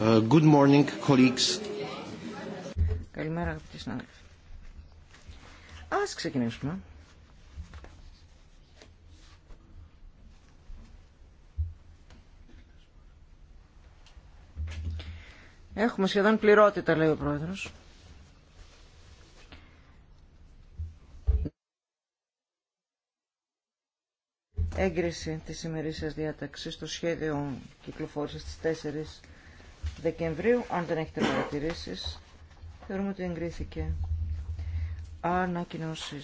Ε, Καλημέρα αγαπητοί συνάδελφοι. Ας ξεκινήσουμε. Έχουμε σχεδόν πληρότητα, λέει ο πρόεδρος. Έγκριση της ημερήσιας διάταξης στο σχέδιο κυκλοφόρησης στις 4 Δεκεμβρίου. Αν δεν έχετε παρατηρήσει, θεωρούμε ότι εγκρίθηκε. Ανακοινώσει.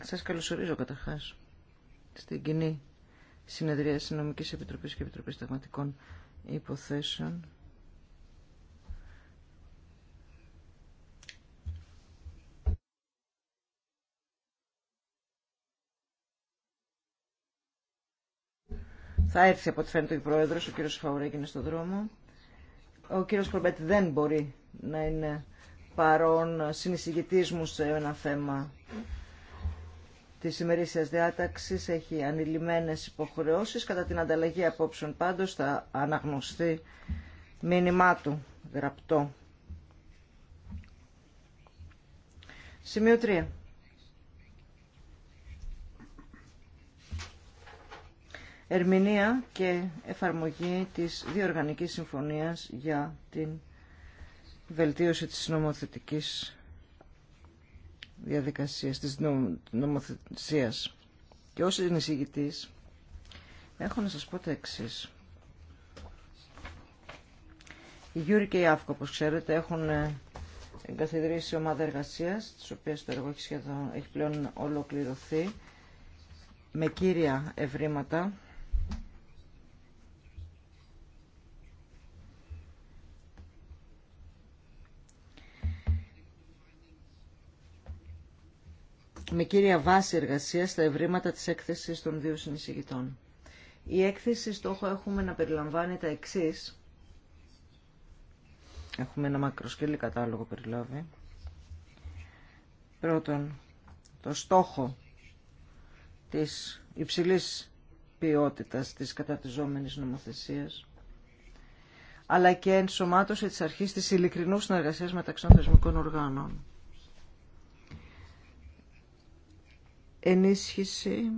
Σας καλωσορίζω καταρχάς στην κοινή συνεδρία Συνομικής Επιτροπής και Επιτροπής Σταγματικών Υποθέσεων Θα έρθει από ό,τι φαίνεται ο πρόεδρο, ο κύριο Φαουρέκη στο στον δρόμο. Ο κύριο Κορμπέτ δεν μπορεί να είναι παρόν συνεισηγητή μου σε ένα θέμα τη ημερήσια διάταξη. Έχει ανηλυμένε υποχρεώσει. Κατά την ανταλλαγή απόψεων πάντω θα αναγνωστεί μήνυμά του γραπτό. Σημείο 3. ερμηνεία και εφαρμογή της Διοργανικής Συμφωνίας για την βελτίωση της νομοθετικής διαδικασίας, της νομοθεσίας. Και ως εισηγητής έχω να σας πω τα εξή. Η Γιούρη και η Αύκο, όπως ξέρετε, έχουν ε, εγκαθιδρύσει ομάδα εργασίας, της οποίας το έργο έχει, σχεδόν, έχει πλέον ολοκληρωθεί, με κύρια ευρήματα με κύρια βάση εργασία στα ευρήματα της έκθεσης των δύο συνεισηγητών. Η έκθεση στόχο έχουμε να περιλαμβάνει τα εξής. Έχουμε ένα μακροσκελή κατάλογο περιλάβει. Πρώτον, το στόχο της υψηλής ποιότητας της καταρτιζόμενης νομοθεσίας αλλά και ενσωμάτωση της αρχής της ειλικρινούς συνεργασίας μεταξύ των θεσμικών οργάνων. ενίσχυση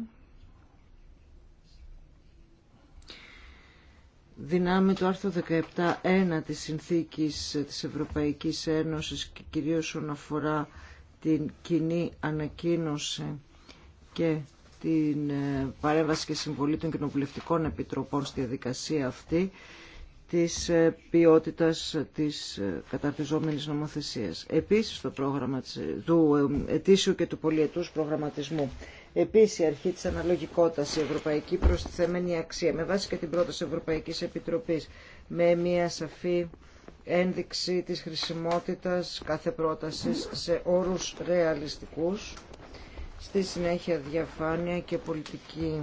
δυνάμει του άρθρο 17.1 της Συνθήκης της Ευρωπαϊκής Ένωσης και κυρίως όσον αφορά την κοινή ανακοίνωση και την ε, παρέμβαση και συμβολή των κοινοβουλευτικών επιτροπών στη διαδικασία αυτή της ε, ποιότητας της ε, καταρτιζόμενης νομοθεσίας. Επίσης το πρόγραμμα ε, του ετήσιου και του πολιετούς προγραμματισμού. Επίσης η αρχή της αναλογικότητας, η ευρωπαϊκή προστιθέμενη αξία με βάση και την πρόταση Ευρωπαϊκής Επιτροπής με μια σαφή ένδειξη της χρησιμότητας κάθε πρότασης σε όρους ρεαλιστικούς. Στη συνέχεια διαφάνεια και πολιτική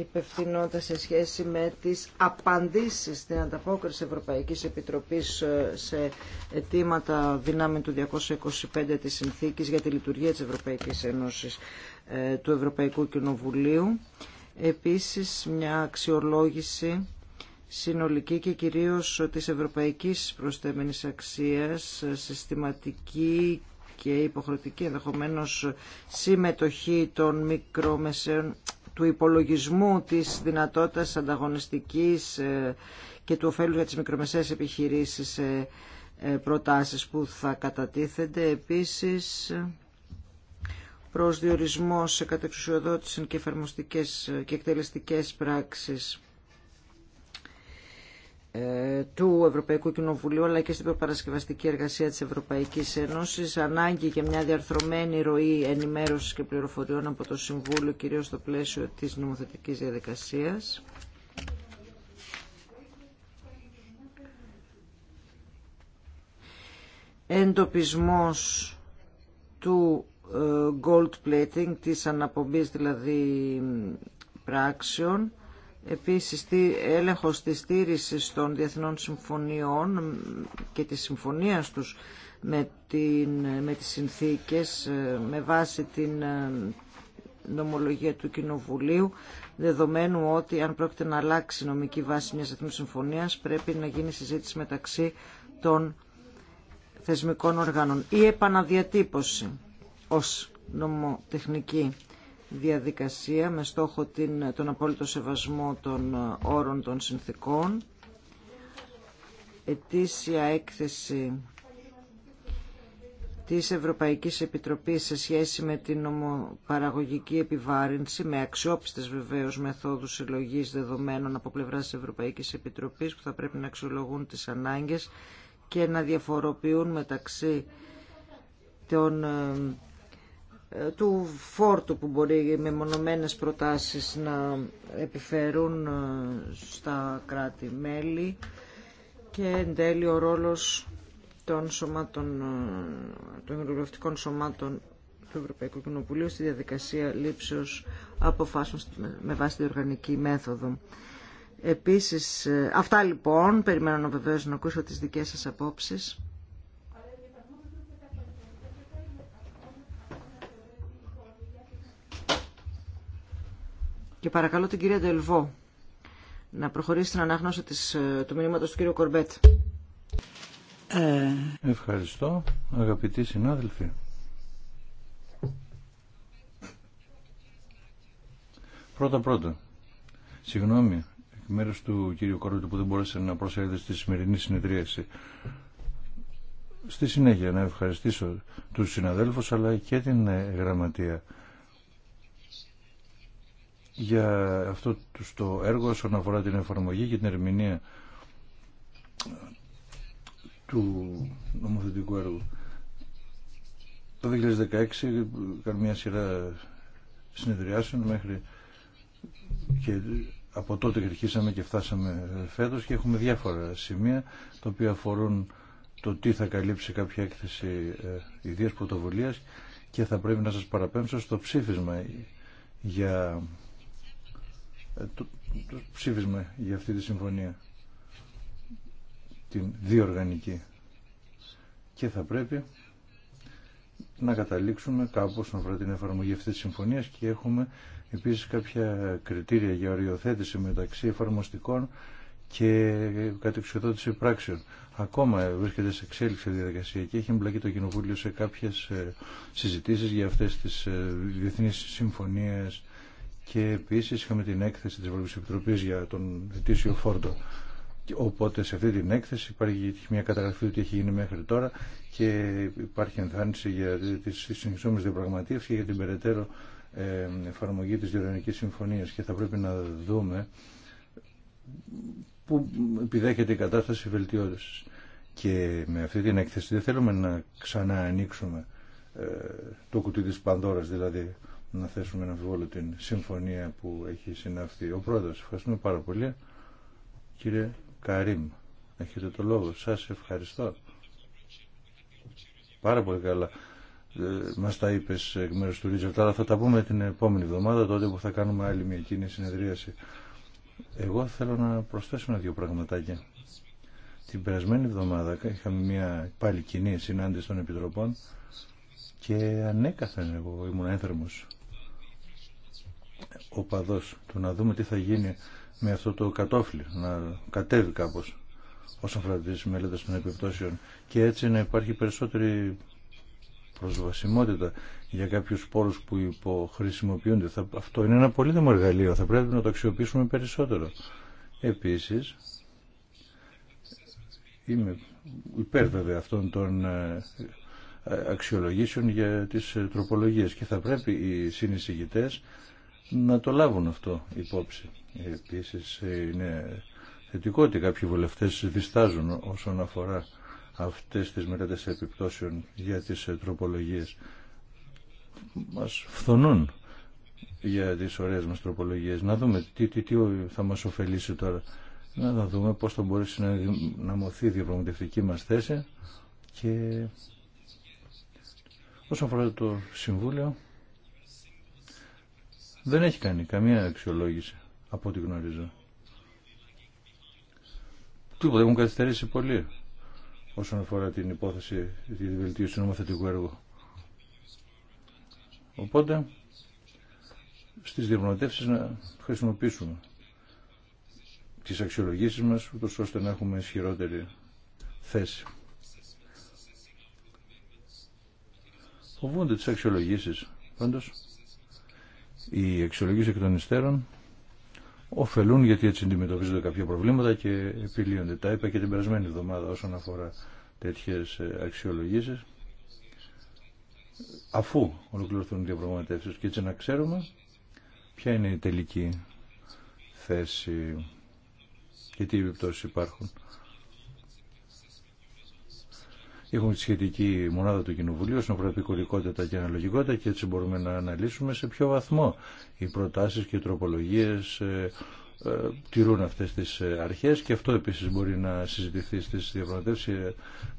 υπευθυνότητα σε σχέση με τις απαντήσεις στην ανταπόκριση Ευρωπαϊκής Επιτροπής ε, σε αιτήματα δυνάμει του 225 της Συνθήκης για τη λειτουργία της Ευρωπαϊκής Ένωσης ε, του Ευρωπαϊκού Κοινοβουλίου. Επίσης μια αξιολόγηση συνολική και κυρίως της ευρωπαϊκής Προστέμενης αξίας, ε, συστηματική και υποχρεωτική ενδεχομένως συμμετοχή των μικρομεσαίων του υπολογισμού της δυνατότητας ανταγωνιστικής ε, και του ωφέλου για τις μικρομεσαίες επιχειρήσεις ε, ε, προτάσεις που θα κατατίθενται. Επίσης, διορισμό σε κατεξουσιοδότηση και εφαρμοστικές και εκτελεστικές πράξεις ε, του Ευρωπαϊκού Κοινοβουλίου αλλά και στην προπαρασκευαστική εργασία της Ευρωπαϊκής Ένωσης ανάγκη για μια διαρθρωμένη ροή ενημέρωσης και πληροφοριών από το Συμβούλιο κυρίως στο πλαίσιο της νομοθετικής διαδικασίας. Εντοπισμός του ε, gold plating, της αναπομπής δηλαδή πράξεων Επίσης, έλεγχος της στήρησης των διεθνών συμφωνιών και της συμφωνίας τους με, την, με τις συνθήκες, ε, με βάση την ε, νομολογία του Κοινοβουλίου, δεδομένου ότι αν πρόκειται να αλλάξει η νομική βάση μιας Διεθνής συμφωνίας, πρέπει να γίνει συζήτηση μεταξύ των θεσμικών οργάνων. Η επαναδιατύπωση ως νομοτεχνική διαδικασία με στόχο την, τον απόλυτο σεβασμό των ε, όρων των συνθήκων. Ετήσια έκθεση της Ευρωπαϊκής Επιτροπής σε σχέση με την νομοπαραγωγική επιβάρυνση, με αξιόπιστες βεβαίως μεθόδους συλλογή δεδομένων από πλευρά της Ευρωπαϊκής Επιτροπής που θα πρέπει να αξιολογούν τις ανάγκες και να διαφοροποιούν μεταξύ των ε, του φόρτου που μπορεί με μονομένες προτάσεις να επιφέρουν ε, στα κράτη-μέλη και εν τέλει ο ρόλος των, σωμάτων, ε, των σωμάτων του Ευρωπαϊκού Κοινοβουλίου στη διαδικασία λήψεως αποφάσεων με βάση τη οργανική μέθοδο. Επίσης, ε, αυτά λοιπόν, περιμένω να βεβαίως να ακούσω τις δικές σας απόψεις Και παρακαλώ την κυρία Ντελβό να προχωρήσει στην ανάγνωση της, ε, του μηνύματος του κύριου Κορμπέτ. Ε, ευχαριστώ αγαπητοί συνάδελφοι. Πρώτα πρώτα, συγγνώμη εκ του κύριου Κορμπέτ που δεν μπόρεσε να προσέλθει στη σημερινή συνεδρίαση. Στη συνέχεια να ευχαριστήσω τους συναδέλφους αλλά και την ε, γραμματεία για αυτό το έργο όσον αφορά την εφαρμογή και την ερμηνεία του νομοθετικού έργου. Το 2016 κάνω μια σειρά συνεδριάσεων μέχρι και από τότε αρχίσαμε και φτάσαμε φέτος και έχουμε διάφορα σημεία τα οποία αφορούν το τι θα καλύψει κάποια έκθεση ε, ιδίας πρωτοβουλίας και θα πρέπει να σας παραπέμψω στο ψήφισμα για ε, το, το ψήφισμα για αυτή τη συμφωνία την διοργανική και θα πρέπει να καταλήξουμε κάπως να βρω την εφαρμογή αυτής της συμφωνίας και έχουμε επίσης κάποια κριτήρια για οριοθέτηση μεταξύ εφαρμοστικών και κατεξοδότηση πράξεων. Ακόμα βρίσκεται σε εξέλιξη διαδικασία και έχει εμπλακεί το Κοινοβούλιο σε κάποιες ε, συζητήσεις για αυτές τις ε, διεθνείς συμφωνίες και επίση είχαμε την έκθεση τη Ευρωπαϊκή Επιτροπή για τον ετήσιο φόρτο. Οπότε σε αυτή την έκθεση υπάρχει μια καταγραφή του τι έχει γίνει μέχρι τώρα και υπάρχει ενθάρρυνση για τις συνεχιζόμενε διαπραγματεύσει και για την περαιτέρω ε, εφαρμογή τη Διοργανικής Συμφωνία και θα πρέπει να δούμε που επιδέχεται η κατάσταση βελτιώτηση. Και με αυτή την έκθεση δεν θέλουμε να ξανά ανοίξουμε ε, το κουτί της Πανδώρας, δηλαδή να θέσουμε ένα αμφιβόλο την συμφωνία που έχει συναυθεί. Ο πρόεδρος, ευχαριστούμε πάρα πολύ. Κύριε Καρίμ, έχετε το λόγο. Σας ευχαριστώ. Πάρα πολύ καλά. Ε, Μα τα είπε εκ μέρου του Ρίτσαρτ, αλλά θα τα πούμε την επόμενη εβδομάδα, τότε που θα κάνουμε άλλη μια κοινή συνεδρίαση. Εγώ θέλω να προσθέσω ένα-δύο πραγματάκια. Την περασμένη εβδομάδα είχαμε μια πάλι κοινή συνάντηση των Επιτροπών και ανέκαθεν εγώ ήμουν ένθερμος οπαδός του να δούμε τι θα γίνει με αυτό το κατόφλι να κατέβει κάπως όσον αφορά τις μελέτες των επιπτώσεων και έτσι να υπάρχει περισσότερη προσβασιμότητα για κάποιους πόρους που υποχρησιμοποιούνται. αυτό είναι ένα πολύ εργαλείο, θα πρέπει να το αξιοποιήσουμε περισσότερο. Επίσης, είμαι υπέρ βέβαια αυτών των ε, αξιολογήσεων για τις ε, τροπολογίες και θα πρέπει οι συνεισηγητές να το λάβουν αυτό υπόψη. Επίσης ε, είναι θετικό ότι κάποιοι βουλευτές διστάζουν όσον αφορά αυτές τις μελέτες επιπτώσεων για τις ε, τροπολογίες. Μας φθονούν για τις ωραίες μας τροπολογίες. Να δούμε τι, τι, τι θα μας ωφελήσει τώρα. Να δούμε πώς θα μπορέσει να, να η διαπραγματευτική μας θέση και Όσον αφορά το Συμβούλιο, δεν έχει κάνει καμία αξιολόγηση από ό,τι γνωρίζω. Τίποτα έχουν καθυστερήσει πολύ όσον αφορά την υπόθεση για τη βελτίωση του νομοθετικού έργου. Οπότε, στις διαπραγματεύσεις να χρησιμοποιήσουμε τις αξιολογήσεις μας, ούτως ώστε να έχουμε ισχυρότερη θέση. φοβούνται τις αξιολογήσεις. Πάντως, οι αξιολογήσεις εκ των υστέρων ωφελούν γιατί έτσι αντιμετωπίζονται κάποια προβλήματα και επιλύονται. Τα είπα και την περασμένη εβδομάδα όσον αφορά τέτοιες ε, αξιολογήσεις αφού ολοκληρωθούν οι διαπραγματεύσει και έτσι να ξέρουμε ποια είναι η τελική θέση και τι επιπτώσεις υπάρχουν. Έχουμε τη σχετική μονάδα του Κοινοβουλίου στην προεπικουρικότητα και αναλογικότητα και έτσι μπορούμε να αναλύσουμε σε ποιο βαθμό οι προτάσεις και οι τροπολογίες ε, ε, τηρούν αυτές τις ε, αρχές και αυτό επίσης μπορεί να συζητηθεί στις διαπραγματεύσεις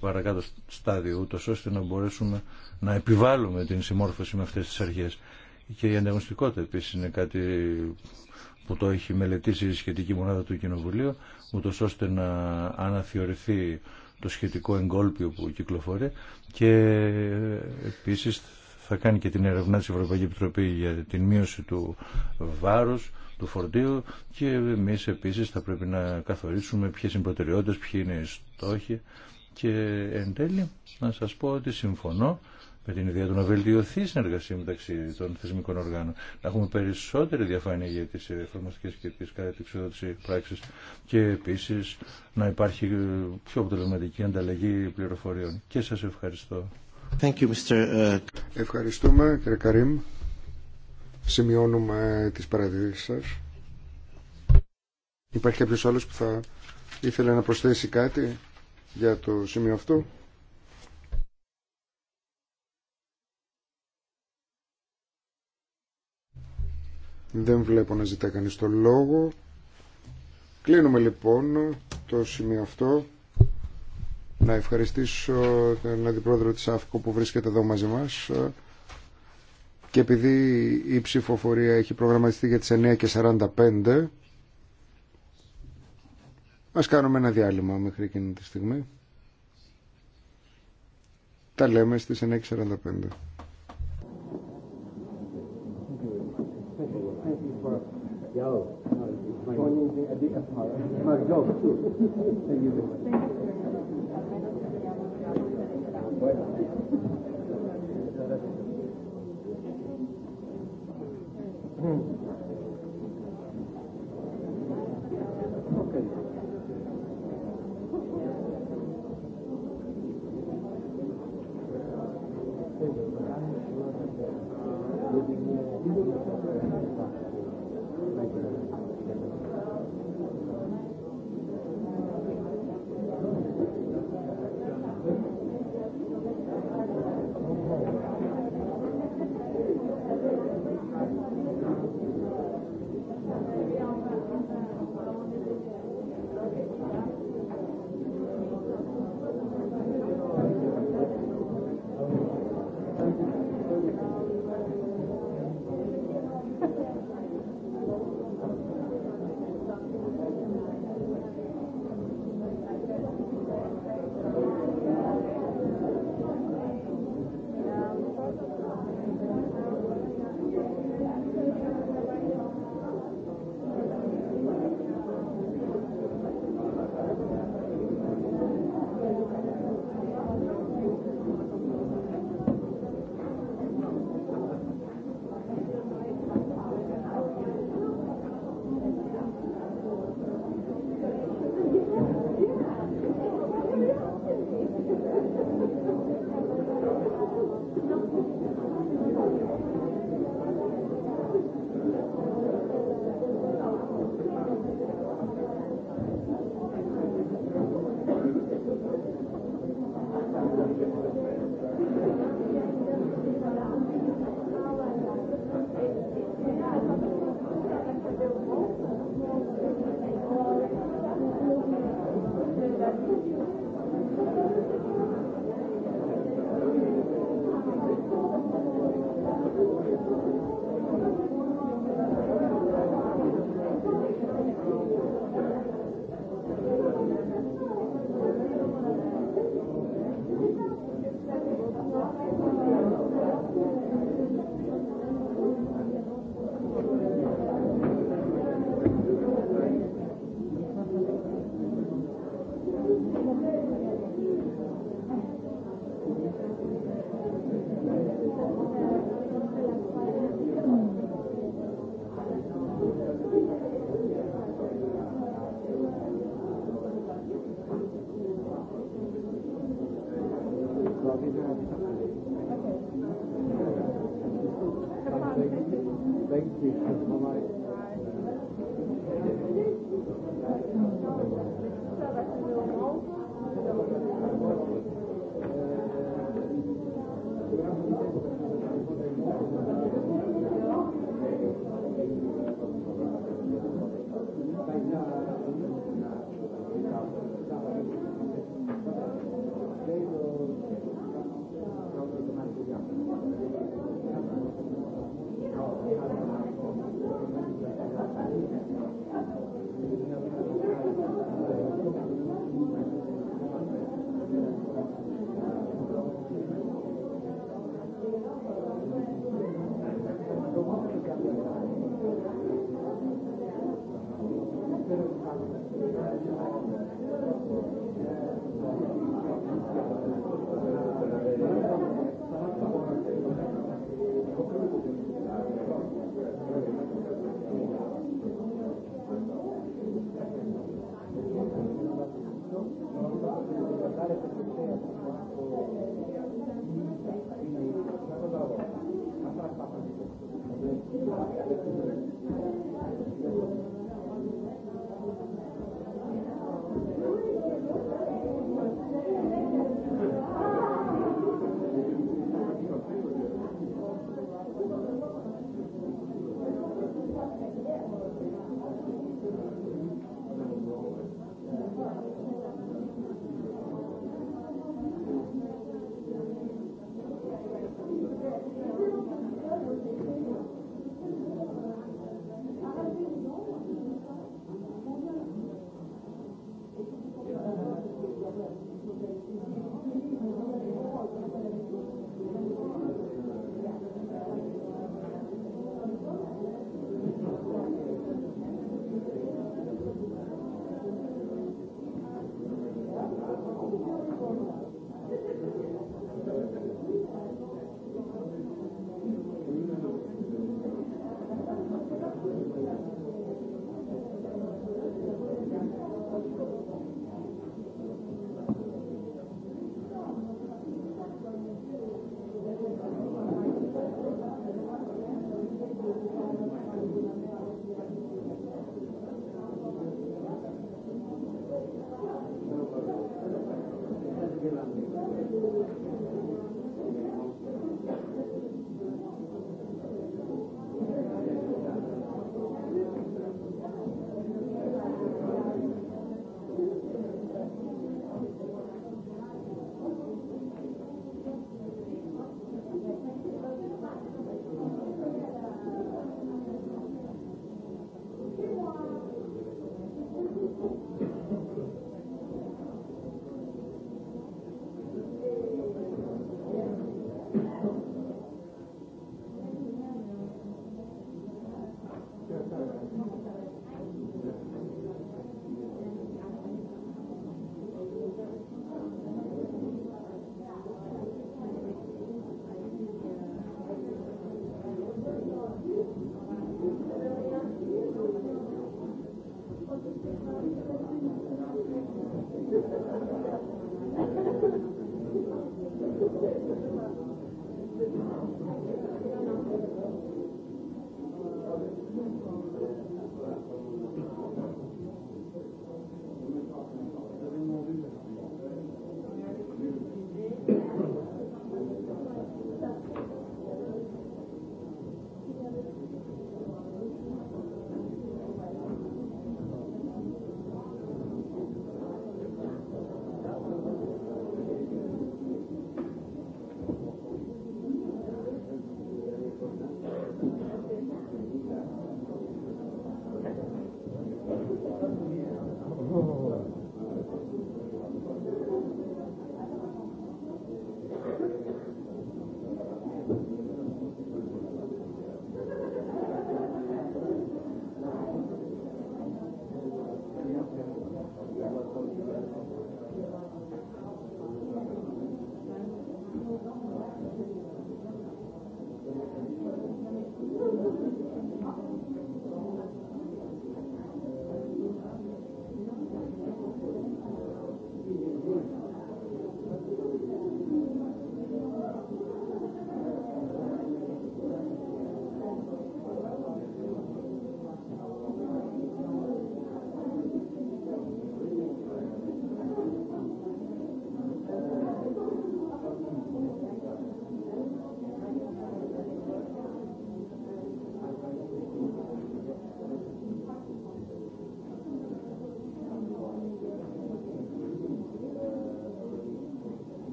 παρακάτω στάδιο ούτω ώστε να μπορέσουμε να επιβάλλουμε την συμμόρφωση με αυτές τις αρχές. Και η ανταγωνιστικότητα επίσης είναι κάτι που το έχει μελετήσει η σχετική μονάδα του Κοινοβουλίου ούτως ώστε να αναθεωρηθεί το σχετικό εγκόλπιο που κυκλοφορεί και επίσης θα κάνει και την ερευνά της Ευρωπαϊκή Επιτροπή για την μείωση του βάρους του φορτίου και εμείς επίσης θα πρέπει να καθορίσουμε ποιες είναι οι προτεραιότητες, ποιοι είναι οι στόχοι και εν τέλει να σας πω ότι συμφωνώ με την ιδέα του να βελτιωθεί η συνεργασία μεταξύ των θεσμικών οργάνων, να έχουμε περισσότερη διαφάνεια για τι εφαρμοστικέ και τις κατεξοδότηση πράξεις και επίση να υπάρχει ε, πιο αποτελεσματική ανταλλαγή πληροφοριών. Και σα ευχαριστώ. Thank you, Mr. Ε, Ευχαριστούμε κύριε Καρύμ. Σημειώνουμε τις παρατηρήσεις σας. Υπάρχει κάποιος άλλος που θα ήθελε να προσθέσει κάτι για το σημείο αυτό. Δεν βλέπω να ζητά κανείς τον λόγο. Κλείνουμε λοιπόν το σημείο αυτό. Να ευχαριστήσω τον Αντιπρόεδρο της ΑΦΚΟ που βρίσκεται εδώ μαζί μας. Και επειδή η ψηφοφορία έχει προγραμματιστεί για τις 9.45, ας κάνουμε ένα διάλειμμα μέχρι εκείνη τη στιγμή. Τα λέμε στις 9.45. go. at the My job, too. Thank you very much.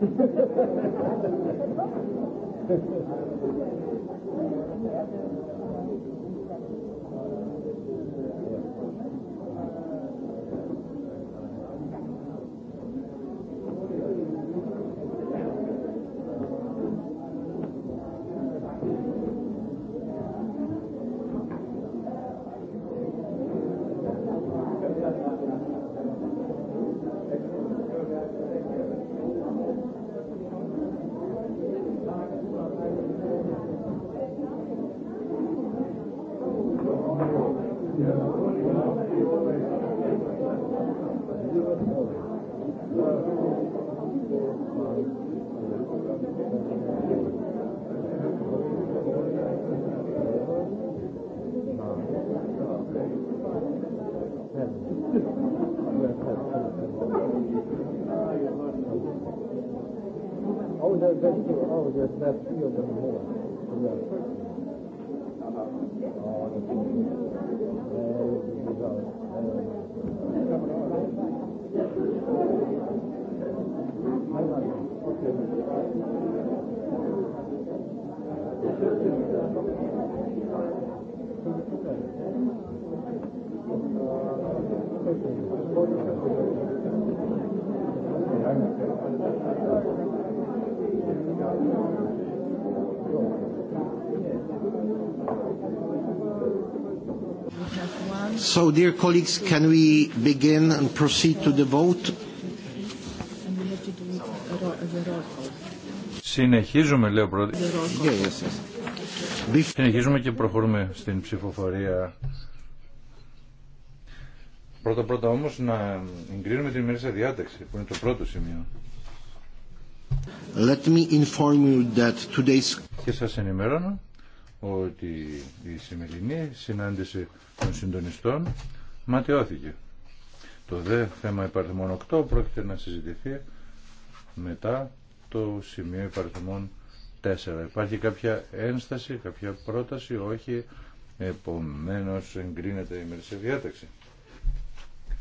Σα ευχαριστώ. So, dear colleagues, can we begin and proceed to the vote? Συνεχίζουμε, λέω πρώτα. Yeah, yes, yes. Συνεχίζουμε και προχωρούμε στην ψηφοφορία. Πρώτα-πρώτα όμως να εγκρίνουμε την ημερήσια διάταξη, που είναι το πρώτο σημείο. Let me inform you that today's... Και σας ενημερώνω ότι η σημερινή συνάντηση των συντονιστών ματιώθηκε. Το δε θέμα υπαρθμών 8 πρόκειται να συζητηθεί μετά το σημείο υπαρθμών 4. Υπάρχει κάποια ένσταση, κάποια πρόταση, όχι, επομένως εγκρίνεται η μερισσή διάταξη.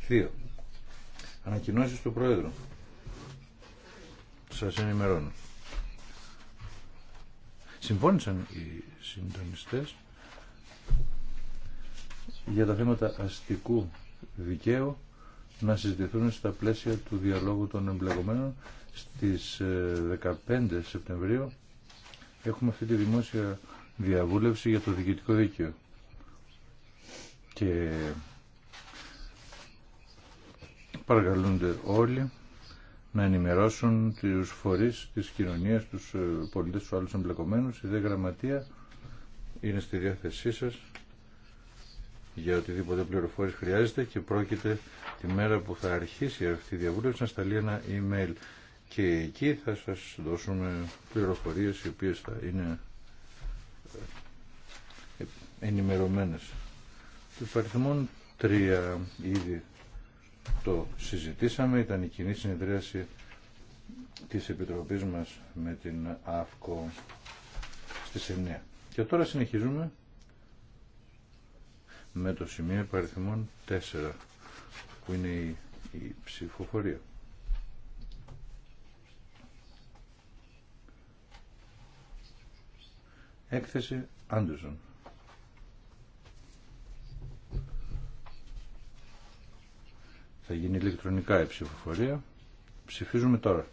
2. Ανακοινώσεις του Πρόεδρου. Σας ενημερώνω. Συμφώνησαν οι συντονιστές για τα θέματα αστικού δικαίου να συζητηθούν στα πλαίσια του διαλόγου των εμπλεκομένων στις 15 ε, Σεπτεμβρίου έχουμε αυτή τη δημόσια διαβούλευση για το διοικητικό δίκαιο και παρακαλούνται όλοι να ενημερώσουν τους φορείς της κοινωνίας, τους ε, πολίτες, τους άλλους εμπλεκομένους. Η δε γραμματεία είναι στη διάθεσή σας για οτιδήποτε πληροφόρηση χρειάζεται και πρόκειται τη μέρα που θα αρχίσει αυτή η διαβούλευση να σταλεί ένα email και εκεί θα σας δώσουμε πληροφορίες οι οποίες θα είναι ε, ενημερωμένες. Του παριθμών τρία ήδη το συζητήσαμε, ήταν η κοινή συνεδρίαση της Επιτροπής μας με την ΑΦΚΟ στη 9. Και τώρα συνεχίζουμε με το σημείο υπαριθμών 4 που είναι η, ψηφοφορία. Έκθεση Άντουσον. Θα γίνει ηλεκτρονικά η ψηφοφορία. Ψηφίζουμε τώρα.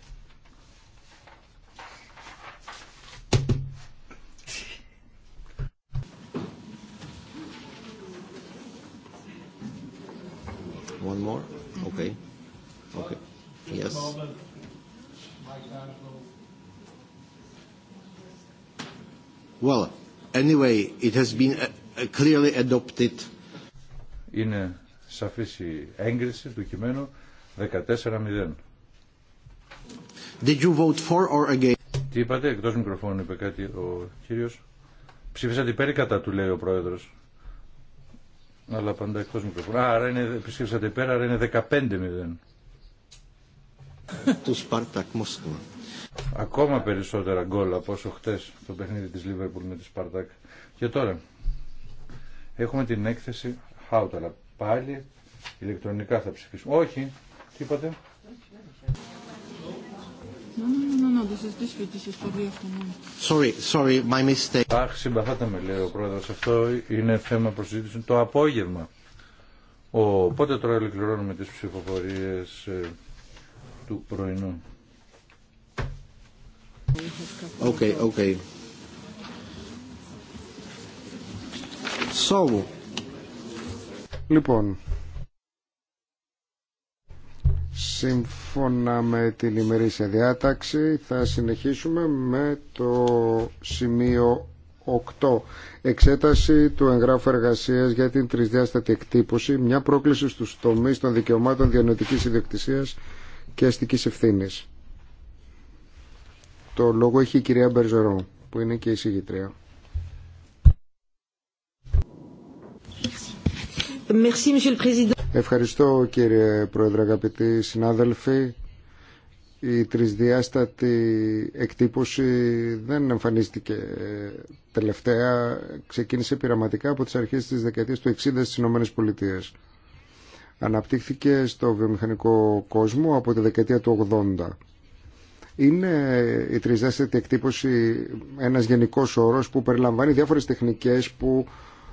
One more? Okay. Okay. Yes. Well, anyway, it has been clearly adopted. Είναι σαφής η έγκριση του κειμένου 14-0. Did you vote for or against? Τι είπατε, εκτός μικροφώνου είπε κάτι ο κύριος. Ψήφισατε υπέρ κατά του λέει ο πρόεδρος. Αλλά πάντα εκτός μικροφώνου. Άρα είναι, ψήφισατε υπέρ, άρα είναι 15-0. Του Σπάρτακ Ακόμα περισσότερα γκολ από όσο χτες το παιχνίδι της Λίβερπουλ με τη Σπάρτακ. Και τώρα έχουμε την έκθεση Χάουταλα. Πάλι ηλεκτρονικά θα ψηφίσουμε. Όχι. Τι είπατε. Sorry, sorry, Αχ, συμπαθάτε με λέει ο πρόεδρος. Αυτό είναι θέμα προσζήτηση το απόγευμα. Οπότε τώρα ολοκληρώνουμε τις ψηφοφορίες ε, του πρωινού. Okay, okay. So, Λοιπόν, σύμφωνα με την ημερήσια διάταξη θα συνεχίσουμε με το σημείο 8. Εξέταση του εγγράφου εργασίας για την τρισδιάστατη εκτύπωση, μια πρόκληση στους τομείς των δικαιωμάτων διανοητικής ιδιοκτησίας και αστικής ευθύνης. Το λόγο έχει η κυρία Μπερζερό, που είναι και η συγγητρία. Ευχαριστώ κύριε Πρόεδρε, αγαπητοί συνάδελφοι. Η τρισδιάστατη εκτύπωση δεν εμφανίστηκε τελευταία. Ξεκίνησε πειραματικά από τις αρχές της δεκαετίας του 60 στις Ηνωμένες Πολιτείες. Αναπτύχθηκε στο βιομηχανικό κόσμο από τη δεκαετία του 80. Είναι η τρισδιάστατη εκτύπωση ένας γενικός όρος που περιλαμβάνει διάφορες τεχνικές που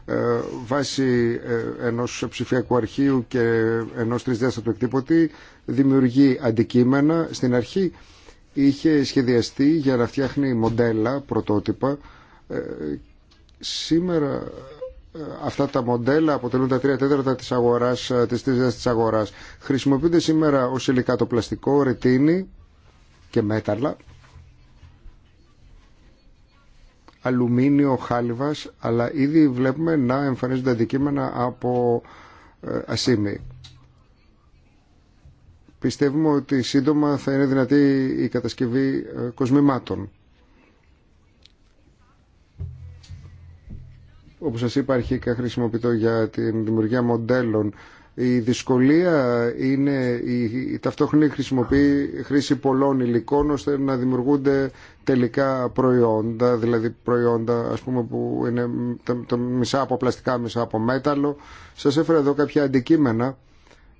ε, βάσει ε, ενός ψηφιακού αρχείου και ενός τρισδιάστατου εκτύπωτη δημιουργεί αντικείμενα. Στην αρχή είχε σχεδιαστεί για να φτιάχνει μοντέλα, πρωτότυπα. Ε, σήμερα αυτά τα μοντέλα αποτελούν τα τρία τέταρτα της αγοράς, της της αγοράς. Χρησιμοποιούνται σήμερα ως υλικά το πλαστικό, ρετίνη και μέταλλα αλουμίνιο χάλιβας, αλλά ήδη βλέπουμε να εμφανίζονται αντικείμενα από ε, ασήμι. Πιστεύουμε ότι σύντομα θα είναι δυνατή η κατασκευή ε, κοσμημάτων. Όπως σας είπα αρχικά χρησιμοποιητό για την δημιουργία μοντέλων η δυσκολία είναι η, η ταυτόχρονη χρήση πολλών υλικών ώστε να δημιουργούνται τελικά προϊόντα, δηλαδή προϊόντα ας πούμε που είναι το, μισά από πλαστικά, μισά από μέταλλο. Σας έφερα εδώ κάποια αντικείμενα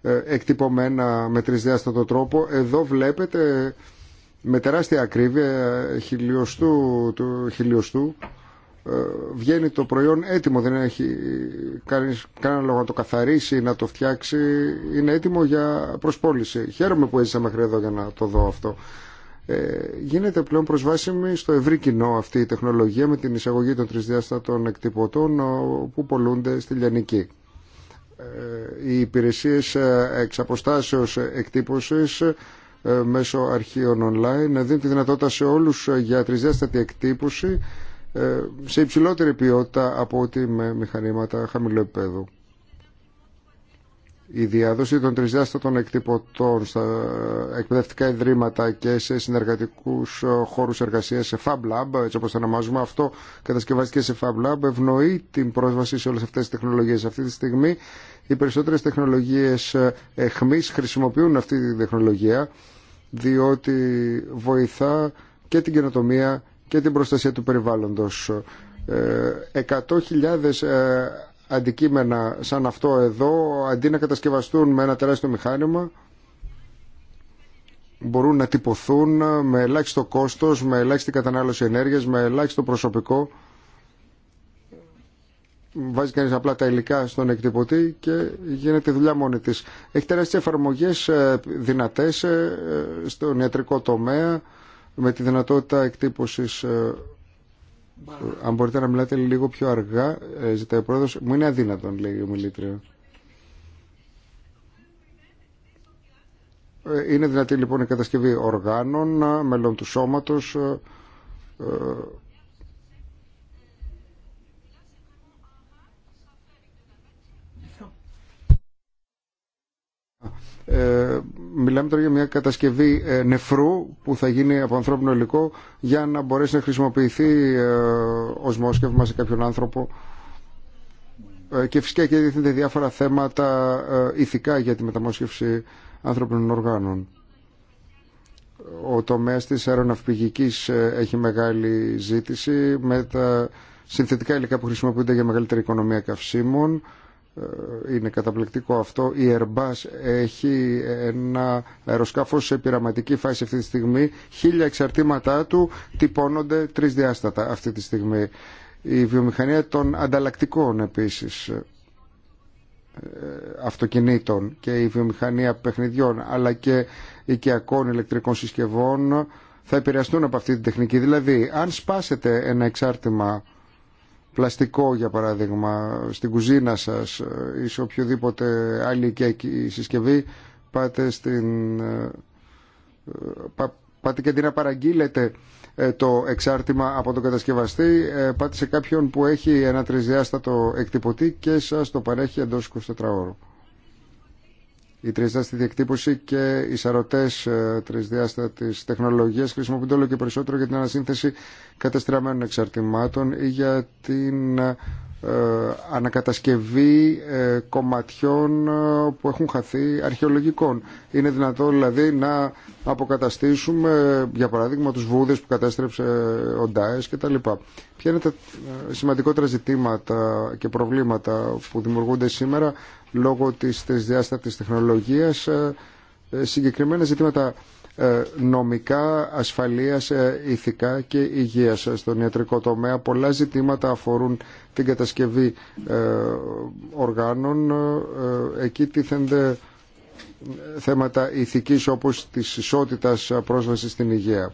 ε, εκτυπωμένα με τρισδιάστατο τρόπο. Εδώ βλέπετε με τεράστια ακρίβεια χιλιοστού, του χιλιοστού ε, βγαίνει το προϊόν έτοιμο, δεν έχει κανείς, κανένα λόγο να το καθαρίσει, να το φτιάξει, είναι έτοιμο για προσπόληση. Χαίρομαι που έζησα μέχρι εδώ για να το δω αυτό. Ε, γίνεται πλέον προσβάσιμη στο ευρύ κοινό αυτή η τεχνολογία με την εισαγωγή των τρισδιάστατων εκτυπωτών που πολλούνται στη Λιανική. Ε, οι υπηρεσίες ε, εξαποστάσεως εκτύπωσης μέσω αρχείων online δίνουν τη δυνατότητα σε όλους για τρισδιάστατη εκτύπωση σε υψηλότερη ποιότητα από ό,τι με μηχανήματα χαμηλού επίπεδου. Η διάδοση των τριζάστατων εκτυπωτών στα εκπαιδευτικά ιδρύματα και σε συνεργατικούς χώρους εργασίας σε Fab Lab, έτσι όπως το ονομάζουμε αυτό, κατασκευάστηκε σε Fab Lab, ευνοεί την πρόσβαση σε όλες αυτές τις τεχνολογίες. Αυτή τη στιγμή οι περισσότερες τεχνολογίες εχμής χρησιμοποιούν αυτή τη τεχνολογία, διότι βοηθά και την καινοτομία και την προστασία του περιβάλλοντος. 100.000 ε, αντικείμενα σαν αυτό εδώ, αντί να κατασκευαστούν με ένα τεράστιο μηχάνημα, μπορούν να τυπωθούν με ελάχιστο κόστος, με ελάχιστη κατανάλωση ενέργειας, με ελάχιστο προσωπικό. Βάζει κανείς απλά τα υλικά στον εκτυπωτή και γίνεται δουλειά μόνη της. Έχει τεράστιες εφαρμογές ε, δυνατές ε, στον ιατρικό τομέα με τη δυνατότητα εκτύπωσης ε, αν μπορείτε να μιλάτε λίγο πιο αργά, ε, ζητάει ο πρόεδρος. Μου είναι αδύνατον, λέει ο μιλήτριο. Ε, είναι δυνατή λοιπόν η κατασκευή οργάνων, ε, μελών του σώματος, Ε, μιλάμε τώρα για μια κατασκευή ε, νεφρού που θα γίνει από ανθρώπινο υλικό για να μπορέσει να χρησιμοποιηθεί ε, ως σε κάποιον άνθρωπο ε, και φυσικά και διευθύνται διάφορα θέματα ηθικά για τη μεταμόσχευση ανθρώπινων οργάνων. Ο τομέας της αεροναυπηγικής έχει μεγάλη ζήτηση με τα συνθετικά υλικά που χρησιμοποιούνται για μεγαλύτερη οικονομία καυσίμων ε, είναι καταπληκτικό αυτό. Η Airbus έχει ένα αεροσκάφο σε πειραματική φάση αυτή τη στιγμή. Χίλια εξαρτήματά του τυπώνονται διάστατα αυτή τη στιγμή. Η βιομηχανία των ανταλλακτικών επίσης ε, αυτοκινήτων και η βιομηχανία παιχνιδιών αλλά και οικιακών ηλεκτρικών συσκευών θα επηρεαστούν από αυτή την τεχνική. Δηλαδή, αν σπάσετε ένα εξάρτημα πλαστικό για παράδειγμα στην κουζίνα σας ε, ή σε οποιοδήποτε άλλη οικιακή συσκευή πάτε, στην, ε, ε, πάτε και αντί να παραγγείλετε το εξάρτημα από τον κατασκευαστή πάτε σε κάποιον που έχει ένα τρισδιάστατο εκτυπωτή και σας το παρέχει εντός 24 ώρου. Η τρισδιάστατη διεκτύπωση και οι σαρωτέ ε, τρισδιάστατη τεχνολογία χρησιμοποιούνται όλο και περισσότερο για την ανασύνθεση κατεστραμμένων εξαρτημάτων ή για την ε, ανακατασκευή ε, κομματιών που έχουν χαθεί αρχαιολογικών. Είναι δυνατό δηλαδή να αποκαταστήσουμε για παράδειγμα τους βούδες που κατέστρεψε ο Ντάες και τα λοιπά. Ποια είναι τα σημαντικότερα ζητήματα και προβλήματα που δημιουργούνται σήμερα λόγω της, της διάστατης τεχνολογίας ε, ε, συγκεκριμένα ζητήματα ε, νομικά, ασφαλείας, ηθικά και υγείας στον ιατρικό τομέα. Πολλά ζητήματα αφορούν την κατασκευή οργάνων. Εκεί τίθενται θέματα ηθικής όπως της ισότητας πρόσβασης στην υγεία.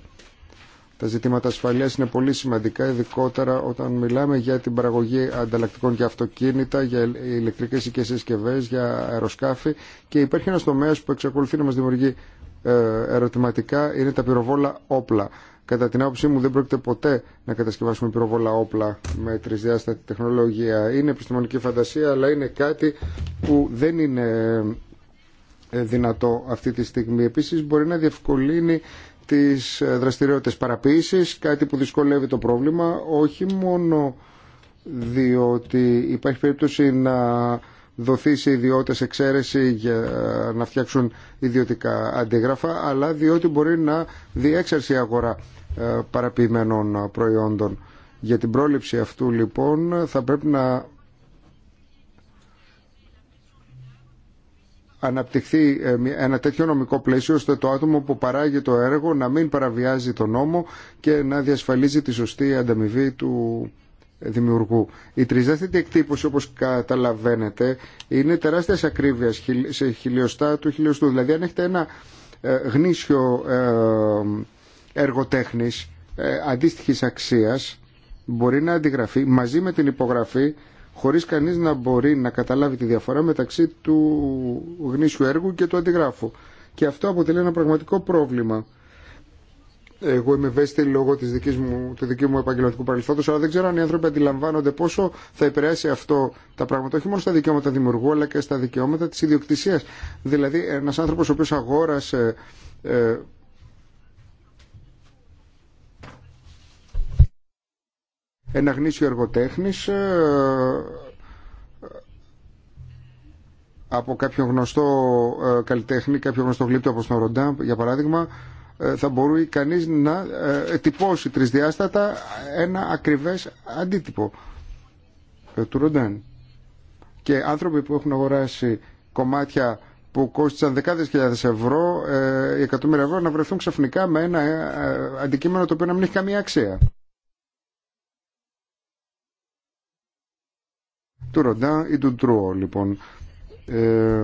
Τα ζητήματα ασφαλεία είναι πολύ σημαντικά, ειδικότερα όταν μιλάμε για την παραγωγή ανταλλακτικών για αυτοκίνητα, για ηλεκτρικέ οικέ συσκευέ, για αεροσκάφη και υπάρχει ένα τομέα που εξακολουθεί να μα δημιουργεί ε, ερωτηματικά, είναι τα πυροβόλα όπλα. Κατά την άποψή μου δεν πρόκειται ποτέ να κατασκευάσουμε πυροβόλα όπλα με τρισδιάστατη τεχνολογία. Είναι επιστημονική φαντασία, αλλά είναι κάτι που δεν είναι ε, δυνατό αυτή τη στιγμή. Επίσης μπορεί να διευκολύνει τις ε, δραστηριότητες παραποίησης, κάτι που δυσκολεύει το πρόβλημα, όχι μόνο διότι υπάρχει περίπτωση να δοθεί σε ιδιώτες εξαίρεση για ε, να φτιάξουν ιδιωτικά αντίγραφα, αλλά διότι μπορεί να διέξαρσει η αγορά ε, παραποιημένων προϊόντων. Για την πρόληψη αυτού λοιπόν θα πρέπει να αναπτυχθεί ε, ένα τέτοιο νομικό πλαίσιο ώστε το άτομο που παράγει το έργο να μην παραβιάζει τον νόμο και να διασφαλίζει τη σωστή ανταμοιβή του ε, δημιουργού. Η τριζάθετη εκτύπωση όπως καταλαβαίνετε είναι τεράστιας ακρίβειας σε χιλιοστά του χιλιοστού. Δηλαδή αν έχετε ένα ε, γνήσιο έργο τέχνης αντίστοιχης αξίας μπορεί να αντιγραφεί μαζί με την υπογραφή χωρίς κανείς να μπορεί να καταλάβει τη διαφορά μεταξύ του γνήσιου έργου και του αντιγράφου. Και αυτό αποτελεί ένα πραγματικό πρόβλημα. Εγώ είμαι ευαίσθητη λόγω της δικής μου, του δικού μου επαγγελματικού παρελθόντος, αλλά δεν ξέρω αν οι άνθρωποι αντιλαμβάνονται πόσο θα επηρεάσει αυτό τα πράγματα, όχι μόνο στα δικαιώματα δημιουργού, αλλά και στα δικαιώματα της ιδιοκτησίας. Δηλαδή, ένας άνθρωπος ο οποίος αγόρασε ε, ένα γνήσιο εργοτέχνης ε, από κάποιο γνωστό ε, καλλιτέχνη, κάποιο γνωστό γλύπτο από τον Ροντάν, για παράδειγμα, ε, θα μπορεί κανείς να τυπώσει τρισδιάστατα ένα ακριβές αντίτυπο του Ροντάν. Και άνθρωποι που έχουν αγοράσει κομμάτια που κόστησαν δεκάδες χιλιάδες ευρώ, εκατομμύρια ευρώ, να βρεθούν ξαφνικά με ένα αντικείμενο το οποίο να μην έχει καμία αξία. του Ροντάν ή του Ντρούο λοιπόν. Ε,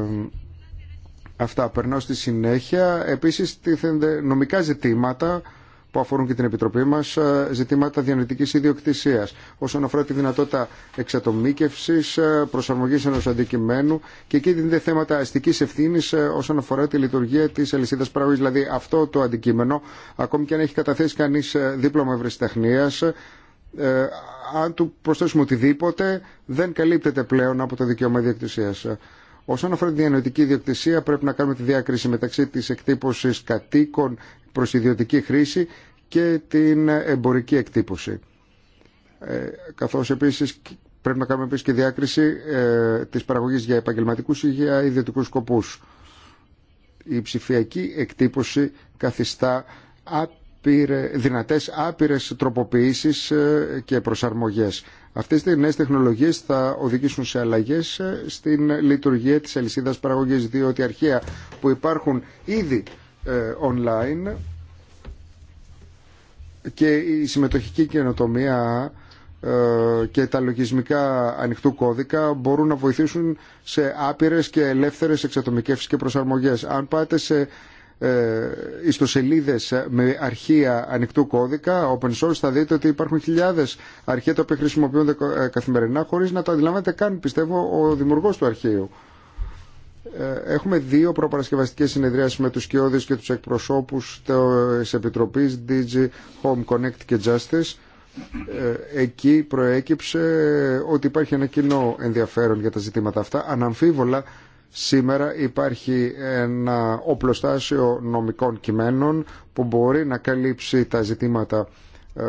αυτά περνώ στη συνέχεια. Επίσης τίθενται νομικά ζητήματα που αφορούν και την Επιτροπή μας, ε, ζητήματα διανοητικής ιδιοκτησίας όσον αφορά τη δυνατότητα εξατομίκευσης, ε, προσαρμογής ενός αντικειμένου και εκεί δίνεται θέματα αστικής ευθύνης όσον αφορά τη λειτουργία της αλυσίδας παραγωγής. Δηλαδή αυτό το αντικείμενο, ακόμη και αν έχει καταθέσει κανείς δίπλωμα ευρεσιτεχνίας, ε, αν του προσθέσουμε οτιδήποτε δεν καλύπτεται πλέον από το δικαίωμα διακτησίας. Όσον αφορά την διανοητική ιδιοκτησία πρέπει να κάνουμε τη διάκριση μεταξύ της εκτύπωση κατοίκων προ ιδιωτική χρήση και την εμπορική εκτύπωση. Ε, καθώς επίσης πρέπει να κάνουμε επίσης και διάκριση ε, της παραγωγής για επαγγελματικού ή για ιδιωτικού σκοπού. Η για ιδιωτικου σκοπου εκτύπωση καθιστά άπειρε, δυνατές άπειρες τροποποιήσεις ε, και προσαρμογές. Αυτές οι νέες τεχνολογίες θα οδηγήσουν σε αλλαγές ε, στην λειτουργία της αλυσίδα παραγωγής, διότι αρχεία που υπάρχουν ήδη ε, online και η συμμετοχική καινοτομία και τα λογισμικά ανοιχτού κώδικα μπορούν να βοηθήσουν σε άπειρες και ελεύθερες εξατομικεύσεις και προσαρμογές. Αν πάτε σε ε, ιστοσελίδες με αρχεία ανοιχτού κώδικα, open source, θα δείτε ότι υπάρχουν χιλιάδες αρχεία τα οποία χρησιμοποιούνται ε, καθημερινά χωρίς να το αντιλαμβάνεται καν, πιστεύω, ο δημιουργός του αρχείου. Ε, έχουμε δύο προπαρασκευαστικές συνεδριάσεις με τους σκιώδες και τους εκπροσώπους της Επιτροπής DG Home Connect και Justice. Εκεί προέκυψε ότι υπάρχει ένα κοινό ενδιαφέρον για τα ζητήματα αυτά. Αναμφίβολα Σήμερα υπάρχει ένα οπλοστάσιο νομικών κειμένων που μπορεί να καλύψει τα ζητήματα ε,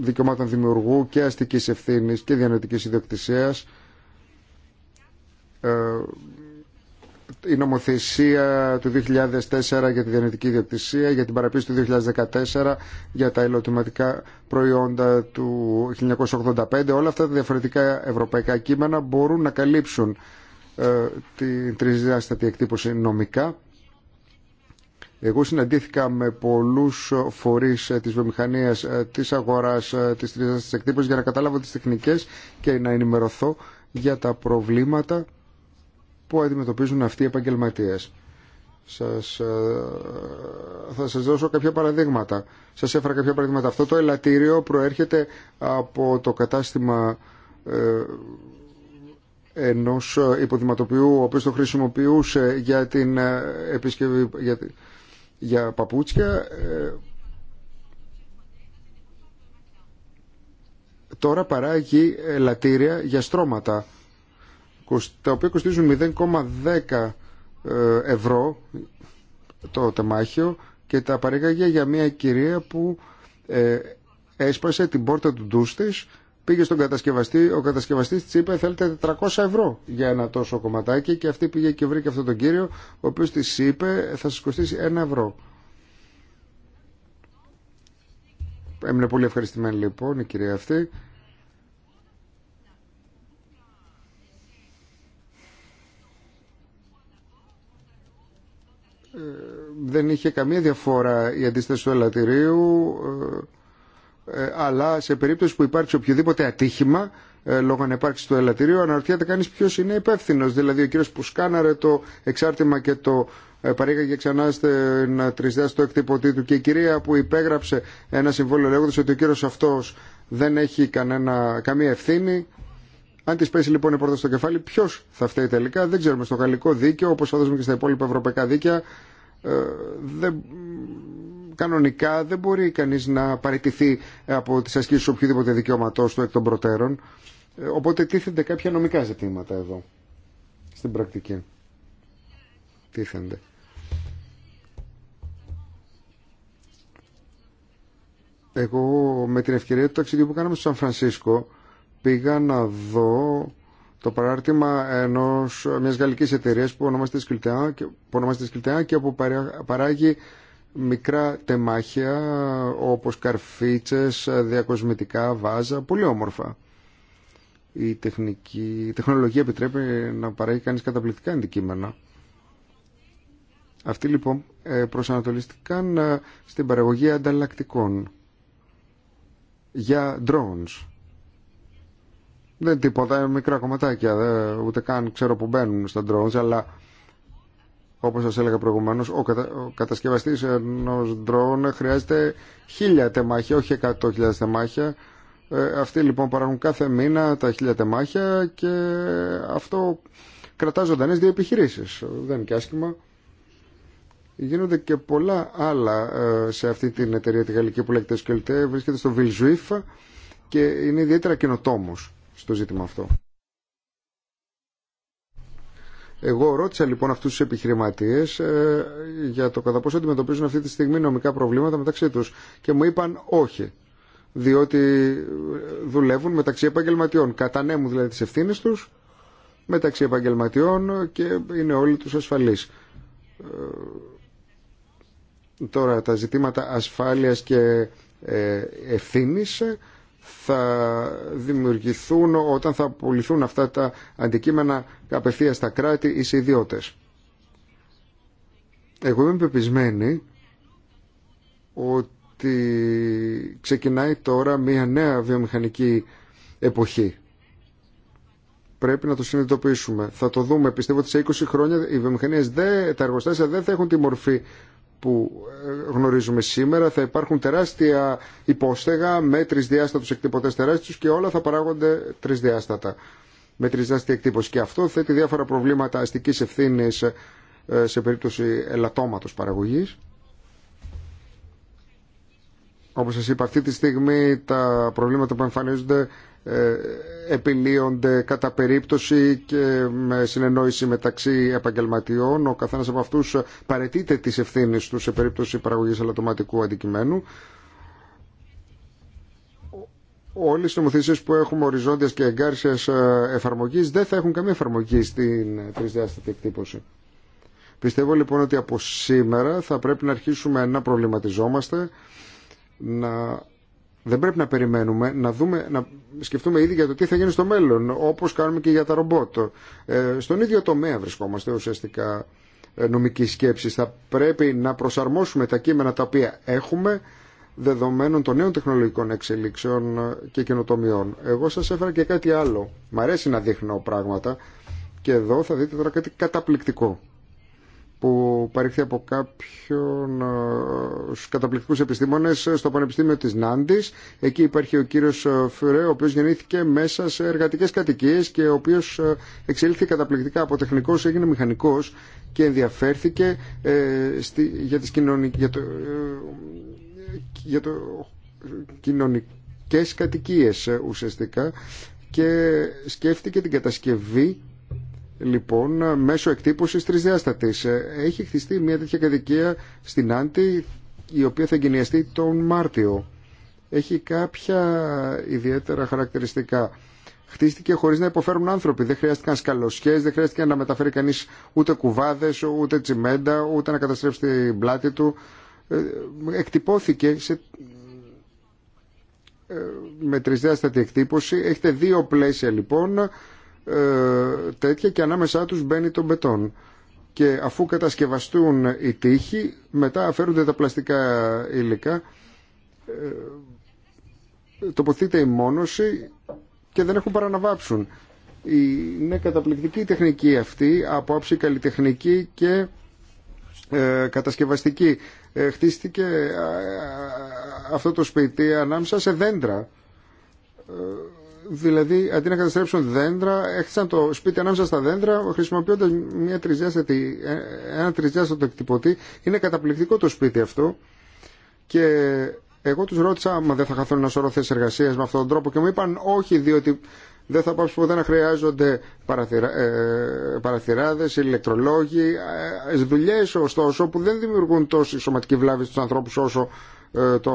δικαιωμάτων δημιουργού και αστικής ευθύνης και διανοητικής ιδιοκτησίας ε, η νομοθεσία του 2004 για τη διανοητική ιδιοκτησία, για την παραπίση του 2014, για τα υλοτηματικά προϊόντα του 1985. Όλα αυτά τα διαφορετικά ευρωπαϊκά κείμενα μπορούν να καλύψουν ε, την τρισδιάστατη εκτύπωση νομικά. Εγώ συναντήθηκα με πολλούς φορείς ε, της βιομηχανίας, ε, της αγοράς, της τρισδιάστατης εκτύπωσης για να καταλάβω τις τεχνικές και να ενημερωθώ για τα προβλήματα που αντιμετωπίζουν αυτοί οι επαγγελματίες. Σας, θα σας δώσω κάποια παραδείγματα. Σας έφερα κάποια παραδείγματα. Αυτό το ελαττήριο προέρχεται από το κατάστημα Ενό ε, υποδηματοποιού ο οποίο το χρησιμοποιούσε για την ε, επισκευή για, για παπούτσια ε, τώρα παράγει λατήρια για στρώματα τα οποία κοστίζουν 0,10 ευρώ το τεμάχιο και τα παρήγαγε για μια κυρία που έσπασε την πόρτα του ντους πήγε στον κατασκευαστή, ο κατασκευαστής τη είπε θέλετε 400 ευρώ για ένα τόσο κομματάκι και αυτή πήγε και βρήκε αυτόν τον κύριο ο οποίο τη είπε θα σα κοστίσει ένα ευρώ. Έμεινε πολύ ευχαριστημένη λοιπόν η κυρία αυτή. Ε, δεν είχε καμία διαφορά η αντίσταση του ελαττηρίου ε, ε, αλλά σε περίπτωση που υπάρξει οποιοδήποτε ατύχημα ε, λόγω ανεπάρξη του ελαττηρίου αναρωτιέται κανείς ποιος είναι υπεύθυνο. Δηλαδή ο κύριος που σκάναρε το εξάρτημα και το ε, παρήγαγε ξανά στην τρισδέα στο εκτυπωτή του και η κυρία που υπέγραψε ένα συμβόλαιο λέγοντας ότι ο κύριος αυτός δεν έχει κανένα, καμία ευθύνη. Αν τη πέσει λοιπόν η πόρτα στο κεφάλι, ποιο θα φταίει τελικά, δεν ξέρουμε. Στο γαλλικό δίκαιο, όπω δούμε και στα υπόλοιπα ευρωπαϊκά δίκαια, δεν Κανονικά δεν μπορεί κανείς να παραιτηθεί από τις ασκήσεις οποιοδήποτε δικαιώματός του εκ των προτέρων. Ε, οπότε τίθενται κάποια νομικά ζητήματα εδώ, στην πρακτική. Τίθενται. Εγώ με την ευκαιρία του ταξιδιού που κάναμε στο Σαν Φρανσίσκο πήγα να δω το παράρτημα ενός, μιας γαλλικής εταιρείας που ονομάζεται Σκλητεά και, και που παράγει μικρά τεμάχια όπως καρφίτσες, διακοσμητικά, βάζα, πολύ όμορφα. Η, τεχνική, τεχνολογία επιτρέπει να παράγει κανείς καταπληκτικά αντικείμενα. Αυτοί λοιπόν ε, προσανατολιστήκαν ε, στην παραγωγή ανταλλακτικών για drones. Δεν τίποτα, μικρά κομματάκια, ε, ούτε καν ξέρω που μπαίνουν στα drones, αλλά όπως σας έλεγα προηγουμένως, ο, κατα... ο κατασκευαστής ενός ντρόουν χρειάζεται χίλια τεμάχια, όχι εκατό χιλιάδες τεμάχια. Ε, αυτοί λοιπόν παράγουν κάθε μήνα τα χίλια τεμάχια και αυτό κρατά ζωντανές δύο επιχειρήσεις. Δεν είναι και άσχημα. Γίνονται και πολλά άλλα ε, σε αυτή την εταιρεία τη γαλλική που λέγεται Σκελτέ. Βρίσκεται στο Βιλζουίφ και είναι ιδιαίτερα καινοτόμος στο ζήτημα αυτό. Εγώ ρώτησα λοιπόν αυτούς τους επιχειρηματίες ε, για το κατά πόσο αντιμετωπίζουν αυτή τη στιγμή νομικά προβλήματα μεταξύ τους και μου είπαν όχι διότι ε, δουλεύουν μεταξύ επαγγελματιών. Κατανέμουν δηλαδή τι ευθύνε τους μεταξύ επαγγελματιών και είναι όλοι τους ασφαλείς. Ε, τώρα τα ζητήματα ασφάλειας και ευθύνης θα δημιουργηθούν όταν θα πουληθούν αυτά τα αντικείμενα απευθείας στα κράτη ή σε ιδιώτες. Εγώ είμαι πεπισμένη ότι ξεκινάει τώρα μια νέα βιομηχανική εποχή. Πρέπει να το συνειδητοποιήσουμε. Θα το δούμε. Πιστεύω ότι σε 20 χρόνια οι βιομηχανίες, δεν, τα εργοστάσια δεν θα έχουν τη μορφή που ε, γνωρίζουμε σήμερα θα υπάρχουν τεράστια υπόστεγα με τρισδιάστατους εκτυπωτές τεράστιους και όλα θα παράγονται τρισδιάστατα με τρισδιάστατη εκτύπωση. Και αυτό θέτει διάφορα προβλήματα αστικής ευθύνης ε, σε περίπτωση ελαττώματος παραγωγής όπως σας είπα, αυτή τη στιγμή τα προβλήματα που εμφανίζονται ε, επιλύονται κατά περίπτωση και με συνεννόηση μεταξύ επαγγελματιών. Ο καθένας από αυτούς παρετείται τις ευθύνες του σε περίπτωση παραγωγής αλατοματικού αντικειμένου. Όλε οι νομοθεσίε που έχουμε οριζόντια και εγκάρσια ε, εφαρμογή δεν θα έχουν καμία εφαρμογή στην τρισδιάστατη εκτύπωση. Πιστεύω λοιπόν ότι από σήμερα θα πρέπει να αρχίσουμε να προβληματιζόμαστε να δεν πρέπει να περιμένουμε να, δούμε, να σκεφτούμε ήδη για το τι θα γίνει στο μέλλον, όπως κάνουμε και για τα ρομπότ. Ε, στον ίδιο τομέα βρισκόμαστε ουσιαστικά ε, νομική σκέψη. Θα πρέπει να προσαρμόσουμε τα κείμενα τα οποία έχουμε δεδομένων των νέων τεχνολογικών εξελίξεων ε, και καινοτομιών. Εγώ σας έφερα και κάτι άλλο. Μ' αρέσει να δείχνω πράγματα και εδώ θα δείτε τώρα κάτι καταπληκτικό που παρήχθη από κάποιον ε, στους καταπληκτικούς επιστήμονες ε, στο Πανεπιστήμιο της Νάντης. Εκεί υπάρχει ο κύριος ε, Φουρέ, ο οποίος γεννήθηκε μέσα σε εργατικές κατοικίες και ο οποίος εξελίχθηκε καταπληκτικά από τεχνικός, έγινε μηχανικός και ενδιαφέρθηκε στη, για, τις κοινωνικ... για, το, κοινωνικές κατοικίες ουσιαστικά και σκέφτηκε την κατασκευή λοιπόν μέσω εκτύπωσης τρισδιάστατης. Ε, έχει χτιστεί μια τέτοια κατοικία στην Άντη η οποία θα εγκαινιαστεί τον Μάρτιο. Έχει κάποια ιδιαίτερα χαρακτηριστικά. Χτίστηκε χωρί να υποφέρουν άνθρωποι. Δεν χρειάστηκαν σκαλοσιέ, δεν χρειάστηκε να μεταφέρει κανεί ούτε κουβάδε, ούτε τσιμέντα, ούτε να καταστρέψει την πλάτη του. Ε, εκτυπώθηκε σε... Ε, με τρισδιάστατη εκτύπωση. Έχετε δύο πλαίσια λοιπόν ε, τέτοια και ανάμεσά τους μπαίνει το μπετόν. Και αφού κατασκευαστούν οι τείχοι, μετά αφαίρονται τα πλαστικά υλικά, ε, τοποθείται η μόνωση και δεν έχουν παρά να βάψουν. Είναι καταπληκτική η τεχνική αυτή, από άψη καλλιτεχνική και ε, κατασκευαστική. Χτίστηκε αυτό το σπίτι ανάμεσα σε δέντρα Δηλαδή, αντί να καταστρέψουν δέντρα, έχτισαν το σπίτι ανάμεσα στα δέντρα, χρησιμοποιώντα ε, ένα τριζιάστατο εκτυπωτή. Είναι καταπληκτικό το σπίτι αυτό. Και εγώ του ρώτησα, μα δεν θα χαθούν ένα σωρό θέσει εργασία με αυτόν τον τρόπο. Και μου είπαν, όχι, διότι δεν θα πάψουν ποτέ να χρειάζονται παραθυρα... ε, παραθυράδε, ηλεκτρολόγοι, ε, δουλειέ ωστόσο που δεν δημιουργούν τόση σωματική βλάβη στου ανθρώπου όσο ε, το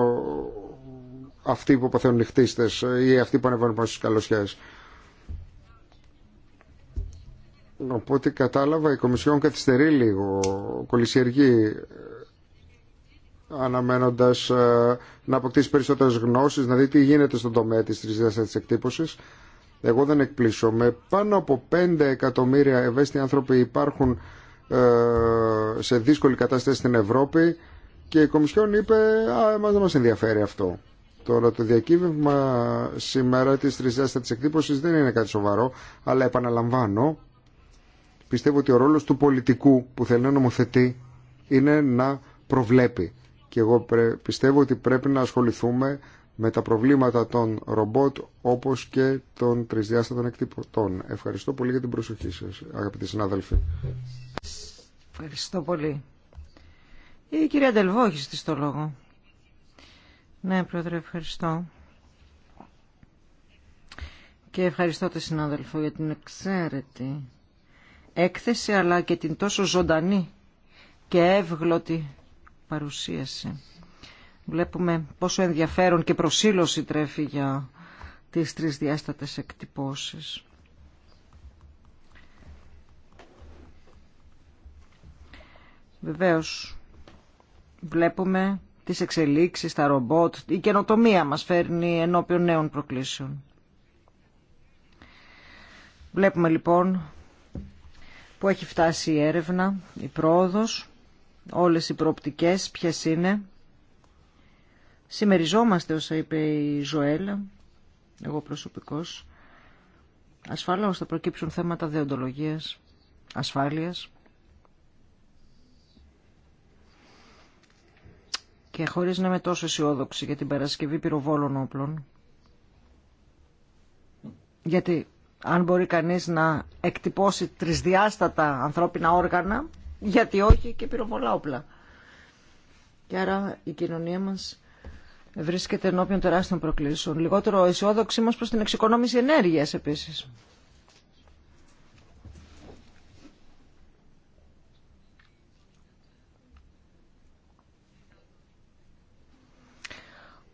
αυτοί που παθαίνουν οι η Κομισιόν καθυστερεί λίγο, κολυσιεργεί ε, αναμένοντας ε, να αποκτήσει περισσότερες γνώσεις, να δει τι γίνεται στον τομέα της τρισδιάστατης της εκτύπωσης. Εγώ δεν εκπλήσω. Με πάνω από 5 εκατομμύρια ευαίσθητοι άνθρωποι υπάρχουν ε, σε δύσκολη κατάσταση στην Ευρώπη και η Κομισιόν είπε «Α, εμάς δεν μας ενδιαφέρει αυτό». Τώρα το διακύβευμα σήμερα τη τρισδιάστατης τη εκτύπωση δεν είναι κάτι σοβαρό, αλλά επαναλαμβάνω, πιστεύω ότι ο ρόλος του πολιτικού που θέλει να νομοθετεί είναι να προβλέπει. Και εγώ πιστεύω ότι πρέπει να ασχοληθούμε με τα προβλήματα των ρομπότ όπως και των τρισδιάστατων εκτυπωτών. Ευχαριστώ πολύ για την προσοχή σας, αγαπητοί συνάδελφοι. Ευχαριστώ πολύ. Η κυρία Ντελβό έχει στο λόγο. Ναι, Πρόεδρε, ευχαριστώ. Και ευχαριστώ τον συνάδελφο για την εξαίρετη έκθεση, αλλά και την τόσο ζωντανή και εύγλωτη παρουσίαση. Βλέπουμε πόσο ενδιαφέρον και προσήλωση τρέφει για τις διάστατες εκτυπώσεις. Βεβαίως, βλέπουμε τις εξελίξεις, τα ρομπότ. Η καινοτομία μας φέρνει ενώπιον νέων προκλήσεων. Βλέπουμε λοιπόν που έχει φτάσει η έρευνα, η πρόοδος, όλες οι προοπτικές, ποιες είναι. Σημεριζόμαστε όσα είπε η Ζωέλα, εγώ προσωπικός. Ασφάλως θα προκύψουν θέματα δεοντολογίας, ασφάλειας. και χωρίς να είμαι τόσο αισιόδοξη για την παρασκευή πυροβόλων όπλων, γιατί αν μπορεί κανείς να εκτυπώσει τρισδιάστατα ανθρώπινα όργανα, γιατί όχι και πυροβολά όπλα. Και άρα η κοινωνία μας βρίσκεται ενώπιον τεράστιων προκλήσεων. Λιγότερο αισιόδοξη μας προς την εξοικονόμηση ενέργειας επίσης.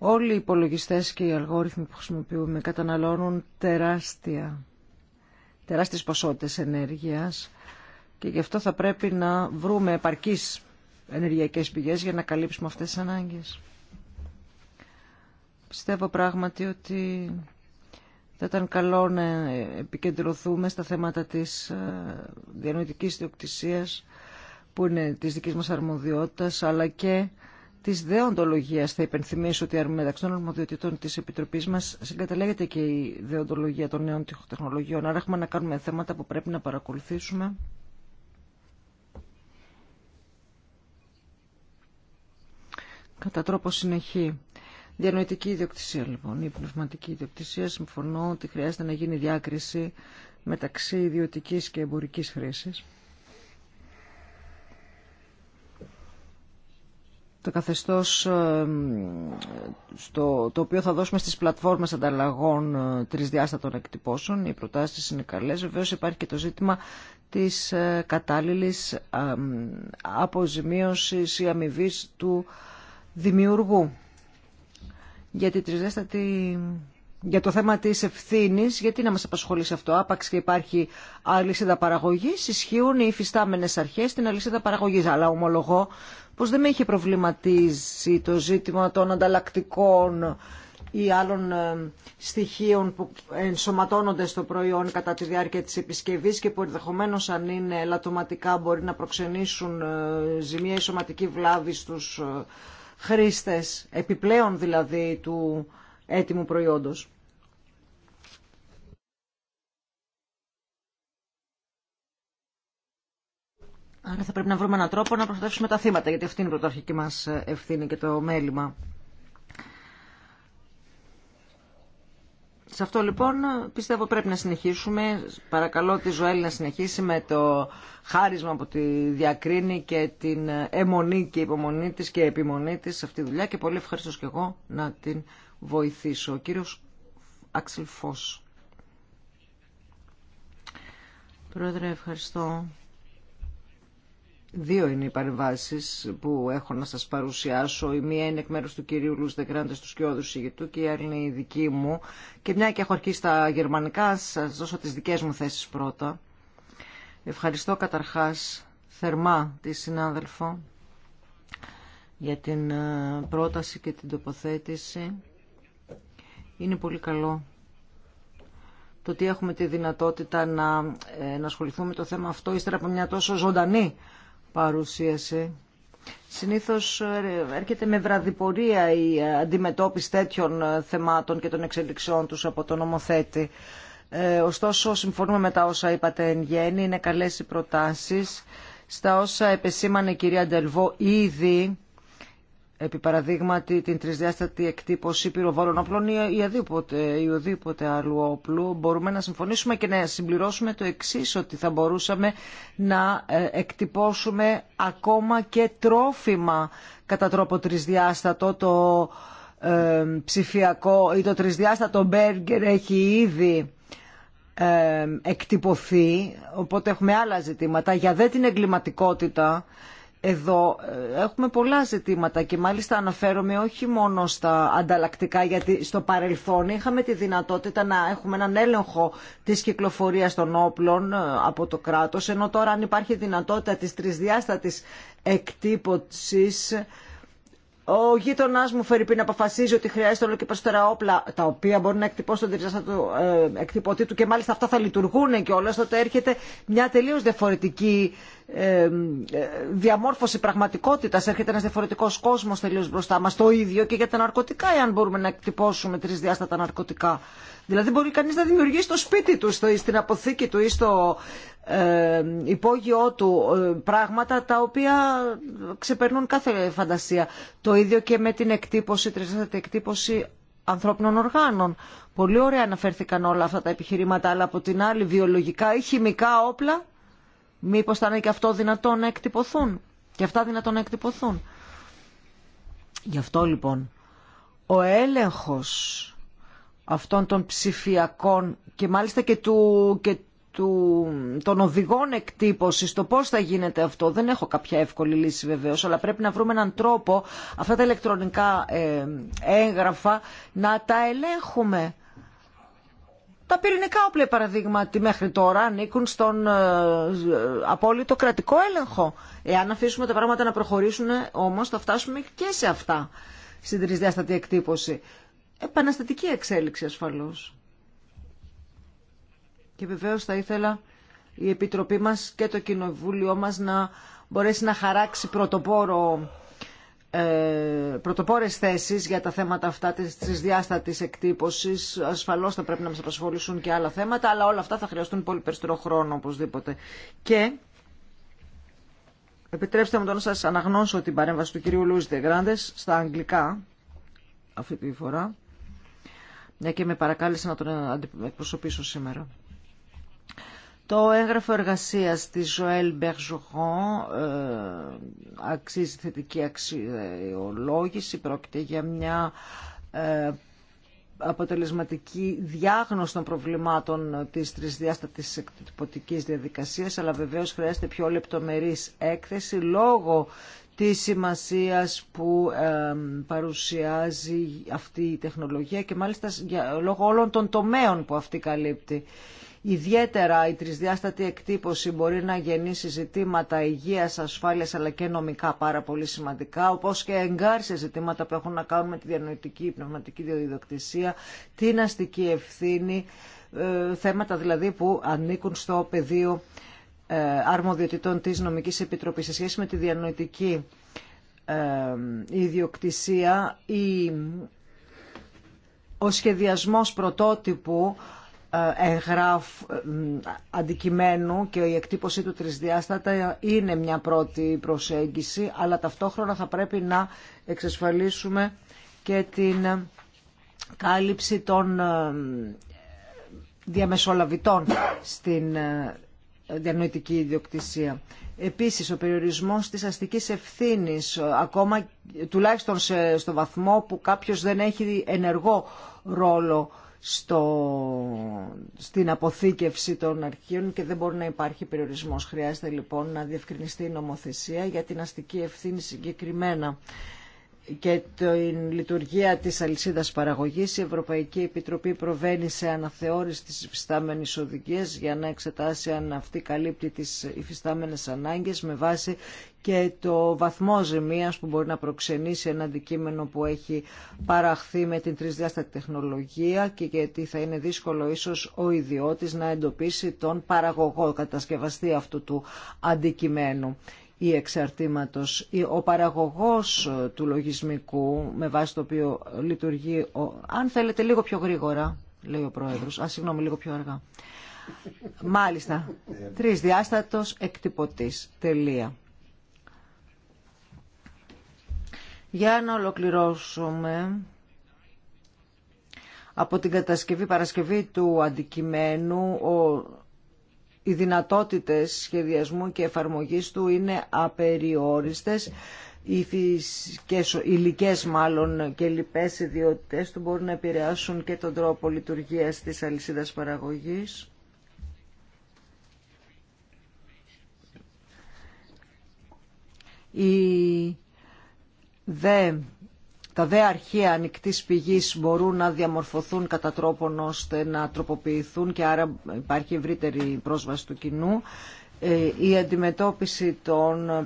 Όλοι οι υπολογιστές και οι αλγόριθμοι που χρησιμοποιούμε καταναλώνουν τεράστια, τεράστιες ποσότητες ενέργειας και γι' αυτό θα πρέπει να βρούμε επαρκείς ενεργειακές πηγές για να καλύψουμε αυτές τις ανάγκες. Πιστεύω πράγματι ότι θα ήταν καλό να επικεντρωθούμε στα θέματα της ε, διανοητικής διοκτησίας που είναι της δικής μας αρμοδιότητας αλλά και της δεοντολογίας θα υπενθυμίσω ότι μεταξύ των αρμοδιοτήτων της Επιτροπής μας συγκαταλέγεται και η δεοντολογία των νέων τεχνολογιών. Άρα έχουμε να κάνουμε θέματα που πρέπει να παρακολουθήσουμε. Κατά τρόπο συνεχή. Διανοητική ιδιοκτησία λοιπόν, η πνευματική ιδιοκτησία. Συμφωνώ ότι χρειάζεται να γίνει διάκριση μεταξύ ιδιωτικής και εμπορικής χρήσης. το καθεστώς ε, στο, το οποίο θα δώσουμε στις πλατφόρμες ανταλλαγών ε, τρισδιάστατων εκτυπώσεων. Οι προτάσεις είναι καλές. Βεβαίως υπάρχει και το ζήτημα της ε, κατάλληλης αποζημίωσης ή αμοιβή του δημιουργού. Γιατί τρισδιάστατη για το θέμα τη ευθύνη, γιατί να μα απασχολεί σε αυτό, άπαξ και υπάρχει αλυσίδα παραγωγή, ισχύουν οι υφιστάμενες αρχέ στην αλυσίδα παραγωγή, Αλλά ομολογώ πώ δεν με είχε προβληματίσει το ζήτημα των ανταλλακτικών ή άλλων ε, στοιχείων που ενσωματώνονται στο προϊόν κατά τη διάρκεια της επισκευής και που ενδεχομένω αν είναι λατωματικά μπορεί να προξενήσουν ε, ζημία ή σωματική βλάβη στους ε, χρήστες, επιπλέον δηλαδή του έτοιμου προϊόντος. Άρα θα πρέπει να βρούμε έναν τρόπο να προστατεύσουμε τα θύματα, γιατί αυτή είναι η πρωτοαρχική μας ευθύνη και το μέλημα. Σε αυτό λοιπόν πιστεύω πρέπει να συνεχίσουμε. Παρακαλώ τη Ζωέλη να συνεχίσει με το χάρισμα που τη διακρίνει και την αιμονή και υπομονή της και επιμονή της σε αυτή τη δουλειά και πολύ ευχαριστώ και εγώ να την βοηθήσω. Ο κύριος Άξελ Φως. Πρόεδρε, ευχαριστώ. Δύο είναι οι παρεμβάσεις που έχω να σας παρουσιάσω. Η μία είναι εκ μέρους του κυρίου Λούς του Σκιώδου Σιγητού και η άλλη είναι η δική μου. Και μια και έχω αρχίσει στα γερμανικά, σας δώσω τις δικές μου θέσεις πρώτα. Ευχαριστώ καταρχάς θερμά τη συνάδελφο για την ε, πρόταση και την τοποθέτηση είναι πολύ καλό το ότι έχουμε τη δυνατότητα να, ε, να ασχοληθούμε με το θέμα αυτό ύστερα από μια τόσο ζωντανή παρουσίαση. Συνήθως ε, έρχεται με βραδιπορία η ε, αντιμετώπιση τέτοιων θεμάτων και των εξελιξιών τους από τον νομοθέτη. ωστόσο, συμφωνούμε με τα όσα είπατε εν γέννη, είναι καλές οι προτάσεις. Στα όσα επεσήμανε η κυρία Ντελβό ήδη, επί παραδείγματι την τρισδιάστατη εκτύπωση πυροβόλων όπλων ή, ή οδήποτε άλλου όπλου, μπορούμε να συμφωνήσουμε και να συμπληρώσουμε το εξή ότι θα μπορούσαμε να ε, εκτυπώσουμε ακόμα και τρόφιμα κατά τρόπο τρισδιάστατο το ε, ψηφιακό ή το τρισδιάστατο μπέργκερ έχει ήδη ε, εκτυπωθεί, οπότε έχουμε άλλα ζητήματα. Για δε την εγκληματικότητα, εδώ ε, έχουμε πολλά ζητήματα και μάλιστα αναφέρομαι όχι μόνο στα ανταλλακτικά γιατί στο παρελθόν είχαμε τη δυνατότητα να έχουμε έναν έλεγχο της κυκλοφορίας των όπλων ε, από το κράτος ενώ τώρα αν υπάρχει δυνατότητα της τρισδιάστατης εκτύπωσης ο γείτονα μου να αποφασίζει ότι χρειάζεται όλο και περισσότερα όπλα, τα οποία μπορεί να εκτυπώσει τον τριζάστα του ε, εκτυπωτή του και μάλιστα αυτά θα λειτουργούν και όλα. Τότε έρχεται μια τελείω διαφορετική ε, ε, διαμόρφωση πραγματικότητα. Έρχεται ένα διαφορετικό κόσμο τελείω μπροστά μα. Το ίδιο και για τα ναρκωτικά, εάν μπορούμε να εκτυπώσουμε τρισδιάστατα ναρκωτικά. Δηλαδή μπορεί κανείς να δημιουργήσει στο σπίτι του, στην αποθήκη του ή στο ε, υπόγειό του ε, πράγματα τα οποία ξεπερνούν κάθε φαντασία. Το ίδιο και με την εκτύπωση, εκτύπωση ανθρώπινων οργάνων. Πολύ ωραία αναφέρθηκαν όλα αυτά τα επιχειρήματα, αλλά από την άλλη βιολογικά ή χημικά όπλα, μήπως θα είναι και αυτό δυνατόν να εκτυπωθούν. Και αυτά δυνατόν να εκτυπωθούν. Γι' αυτό λοιπόν ο έλεγχος αυτών των ψηφιακών και μάλιστα και, του, και του, των οδηγών εκτύπωση, το πώ θα γίνεται αυτό. Δεν έχω κάποια εύκολη λύση βεβαίω, αλλά πρέπει να βρούμε έναν τρόπο αυτά τα ηλεκτρονικά ε, έγγραφα να τα ελέγχουμε. Τα πυρηνικά όπλα, παραδείγματι, μέχρι τώρα ανήκουν στον ε, απόλυτο κρατικό έλεγχο. Εάν αφήσουμε τα πράγματα να προχωρήσουν, ε, όμω θα φτάσουμε και σε αυτά στην τρισδιάστατη εκτύπωση επαναστατική εξέλιξη ασφαλώς. Και βεβαίως θα ήθελα η Επιτροπή μας και το Κοινοβούλιο μας να μπορέσει να χαράξει πρωτοπόρο, ε, πρωτοπόρες θέσεις για τα θέματα αυτά της, της διάστατης εκτύπωσης. Ασφαλώς θα πρέπει να μας απασχολήσουν και άλλα θέματα, αλλά όλα αυτά θα χρειαστούν πολύ περισσότερο χρόνο οπωσδήποτε. Και επιτρέψτε μου τώρα να σας αναγνώσω την παρέμβαση του κυρίου Λούις Δεγκράντες στα αγγλικά αυτή τη φορά μια ναι, και με παρακάλεσε να τον ε, εκπροσωπήσω σήμερα. Το έγγραφο εργασίας της Ζωέλ Μπερζουχόν αξίζει θετική αξιολόγηση. Πρόκειται για μια ε, αποτελεσματική διάγνωση των προβλημάτων της τρισδιάστατης εκτυπωτικής διαδικασίας, αλλά βεβαίως χρειάζεται πιο λεπτομερής έκθεση λόγω Τη σημασία που παρουσιάζει αυτή η τεχνολογία και μάλιστα λόγω όλων των τομέων που αυτή καλύπτει. Ιδιαίτερα η τρισδιάστατη εκτύπωση μπορεί να γεννήσει ζητήματα υγείας, ασφάλειας αλλά και νομικά πάρα πολύ σημαντικά, όπως και εγκάρσια ζητήματα που έχουν να κάνουν με τη διανοητική, πνευματική διοδιοκτησία, την αστική ευθύνη, ε, θέματα δηλαδή που ανήκουν στο πεδίο ε, αρμοδιοτητών της Νομικής Επιτροπής σε σχέση με τη διανοητική ε, ιδιοκτησία ή ο σχεδιασμός πρωτότυπου ε, εγγράφ αντικειμένου και η εκτύπωσή του τρισδιάστατα είναι μια πρώτη προσέγγιση, αλλά ταυτόχρονα θα πρέπει να εξασφαλίσουμε και την κάλυψη των διαμεσολαβητών στην διανοητική ιδιοκτησία. Επίσης, ο περιορισμός της αστικής ευθύνης, ακόμα τουλάχιστον σε, στο βαθμό που κάποιος δεν έχει ενεργό ρόλο στο, στην αποθήκευση των αρχείων και δεν μπορεί να υπάρχει περιορισμός. Χρειάζεται λοιπόν να διευκρινιστεί η νομοθεσία για την αστική ευθύνη συγκεκριμένα και την λειτουργία της αλυσίδας παραγωγής, η Ευρωπαϊκή Επιτροπή προβαίνει σε αναθεώρηση της υφιστάμενης οδηγίας για να εξετάσει αν αυτή καλύπτει τις υφιστάμενες ανάγκες με βάση και το βαθμό ζημίας που μπορεί να προξενήσει ένα αντικείμενο που έχει παραχθεί με την τρισδιάστατη τεχνολογία και γιατί θα είναι δύσκολο ίσως ο ιδιώτης να εντοπίσει τον παραγωγό κατασκευαστή αυτού του αντικειμένου ή εξαρτήματος. Ο παραγωγός του λογισμικού με βάση το οποίο λειτουργεί, αν θέλετε λίγο πιο γρήγορα, λέει ο Πρόεδρος, α, συγγνώμη, λίγο πιο αργά. Μάλιστα, τρισδιάστατος εκτυπωτής, τελεία. Για να ολοκληρώσουμε από την κατασκευή-παρασκευή του αντικειμένου οι δυνατότητες σχεδιασμού και εφαρμογής του είναι απεριόριστες. Οι φυσικές, υλικές μάλλον και λοιπές ιδιότητες του μπορούν να επηρεάσουν και τον τρόπο λειτουργίας της αλυσίδας παραγωγής. Η δε τα δε αρχεία ανοιχτή πηγή μπορούν να διαμορφωθούν κατά τρόπον ώστε να τροποποιηθούν και άρα υπάρχει ευρύτερη πρόσβαση του κοινού. Ε, η αντιμετώπιση των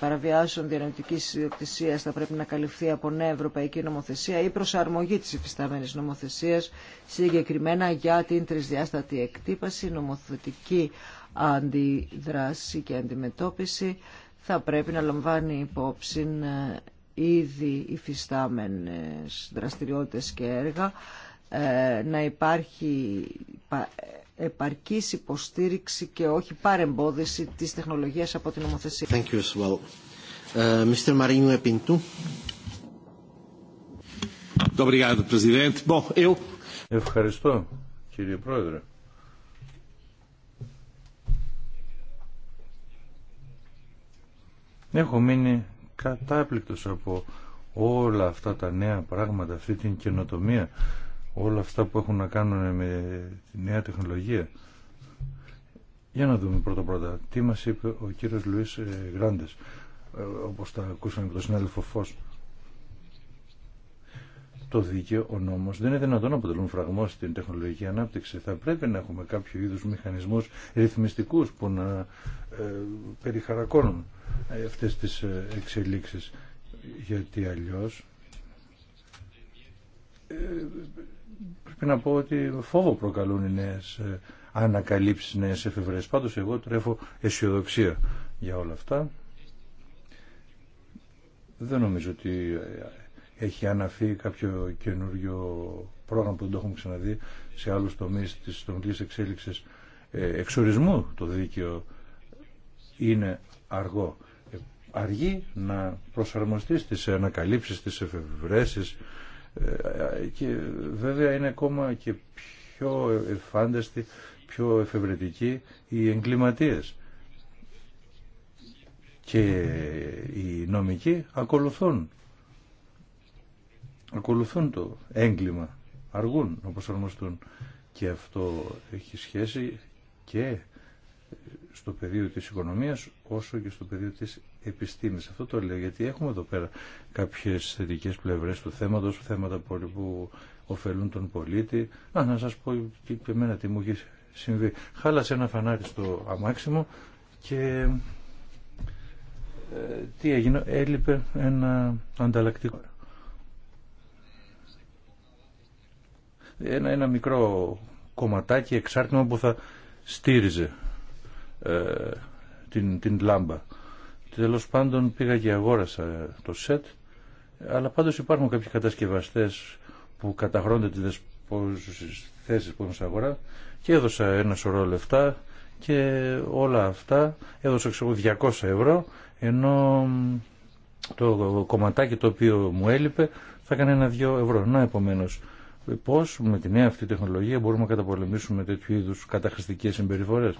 παραβιάσεων διανοητική ιδιοκτησία θα πρέπει να καλυφθεί από νέα ευρωπαϊκή νομοθεσία ή προσαρμογή τη υφιστάμενης νομοθεσία συγκεκριμένα για την τρισδιάστατη εκτύπαση, νομοθετική αντιδράση και αντιμετώπιση θα πρέπει να λαμβάνει υπόψη ε, ήδη υφιστάμενες δραστηριότητες και έργα, ε, να υπάρχει επαρκής υποστήριξη και όχι παρεμπόδιση της τεχνολογίας από την νομοθεσία. Thank you well. Ε, Mr. Ευχαριστώ, κύριε Πρόεδρε. Έχω μείνει κατάπληκτος από όλα αυτά τα νέα πράγματα, αυτή την καινοτομία, όλα αυτά που έχουν να κάνουν με τη νέα τεχνολογία. Για να δούμε πρώτα πρώτα τι μας είπε ο κύριος Λουίς ε, Γκράντες, ε, όπως τα ακούσαμε από τον συνάδελφο Φως το δίκαιο, ο νόμος δεν είναι δυνατόν να αποτελούν φραγμό στην τεχνολογική ανάπτυξη. Θα πρέπει να έχουμε κάποιο είδους μηχανισμού ρυθμιστικού που να ε, περιχαρακώνουν ε, αυτές τις ε, εξελίξεις. Γιατί αλλιώς πρέπει να πω ότι φόβο προκαλούν οι ανακαλύψει ανακαλύψεις, νέε εφευρέ. Πάντως εγώ τρέφω αισιοδοξία για όλα αυτά. Δεν νομίζω ότι έχει αναφεί κάποιο καινούριο πρόγραμμα που δεν το έχουμε ξαναδεί σε άλλους τομείς της εξέλιξη εξέλιξης ε, εξορισμού το δίκαιο είναι αργό. Ε, αργεί να προσαρμοστεί στις ανακαλύψεις, στις εφευρέσεις ε, και βέβαια είναι ακόμα και πιο εφάνταστη, πιο εφευρετικοί οι εγκληματίε. Και οι νομικοί ακολουθούν ακολουθούν το έγκλημα, αργούν να προσαρμοστούν και αυτό έχει σχέση και στο πεδίο της οικονομίας όσο και στο πεδίο της επιστήμης. Αυτό το λέω γιατί έχουμε εδώ πέρα κάποιες θετικέ πλευρές του θέματος, θέματα που ωφελούν τον πολίτη. Να, να σας πω και εμένα τι μου έχει συμβεί. Χάλασε ένα φανάρι στο αμάξιμο και ε, τι έγινε, έλειπε ένα ανταλλακτικό. ένα, ένα μικρό κομματάκι εξάρτημα που θα στήριζε ε, την, την λάμπα. Τέλο πάντων πήγα και αγόρασα το σετ, αλλά πάντως υπάρχουν κάποιοι κατασκευαστές που καταχρώνται τις θέσεις που έχουν στην αγορά και έδωσα ένα σωρό λεφτά και όλα αυτά έδωσα ξέρω 200 ευρώ ενώ το κομματάκι το οποίο μου έλειπε θα έκανε ένα-δυο ευρώ. Να επομένως Πώ με τη νέα αυτή τεχνολογία μπορούμε να καταπολεμήσουμε τέτοιου είδου καταχρηστικές συμπεριφορέ.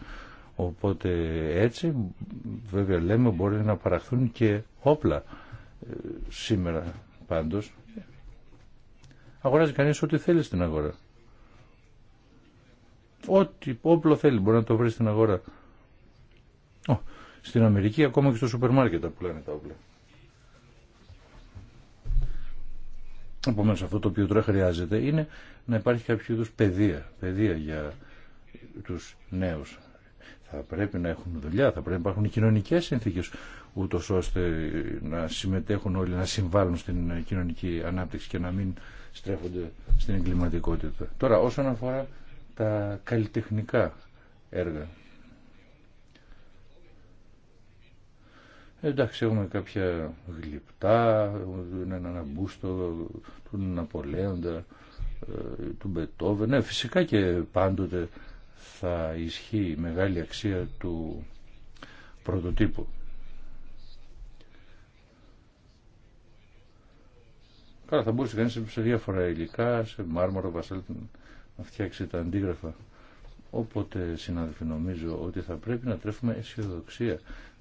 Οπότε έτσι βέβαια λέμε μπορεί να παραχθούν και όπλα ε, σήμερα πάντως. Αγοράζει κανείς ό,τι θέλει στην αγορά. Ό,τι όπλο θέλει μπορεί να το βρει στην αγορά. στην Αμερική ακόμα και στο σούπερ μάρκετ που λένε τα όπλα. Επομένω, αυτό το οποίο τώρα χρειάζεται είναι να υπάρχει κάποιο είδου παιδεία, για τους νέους. Θα πρέπει να έχουν δουλειά, θα πρέπει να υπάρχουν κοινωνικές συνθήκε, ούτω ώστε να συμμετέχουν όλοι, να συμβάλλουν στην κοινωνική ανάπτυξη και να μην στρέφονται στην εγκληματικότητα. Τώρα όσον αφορά τα καλλιτεχνικά έργα Εντάξει, έχουμε κάποια γλυπτά, έναν μπούστο του Ναπολέοντα, ε, του Μπετόβεν. Ναι, φυσικά και πάντοτε θα ισχύει η μεγάλη αξία του πρωτοτύπου. Καλά, θα μπορούσε κανείς σε διάφορα υλικά, σε μάρμαρο, βασάλτη, να φτιάξει τα αντίγραφα. Οπότε, συνάδελφοι, νομίζω ότι θα πρέπει να τρέφουμε αισιοδοξία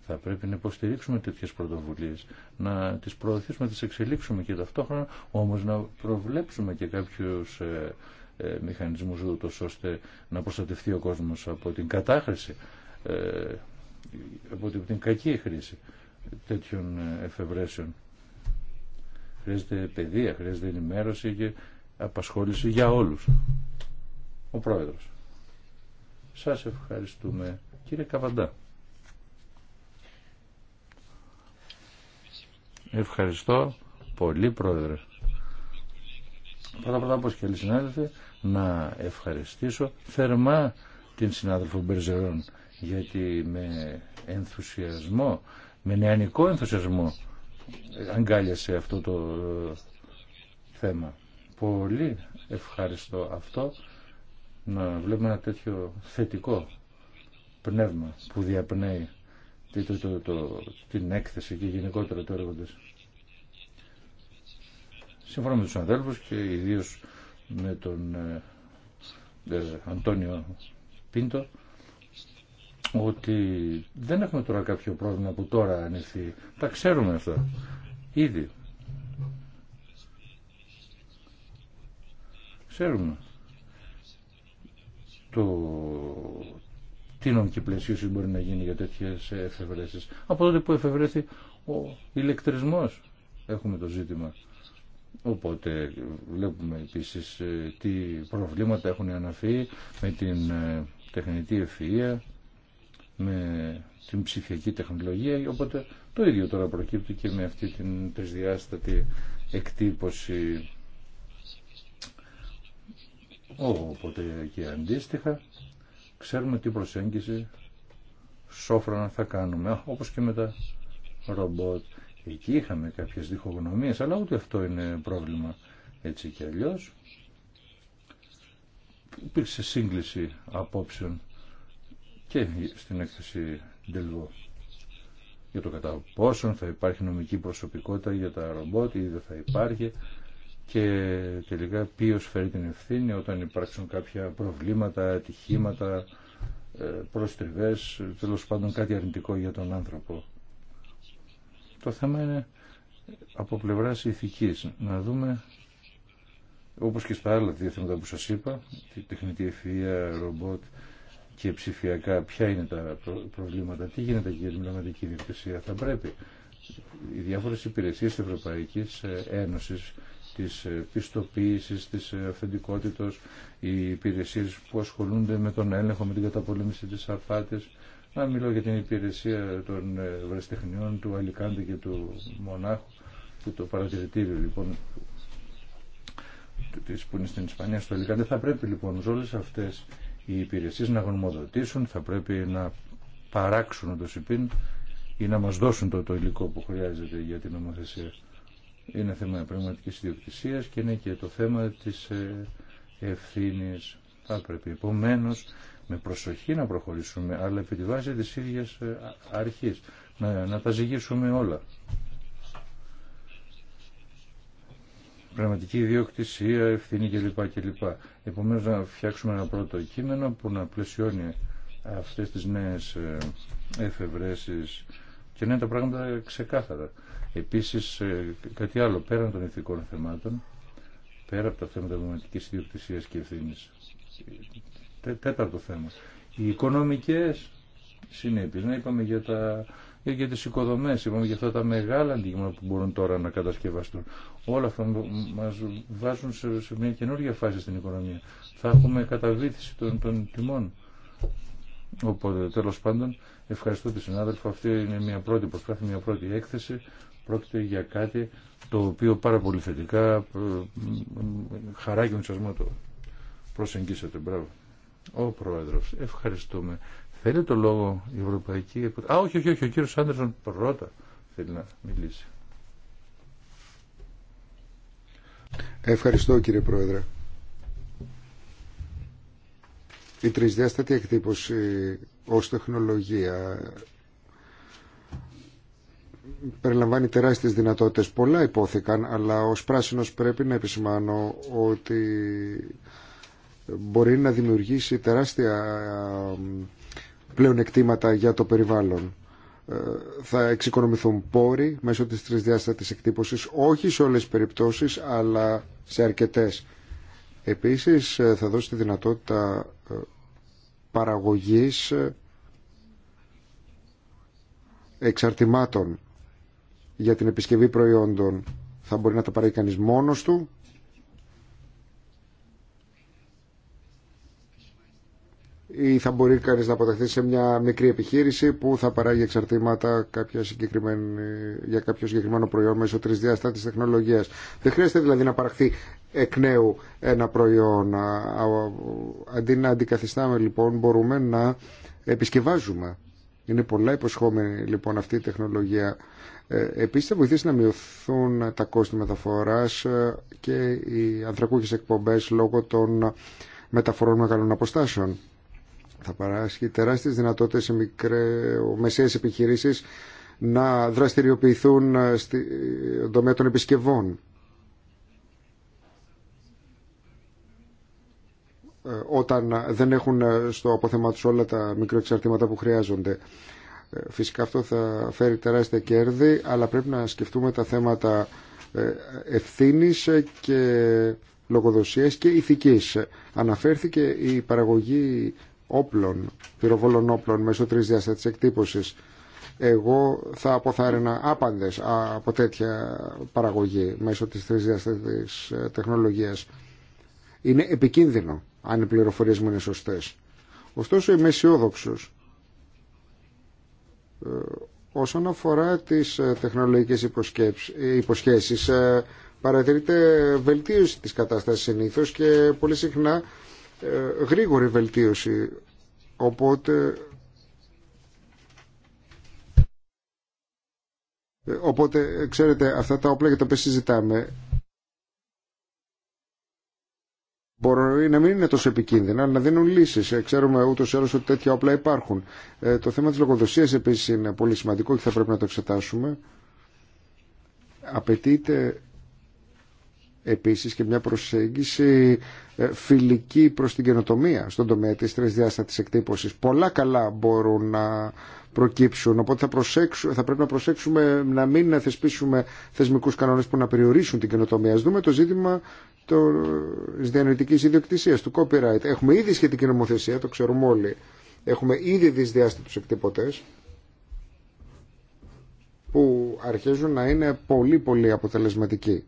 θα πρέπει να υποστηρίξουμε τέτοιες πρωτοβουλίες, να τις προωθήσουμε, να τις εξελίξουμε και ταυτόχρονα όμως να προβλέψουμε και κάποιους ε, ε, μηχανισμούς ώστε να προστατευτεί ο κόσμος από την κατάχρηση, ε, από την κακή χρήση τέτοιων ε, εφευρέσεων. Χρειάζεται παιδεία, χρειάζεται ενημέρωση και απασχόληση για όλους. Ο Πρόεδρος. Σας ευχαριστούμε. Κύριε Καβαντά. Ευχαριστώ πολύ πρόεδρε. Πρώτα πρώτα όπως και συνάδελφοι να ευχαριστήσω θερμά την συνάδελφο Μπερζερών γιατί με ενθουσιασμό, με νεανικό ενθουσιασμό αγκάλιασε αυτό το ε, θέμα. Πολύ ευχαριστώ αυτό να βλέπουμε ένα τέτοιο θετικό πνεύμα που διαπνέει το, την έκθεση και γενικότερα το έργο της. Σύμφωνα με τους αδέλφους και ιδίως με τον ε, ε, Αντώνιο Πίντο ότι δεν έχουμε τώρα κάποιο πρόβλημα που τώρα ανοιχθεί. Τα ξέρουμε αυτά. Ήδη. Ξέρουμε το τι νομική πλαισίωση μπορεί να γίνει για τέτοιες εφευρέσεις. Από τότε που εφευρέθη ο ηλεκτρισμός έχουμε το ζήτημα. Οπότε βλέπουμε επίσης ε, τι προβλήματα έχουν αναφεί με την ε, τεχνητή ευφυΐα, με την ψηφιακή τεχνολογία, οπότε το ίδιο τώρα προκύπτει και με αυτή την τρισδιάστατη εκτύπωση. Οπότε και αντίστοιχα ξέρουμε τι προσέγγιση σόφρονα θα κάνουμε, όπως και με τα ρομπότ. Εκεί είχαμε κάποιες διχογνωμίες, αλλά ούτε αυτό είναι πρόβλημα έτσι και αλλιώς. Υπήρξε σύγκληση απόψεων και στην έκθεση Ντελβό για το κατά πόσον θα υπάρχει νομική προσωπικότητα για τα ρομπότ ή δεν θα υπάρχει και τελικά ποιος φέρει την ευθύνη όταν υπάρξουν κάποια προβλήματα, ατυχήματα, ε, προστριβές, τέλο πάντων κάτι αρνητικό για τον άνθρωπο. Το θέμα είναι από πλευράς ηθικής. Να δούμε, όπως και στα άλλα δύο θέματα που σας είπα, τη τεχνητή ευφυΐα, ρομπότ και ψηφιακά, ποια είναι τα προβλήματα, τι γίνεται για την πνευματική διευθυνσία. Θα πρέπει οι διάφορες υπηρεσίες της Ευρωπαϊκής Ένωσης της ε, πιστοποίησης, της ε, αυθεντικότητας, οι υπηρεσίες που ασχολούνται με τον έλεγχο, με την καταπολέμηση της απάτης. Να μιλώ για την υπηρεσία των ε, βρεστεχνιών του Αλικάντη και του Μονάχου, που το παρατηρητήριο λοιπόν που είναι στην Ισπανία, στο Αλικάντη. Θα πρέπει λοιπόν όλες αυτές οι υπηρεσίες να γνωμοδοτήσουν, θα πρέπει να παράξουν το ΣΥΠΗΝ ή να μας δώσουν το, το υλικό που χρειάζεται για την νομοθεσία. Είναι θέμα πραγματική ιδιοκτησία και είναι και το θέμα της ε, ευθύνη. Θα πρέπει επομένω με προσοχή να προχωρήσουμε, αλλά επί τη βάση τη ε, αρχής. Να, να τα ζυγίσουμε όλα. Πραγματική ιδιοκτησία, ευθύνη κλπ. κλπ. Επομένως να φτιάξουμε ένα πρώτο κείμενο που να πλαισιώνει αυτέ τι νέε εφευρέσει και να είναι τα πράγματα ξεκάθαρα. Επίσης ε, κάτι άλλο πέραν των ηθικών θεμάτων, πέρα από τα θέματα δημοτικής ιδιοκτησίας και ευθύνης. Τέταρτο θέμα. Οι οικονομικές συνέπειες. Να είπαμε για, τα, για τις οικοδομές, είπαμε για αυτά τα μεγάλα αντίγματα που μπορούν τώρα να κατασκευαστούν. Όλα αυτά μας βάζουν σε, μια καινούργια φάση στην οικονομία. Θα έχουμε καταβήθηση των, των τιμών. Οπότε τέλος πάντων ευχαριστώ τη συνάδελφα. Αυτή είναι μια πρώτη προσπάθεια, μια πρώτη έκθεση Πρόκειται για κάτι το οποίο πάρα πολύ θετικά ε, ε, χαρά και ενθουσιασμό το προσεγγίσατε. Μπράβο. Ο Πρόεδρος. Ευχαριστούμε. Θέλει το λόγο η Ευρωπαϊκή Επιτροπή. Α, όχι, όχι, όχι. Ο κύριο Άντερσον πρώτα θέλει να μιλήσει. Ευχαριστώ κύριε Πρόεδρε. Η τρισδιάστατη εκτύπωση ως τεχνολογία περιλαμβάνει τεράστιες δυνατότητες. Πολλά υπόθηκαν, αλλά ως πράσινος πρέπει να επισημάνω ότι μπορεί να δημιουργήσει τεράστια πλέον εκτήματα για το περιβάλλον. Ε, θα εξοικονομηθούν πόροι μέσω της τρισδιάστατης εκτύπωσης, όχι σε όλες τις περιπτώσεις, αλλά σε αρκετές. Επίσης ε, θα δώσει τη δυνατότητα ε, παραγωγής εξαρτημάτων για την επισκευή προϊόντων θα μπορεί να τα παράγει κανείς μόνος του ή θα μπορεί κανείς να αποταχθεί σε μια μικρή επιχείρηση που θα παράγει εξαρτήματα κάποια για κάποιο συγκεκριμένο προϊόν μέσω τρισδιάστατης τεχνολογίας. Δεν χρειάζεται δηλαδή να παραχθεί εκ νέου ένα προϊόν. Αντί να αντικαθιστάμε λοιπόν μπορούμε να επισκευάζουμε. Είναι πολλά υποσχόμενη λοιπόν αυτή η τεχνολογία. Ε, επίσης θα βοηθήσει να μειωθούν τα κόστη μεταφοράς ε, και οι ανθρακούχες εκπομπές λόγω των μεταφορών μεγάλων αποστάσεων. Θα παράσχει τεράστιες δυνατότητες σε μεσαίες επιχειρήσεις να δραστηριοποιηθούν ε, στον τομέα των επισκευών. όταν δεν έχουν στο αποθέμα τους όλα τα μικροεξαρτήματα που χρειάζονται. Ε, φυσικά αυτό θα φέρει τεράστια κέρδη, αλλά πρέπει να σκεφτούμε τα θέματα ε, ευθύνης και λογοδοσίας και ηθικής. Αναφέρθηκε η παραγωγή όπλων, πυροβόλων όπλων μέσω τρεις διάστατης εκτύπωσης. Εγώ θα αποθάρρυνα άπαντες από τέτοια παραγωγή μέσω της τρεις ε, τεχνολογίας. Είναι επικίνδυνο αν οι πληροφορίες μου είναι σωστές. Ωστόσο είμαι αισιόδοξο ε, όσον αφορά τις ε, τεχνολογικές υποσχέσεις, ε, παρατηρείται βελτίωση της κατάστασης συνήθως και πολύ συχνά γρήγορη βελτίωση. Οπότε Οπότε, ξέρετε, αυτά τα όπλα για τα οποία συζητάμε μπορεί να μην είναι τόσο επικίνδυνα, να δίνουν λύσει. Ε, ξέρουμε ούτω ή άλλω ότι τέτοια όπλα υπάρχουν. Ε, το θέμα τη λογοδοσία επίση είναι πολύ σημαντικό και θα πρέπει να το εξετάσουμε. Απαιτείται επίσης και μια προσέγγιση ε, φιλική προς την καινοτομία στον τομέα της τρισδιάστατης εκτύπωσης. Πολλά καλά μπορούν να προκύψουν, οπότε θα, θα πρέπει να προσέξουμε να μην θεσπίσουμε θεσμικούς κανόνες που να περιορίσουν την καινοτομία. Ας δούμε το ζήτημα της διανοητικής ιδιοκτησίας, του copyright. Έχουμε ήδη σχετική νομοθεσία, το ξέρουμε όλοι. Έχουμε ήδη δυσδιάστατους εκτύπωτες που αρχίζουν να είναι πολύ πολύ αποτελεσματικοί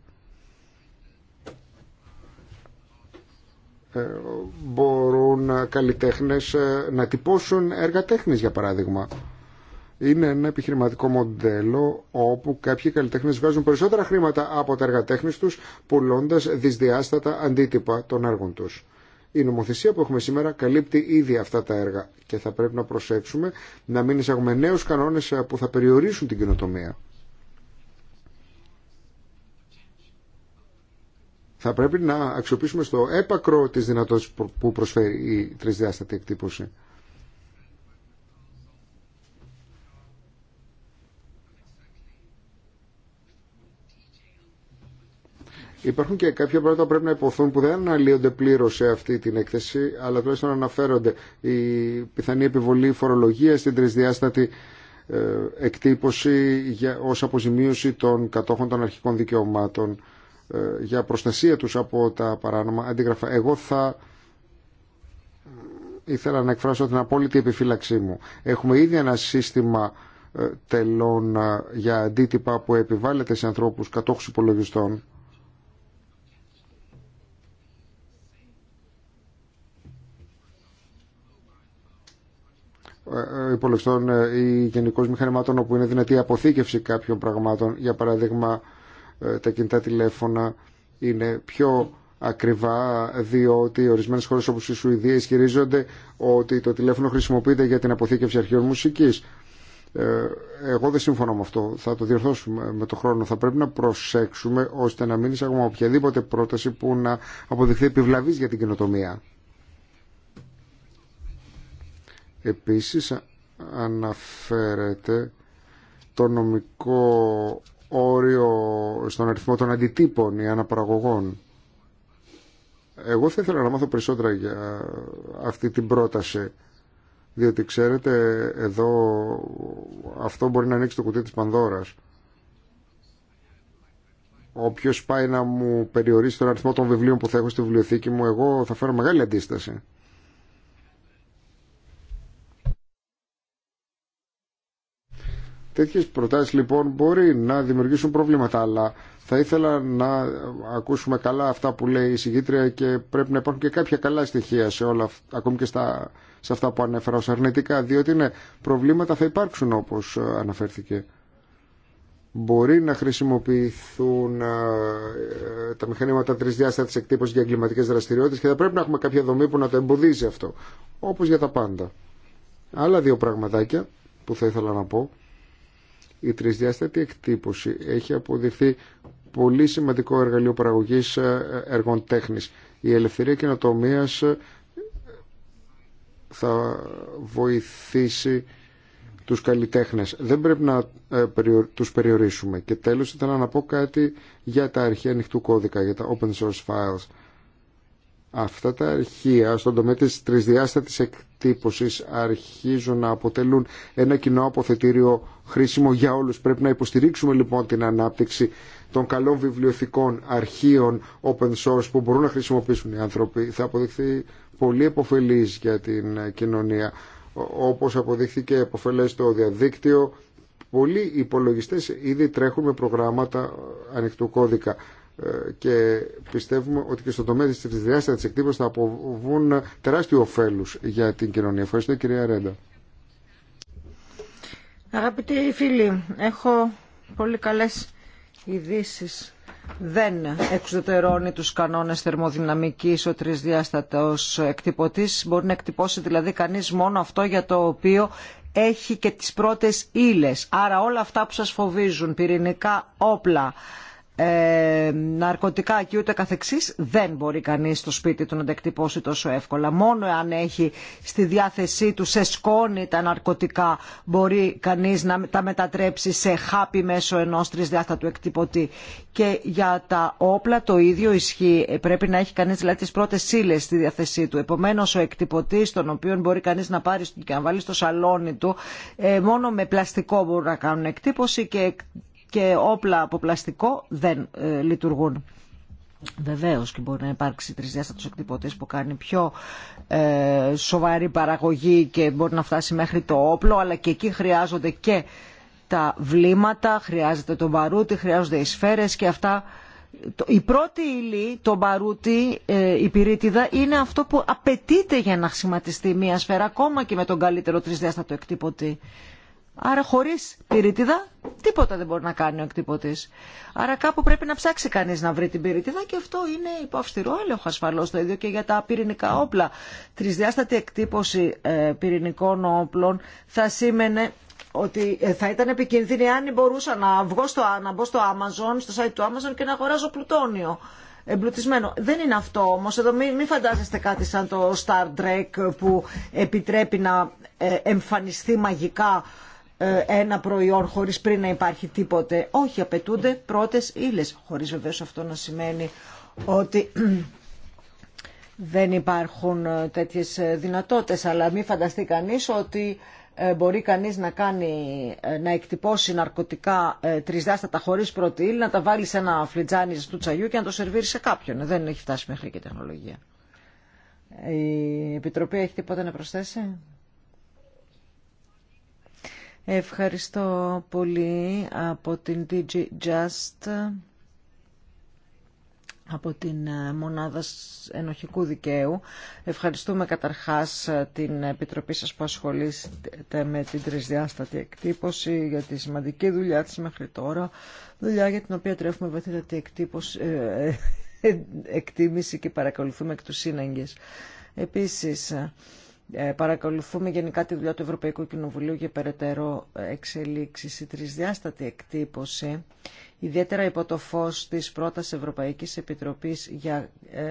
Ε, μπορούν καλλιτέχνες ε, να τυπώσουν έργα τέχνης για παράδειγμα. Είναι ένα επιχειρηματικό μοντέλο όπου κάποιοι καλλιτέχνες βγάζουν περισσότερα χρήματα από τα έργα τέχνης τους πουλώντα δυσδιάστατα αντίτυπα των έργων τους. Η νομοθεσία που έχουμε σήμερα καλύπτει ήδη αυτά τα έργα και θα πρέπει να προσέξουμε να μην εισαγουμε νέου κανόνε ε, που θα περιορίσουν την κοινοτομία. θα πρέπει να αξιοποιήσουμε στο έπακρο τις δυνατότητες που προσφέρει η τρισδιάστατη εκτύπωση. Υπάρχουν και κάποια πράγματα που πρέπει να υποθούν που δεν αναλύονται πλήρω σε αυτή την έκθεση, αλλά τουλάχιστον αναφέρονται. Η πιθανή επιβολή φορολογία στην τρισδιάστατη ε, εκτύπωση ω ως αποζημίωση των κατόχων των αρχικών δικαιωμάτων ε, για προστασία τους από τα παράνομα αντίγραφα. Εγώ θα ήθελα να εκφράσω την απόλυτη επιφύλαξή μου. Έχουμε ήδη ένα σύστημα ε, τελών ε, για αντίτυπα που επιβάλλεται σε ανθρώπους κατόχους υπολογιστών υπολογιστών ή γενικώ μηχανημάτων όπου είναι δυνατή αποθήκευση κάποιων πραγμάτων για παράδειγμα ε, τα κινητά τηλέφωνα είναι πιο ακριβά διότι ορισμένες χώρες όπως η Σουηδία ισχυρίζονται ότι το τηλέφωνο χρησιμοποιείται για την αποθήκευση αρχείων μουσικής. Ε, εγώ δεν συμφωνώ με αυτό. Θα το διορθώσουμε με το χρόνο. Θα πρέπει να προσέξουμε ώστε να μην εισαγούμε οποιαδήποτε πρόταση που να αποδειχθεί επιβλαβή για την κοινοτομία. Επίσης αναφέρεται το νομικό όριο στον αριθμό των αντιτύπων ή αναπαραγωγών. Εγώ θα ήθελα να μάθω περισσότερα για αυτή την πρόταση, διότι ξέρετε εδώ αυτό μπορεί να ανοίξει το κουτί της Πανδώρας. Όποιο πάει να μου περιορίσει τον αριθμό των βιβλίων που θα έχω στη βιβλιοθήκη μου, εγώ θα φέρω μεγάλη αντίσταση. Τέτοιε προτάσει λοιπόν μπορεί να δημιουργήσουν προβλήματα, αλλά θα ήθελα να ακούσουμε καλά αυτά που λέει η συγκήτρια και πρέπει να υπάρχουν και κάποια καλά στοιχεία σε όλα, ακόμη και στα, σε αυτά που ανέφερα ω αρνητικά, διότι ναι, προβλήματα θα υπάρξουν όπω αναφέρθηκε. Μπορεί να χρησιμοποιηθούν ε, ε, τα μηχανήματα τρισδιάστατη εκτύπωση για εγκληματικέ δραστηριότητε και θα πρέπει να έχουμε κάποια δομή που να το εμποδίζει αυτό, Όπω για τα πάντα. Άλλα δύο πραγματάκια που θα ήθελα να πω η τρισδιάστατη εκτύπωση έχει αποδειχθεί πολύ σημαντικό εργαλείο παραγωγής ε, έργων τέχνης. Η ελευθερία καινοτομία ε, θα βοηθήσει τους καλλιτέχνες. Δεν πρέπει να ε, τους περιορίσουμε. Και τέλος ήθελα να πω κάτι για τα αρχαία ανοιχτού κώδικα, για τα open source files. Αυτά τα αρχεία στον τομέα της τρισδιάστατης εκτύπωσης αρχίζουν να αποτελούν ένα κοινό αποθετήριο χρήσιμο για όλους. Πρέπει να υποστηρίξουμε λοιπόν την ανάπτυξη των καλών βιβλιοθηκών αρχείων open source που μπορούν να χρησιμοποιήσουν οι άνθρωποι. Θα αποδειχθεί πολύ επωφελής για την κοινωνία. Όπως αποδείχθηκε επωφελές στο διαδίκτυο, πολλοί υπολογιστές ήδη τρέχουν με προγράμματα ανοιχτού κώδικα. Ε, και πιστεύουμε ότι και στον τομέα της διάστασης της θα αποβούν τεράστιο ωφέλους για την κοινωνία. Ευχαριστώ κυρία Ρέντα. Αγαπητοί φίλοι, έχω πολύ καλές ειδήσει. Δεν εξωτερώνει τους κανόνες θερμοδυναμικής ο τρισδιάστατος εκτυπωτής. Μπορεί να εκτυπώσει δηλαδή κανείς μόνο αυτό για το οποίο έχει και τις πρώτες ύλες. Άρα όλα αυτά που σας φοβίζουν, πυρηνικά όπλα, ε, ναρκωτικά και ούτε καθεξής δεν μπορεί κανείς στο σπίτι του να τα εκτυπώσει τόσο εύκολα. Μόνο αν έχει στη διάθεσή του σε σκόνη τα ναρκωτικά μπορεί κανείς να τα μετατρέψει σε χάπι μέσω ενός τρισδιάστατου εκτυπωτή. Και για τα όπλα το ίδιο ισχύει. Ε, πρέπει να έχει κανείς δηλαδή τις πρώτες σύλλες στη διάθεσή του. Επομένως ο εκτυπωτής τον οποίο μπορεί κανείς να πάρει και να βάλει στο σαλόνι του ε, μόνο με πλαστικό μπορούν να κάνουν εκτύπωση και και όπλα από πλαστικό δεν ε, λειτουργούν. Βεβαίω και μπορεί να υπάρξει τρισδιάστατο εκτυπωτή που κάνει πιο ε, σοβαρή παραγωγή και μπορεί να φτάσει μέχρι το όπλο, αλλά και εκεί χρειάζονται και τα βλήματα, χρειάζεται το μπαρούτι, χρειάζονται οι σφαίρες και αυτά. Η πρώτη ύλη, το μπαρούτι, ε, η πυρίτιδα, είναι αυτό που απαιτείται για να σχηματιστεί μια σφαίρα, ακόμα και με τον καλύτερο τρισδιάστατο εκτύπωτη. Άρα χωρίς πυρίτιδα τίποτα δεν μπορεί να κάνει ο εκτυπωτής. Άρα κάπου πρέπει να ψάξει κανείς να βρει την πυρίτιδα και αυτό είναι υπό αυστηρό έλεγχο ασφαλώς το ίδιο και για τα πυρηνικά όπλα. Τρισδιάστατη εκτύπωση ε, πυρηνικών όπλων θα σήμαινε ότι ε, θα ήταν επικίνδυνη αν μπορούσα να, βγω στο, να μπω στο Amazon, στο site του Amazon και να αγοράζω πλουτόνιο εμπλουτισμένο. Δεν είναι αυτό όμω. Εδώ μην, μην φαντάζεστε κάτι σαν το Star Trek που επιτρέπει να ε, εμφανιστεί μαγικά ε, ένα προϊόν χωρίς πριν να υπάρχει τίποτε. Όχι, απαιτούνται πρώτες ύλες, χωρίς βεβαίως αυτό να σημαίνει ότι δεν υπάρχουν ε, τέτοιες ε, δυνατότητες, αλλά μην φανταστεί κανείς ότι μπορεί κανείς να, κάνει, να εκτυπώσει ναρκωτικά τρισδιάστατα χωρίς πρώτη ύλη, να τα βάλει σε ένα φλιτζάνι του τσαγιού και να το σερβίρει σε κάποιον. Δεν έχει φτάσει μέχρι και η τεχνολογία. Η Επιτροπή έχει τίποτα να προσθέσει. Ευχαριστώ πολύ από την DG Just, από την ε, Μονάδα Ενοχικού Δικαίου. Ευχαριστούμε καταρχάς ε, την Επιτροπή σας που ασχολείστε με την τρισδιάστατη εκτύπωση για τη σημαντική δουλειά της μέχρι τώρα, δουλειά για την οποία τρέφουμε βαθύτατη εκτύπωση, ε, εκτίμηση και παρακολουθούμε εκ του σύναγγες. Επίσης, ε, παρακολουθούμε γενικά τη δουλειά του Ευρωπαϊκού Κοινοβουλίου για περαιτέρω εξελίξει Η τρισδιάστατη εκτύπωση, ιδιαίτερα υπό το φω της πρώτας Ευρωπαϊκής Επιτροπής για ε,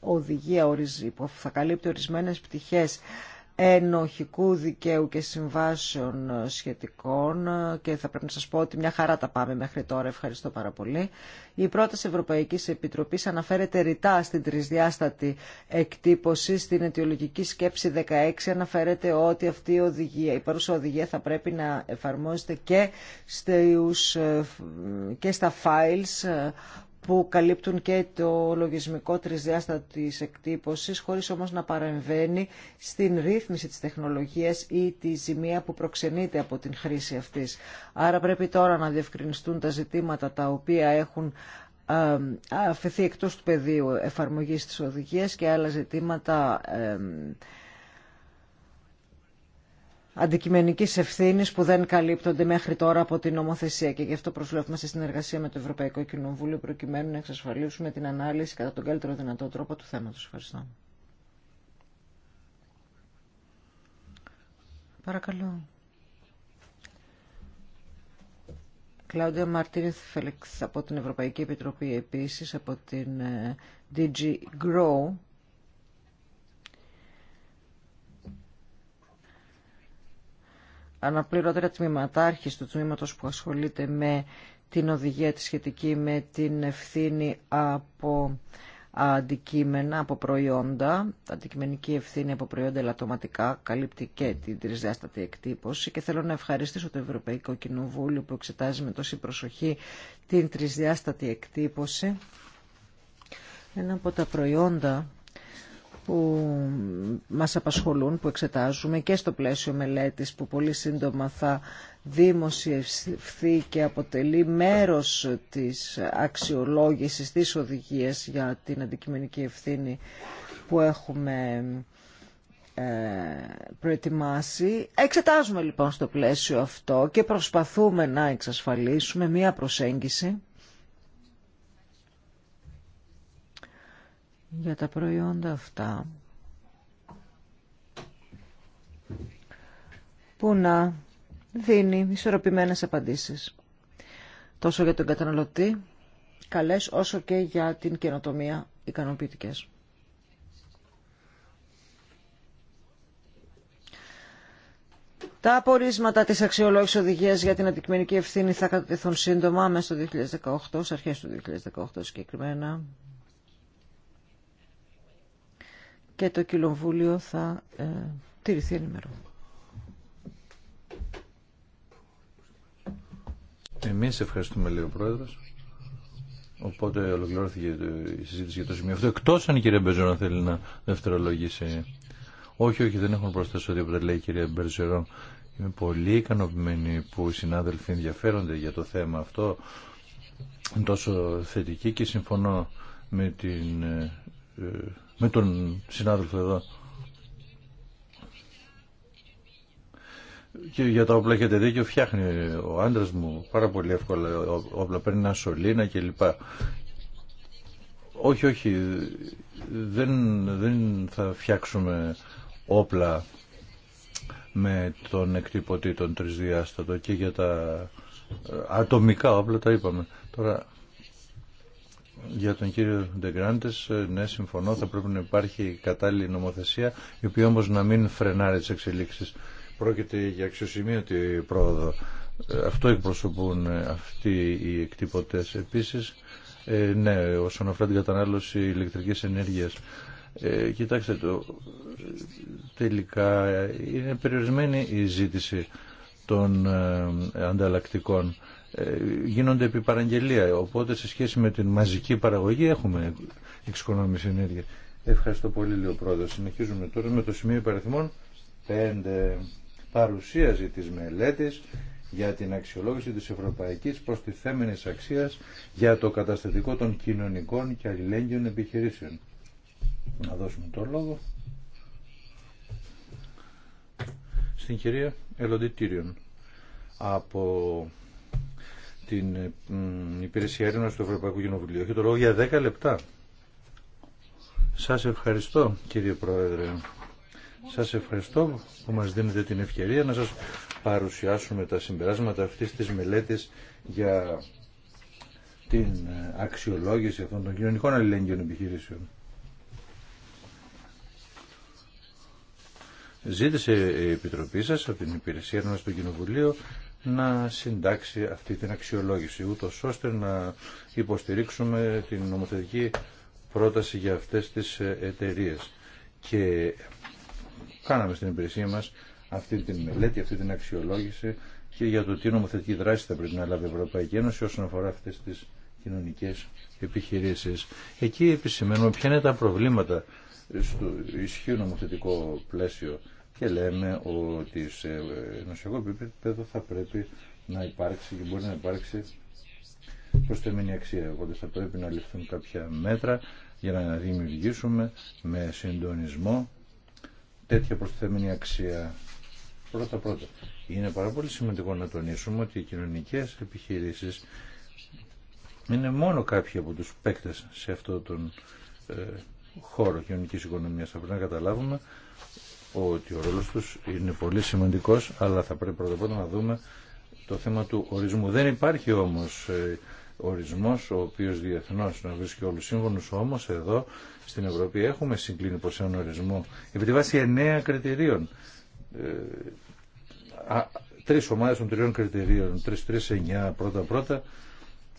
οδηγία που θα καλύπτει ορισμένες πτυχές ενοχικού δικαίου και συμβάσεων σχετικών και θα πρέπει να σας πω ότι μια χαρά τα πάμε μέχρι τώρα, ευχαριστώ πάρα πολύ. Η πρώτη Ευρωπαϊκής Επιτροπής αναφέρεται ρητά στην τρισδιάστατη εκτύπωση, στην αιτιολογική σκέψη 16 αναφέρεται ότι αυτή η, οδηγία, η παρούσα οδηγία θα πρέπει να εφαρμόζεται και, στους, ε, και στα files ε, που καλύπτουν και το λογισμικό τρισδιάστατο της εκτύπωσης, χωρίς όμως να παρεμβαίνει στην ρύθμιση της τεχνολογίας ή τη ζημία που προξενείται από την χρήση αυτής. Άρα πρέπει τώρα να διευκρινιστούν τα ζητήματα τα οποία έχουν ε, αφαιθεί εκτός του πεδίου εφαρμογής της οδηγίας και άλλα ζητήματα ε, Αντικειμενική ευθύνη που δεν καλύπτονται μέχρι τώρα από την νομοθεσία και γι' αυτό προσβλέπουμε σε συνεργασία με το Ευρωπαϊκό Κοινοβούλιο προκειμένου να εξασφαλίσουμε την ανάλυση κατά τον καλύτερο δυνατό τρόπο του θέματος. Ευχαριστώ. Παρακαλώ. Κλάουδια Μαρτίνεθ Φέλεξ από την Ευρωπαϊκή Επιτροπή επίσης, από την ε, DG Grow αναπληρώτερα τμήματάρχης του τμήματος που ασχολείται με την οδηγία τη σχετική με την ευθύνη από αντικείμενα, από προϊόντα. Τα αντικειμενική ευθύνη από προϊόντα ελαττωματικά καλύπτει και την τρισδιάστατη εκτύπωση και θέλω να ευχαριστήσω το Ευρωπαϊκό Κοινοβούλιο που εξετάζει με τόση προσοχή την τρισδιάστατη εκτύπωση. Ένα από τα προϊόντα που μας απασχολούν, που εξετάζουμε και στο πλαίσιο μελέτης που πολύ σύντομα θα δημοσιευθεί και αποτελεί μέρος της αξιολόγησης της οδηγίας για την αντικειμενική ευθύνη που έχουμε ε, προετοιμάσει. Εξετάζουμε λοιπόν στο πλαίσιο αυτό και προσπαθούμε να εξασφαλίσουμε μία προσέγγιση για τα προϊόντα αυτά που να δίνει ισορροπημένες απαντήσεις τόσο για τον καταναλωτή καλές όσο και για την καινοτομία ικανοποιητικές. Τα απορίσματα της αξιολόγησης οδηγίας για την αντικειμενική ευθύνη θα κατατεθούν σύντομα μέσα στο 2018, στις αρχές του 2018 συγκεκριμένα. και το Κοινοβούλιο θα ε, τηρηθεί ενημερό. Εμείς ευχαριστούμε λέει ο Πρόεδρος. Οπότε ολοκληρώθηκε η συζήτηση για το σημείο αυτό. Εκτός αν η κυρία Μπεζερόν θέλει να δευτερολογήσει. Όχι, όχι, δεν έχουν προσθέσει ό,τι λέει η κυρία Μπεζερόν. Είμαι πολύ ικανοποιημένη που οι συνάδελφοι ενδιαφέρονται για το θέμα αυτό. είναι τόσο θετική και συμφωνώ με την ε, ε, με τον συνάδελφο εδώ. Και για τα όπλα έχετε δίκιο, φτιάχνει ο άντρα μου πάρα πολύ εύκολα όπλα, παίρνει ένα σωλήνα κλπ. Όχι, όχι, δεν, δεν θα φτιάξουμε όπλα με τον εκτυπωτή τον τρισδιάστατο και για τα ατομικά όπλα τα είπαμε. Τώρα για τον κύριο Ντεγκράντες, ναι, συμφωνώ, θα πρέπει να υπάρχει κατάλληλη νομοθεσία, η οποία όμως να μην φρενάρει τις εξελίξεις. Πρόκειται για αξιοσημείωτη πρόοδο. Ε, αυτό εκπροσωπούν ε, αυτοί οι εκτύπωτες. Επίσης, ε, ναι, όσον αφορά την κατανάλωση ηλεκτρικής ενέργειας, κοιτάξτε το, τελικά είναι περιορισμένη η ζήτηση των ανταλλακτικών ε, γίνονται επί παραγγελία. Οπότε σε σχέση με την μαζική παραγωγή έχουμε εξοικονόμηση ενέργεια. Ευχαριστώ πολύ, λέει ο Συνεχίζουμε τώρα με το σημείο υπαριθμών 5. Παρουσίαση τη μελέτη για την αξιολόγηση της ευρωπαϊκής προστιθέμενης αξίας για το καταστατικό των κοινωνικών και αλληλέγγυων επιχειρήσεων. Να δώσουμε τον λόγο στην κυρία Ελοντιτήριον από την ε, υπηρεσία έρευνα του Ευρωπαϊκού Κοινοβουλίου. Έχει το λόγο για 10 λεπτά. Σας ευχαριστώ κύριε Πρόεδρε. Σας ευχαριστώ που μας δίνετε την ευκαιρία να σας παρουσιάσουμε τα συμπεράσματα αυτής της μελέτης για την ε, αξιολόγηση αυτών των κοινωνικών αλληλεγγύων επιχειρήσεων. Ζήτησε η Επιτροπή σας από την Υπηρεσία Έρευνας του Κοινοβουλίου να συντάξει αυτή την αξιολόγηση, ούτω ώστε να υποστηρίξουμε την νομοθετική πρόταση για αυτές τις εταιρείε. Και κάναμε στην υπηρεσία μας αυτή την μελέτη, αυτή την αξιολόγηση και για το τι νομοθετική δράση θα πρέπει να λάβει η Ευρωπαϊκή Ένωση όσον αφορά αυτές τις κοινωνικές επιχειρήσεις. Εκεί επισημαίνουμε ποια είναι τα προβλήματα στο ισχύ νομοθετικό πλαίσιο και λέμε ότι σε νοσιακό επίπεδο θα πρέπει να υπάρξει και μπορεί να υπάρξει προσθεμένη αξία. Οπότε θα πρέπει να ληφθούν κάποια μέτρα για να δημιουργήσουμε με συντονισμό τέτοια προσθεμένη αξία. Πρώτα πρώτα. Είναι πάρα πολύ σημαντικό να τονίσουμε ότι οι κοινωνικές επιχειρήσεις είναι μόνο κάποιοι από τους παίκτες σε αυτόν τον ε, χώρο κοινωνικής οικονομίας. Θα πρέπει να καταλάβουμε ότι ο ρόλος τους είναι πολύ σημαντικός, αλλά θα πρέπει πρώτα πρώτα να δούμε το θέμα του ορισμού. Δεν υπάρχει όμως ε, ορισμός ο οποίος διεθνώς να βρίσκει όλους σύμφωνους, όμως εδώ στην Ευρώπη έχουμε συγκλίνει σε έναν ορισμό επί τη βάση εννέα κριτηρίων. Ε, τρεις ομάδες των τριών κριτηρίων, τρεις, τρεις, εννιά, πρώτα-πρώτα,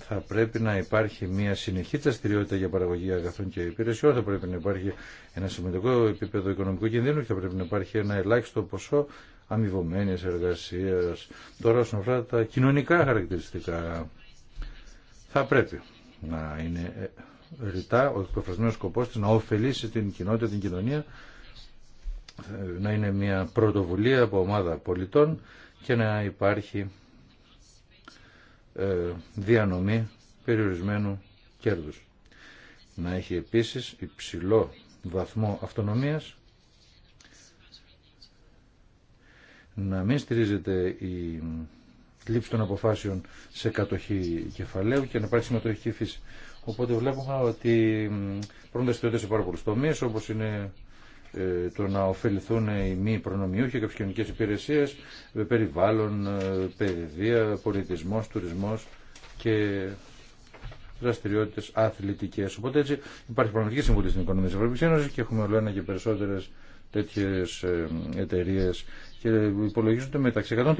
θα πρέπει να υπάρχει μια συνεχή δραστηριότητα για παραγωγή αγαθών και υπηρεσιών, θα πρέπει να υπάρχει ένα σημαντικό επίπεδο οικονομικού κινδύνου και θα πρέπει να υπάρχει ένα ελάχιστο ποσό αμοιβωμένη εργασία. Τώρα, όσον αφορά τα κοινωνικά χαρακτηριστικά, θα πρέπει να είναι ε, ρητά ο εκπεφρασμένο σκοπό τη να ωφελήσει την κοινότητα, την κοινωνία, ε, να είναι μια πρωτοβουλία από ομάδα πολιτών και να υπάρχει ε, διανομή περιορισμένου κέρδους. Να έχει επίσης υψηλό βαθμό αυτονομίας, να μην στηρίζεται η λήψη των αποφάσεων σε κατοχή κεφαλαίου και να υπάρχει συμμετοχή φύση. Οπότε βλέπουμε ότι πρώτα στηρίζονται σε πάρα πολλού τομεί, όπως είναι ε, το να ωφεληθούν οι μη προνομιούχοι και κοινωνικές υπηρεσίες, ε, περιβάλλον, ε, παιδεία, πολιτισμό, τουρισμό και δραστηριότητε αθλητικέ. Οπότε έτσι υπάρχει πραγματική συμβουλή στην οικονομία τη Ευρωπαϊκή Ένωση και έχουμε όλο ένα και περισσότερε τέτοιε εταιρείε και υπολογίζονται μεταξύ 130.000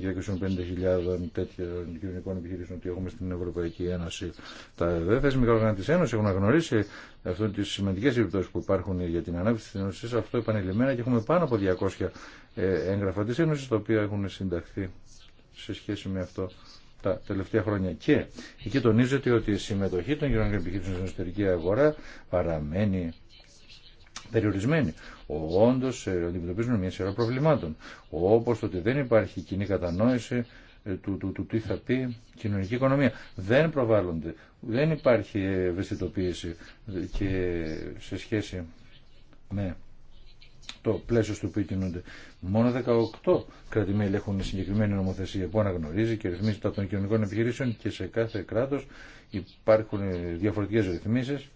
και 250.000 τέτοιων κοινωνικών επιχειρήσεων ότι έχουμε στην Ευρωπαϊκή Ένωση. Τα δε θεσμικά τη Ένωση έχουν αναγνωρίσει αυτέ τι σημαντικέ επιπτώσει που υπάρχουν για την ανάπτυξη τη Ένωση. Αυτό επανειλημμένα και έχουμε πάνω από 200 ε, έγγραφα τη Ένωση τα οποία έχουν συνταχθεί σε σχέση με αυτό τα τελευταία χρόνια. Και εκεί τονίζεται ότι η συμμετοχή των κοινωνικών επιχειρήσεων στην εσωτερική αγορά παραμένει περιορισμένη. Όντω ε, αντιμετωπίζουν μια σειρά προβλημάτων. Όπω το ότι δεν υπάρχει κοινή κατανόηση ε, του, του, του τι θα πει κοινωνική οικονομία. Δεν προβάλλονται. Δεν υπάρχει ευαισθητοποίηση ε, και σε σχέση με το πλαίσιο στο οποίο κινούνται. Μόνο 18 κρατημέλη έχουν συγκεκριμένη νομοθεσία που αναγνωρίζει και ρυθμίζει τα των κοινωνικών επιχειρήσεων και σε κάθε κράτος υπάρχουν διαφορετικές ρυθμίσεις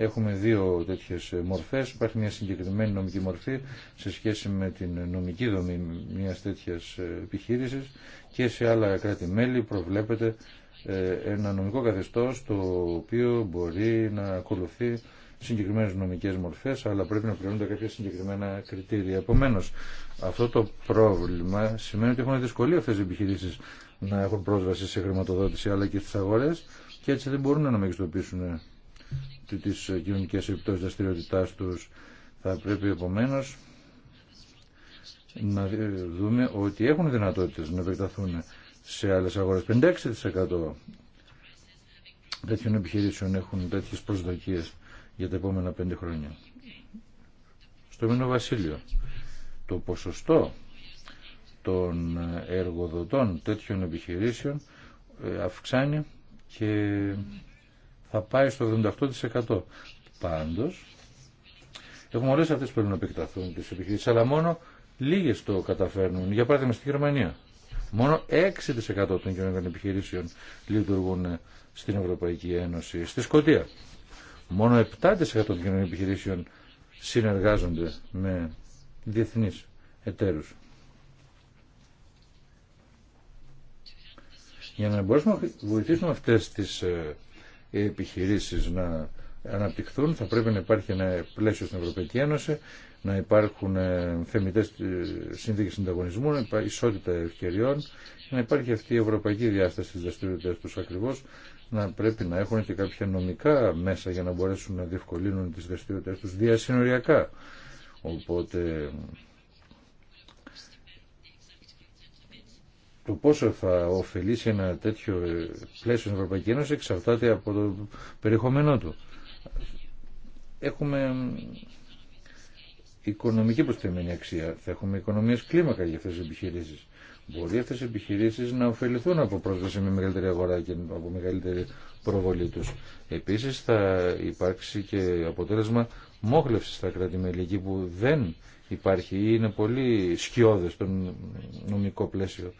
Έχουμε δύο τέτοιε μορφέ, Υπάρχει μια συγκεκριμένη νομική μορφή σε σχέση με την νομική δομή μια τέτοια ε, επιχείρηση και σε άλλα κράτη-μέλη προβλέπεται ε, ένα νομικό καθεστώ το οποίο μπορεί να ακολουθεί συγκεκριμένες νομικές μορφές αλλά πρέπει να πληρώνονται κάποια συγκεκριμένα κριτήρια. Επομένως, αυτό το πρόβλημα σημαίνει ότι έχουν δυσκολία αυτές οι επιχειρήσεις να έχουν πρόσβαση σε χρηματοδότηση αλλά και στις αγορές και έτσι δεν μπορούν να μεγιστοποιήσουν τις κοινωνικές επιπτώσεις δραστηριότητά τους. Θα πρέπει επομένως να δούμε ότι έχουν δυνατότητες να επεκταθούν σε άλλες αγορές. 56% τέτοιων επιχειρήσεων έχουν τέτοιες προσδοκίες για τα επόμενα πέντε χρόνια. Στο Μήνο Βασίλειο, το ποσοστό των εργοδοτών τέτοιων επιχειρήσεων ε, αυξάνει και θα πάει στο 78%. Πάντως, έχουμε όλες αυτές που πρέπει να επεκταθούν τις επιχειρήσεις, αλλά μόνο λίγες το καταφέρνουν. Για παράδειγμα, στη Γερμανία. Μόνο 6% των κοινωνικών επιχειρήσεων λειτουργούν στην Ευρωπαϊκή Ένωση. Στη Σκωτία, μόνο 7% των κοινωνικών επιχειρήσεων συνεργάζονται με διεθνείς εταίρους. Για να μπορέσουμε να βοηθήσουμε αυτές τις ε, οι επιχειρήσεις να αναπτυχθούν, θα πρέπει να υπάρχει ένα πλαίσιο στην Ευρωπαϊκή Ένωση, να υπάρχουν ε, θεμητές ε, συνθήκες συνταγωνισμού, ισότητα ευκαιριών, να υπάρχει αυτή η ευρωπαϊκή διάσταση της δραστηριότητας τους ακριβώς, να πρέπει να έχουν και κάποια νομικά μέσα για να μπορέσουν να διευκολύνουν τις δραστηριότητες τους διασυνοριακά. Οπότε το πόσο θα ωφελήσει ένα τέτοιο πλαίσιο στην Ευρωπαϊκή Ένωση εξαρτάται από το περιεχομένο του. Έχουμε οικονομική προστιμένη αξία. Θα έχουμε οικονομίες κλίμακα για αυτέ τι επιχειρήσει. Μπορεί αυτέ οι επιχειρήσει να ωφεληθούν από πρόσβαση με μεγαλύτερη αγορά και από μεγαλύτερη προβολή του. Επίση θα υπάρξει και αποτέλεσμα μόχλευση στα κράτη-μέλη εκεί που δεν υπάρχει ή είναι πολύ σκιώδε το νομικό πλαίσιο.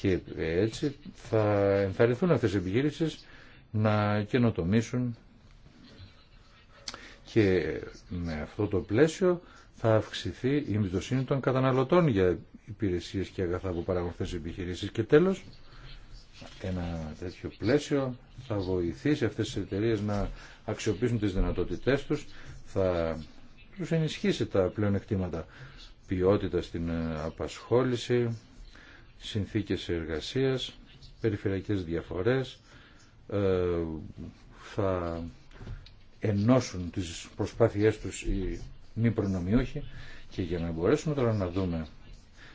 Και ε, έτσι θα ενθαρρυνθούν αυτές οι επιχείρησεις να καινοτομήσουν και με αυτό το πλαίσιο θα αυξηθεί η εμπιστοσύνη των καταναλωτών για υπηρεσίες και αγαθά που παράγουν αυτές οι επιχειρήσεις. Και τέλος, ένα τέτοιο πλαίσιο θα βοηθήσει αυτές τις εταιρείε να αξιοποιήσουν τις δυνατότητές τους, θα τους ενισχύσει τα πλεονεκτήματα ποιότητα στην ε, απασχόληση, συνθήκες εργασίας, περιφερειακές διαφορές, ε, θα ενώσουν τις προσπάθειές τους οι μη προνομιούχοι και για να μπορέσουμε τώρα να δούμε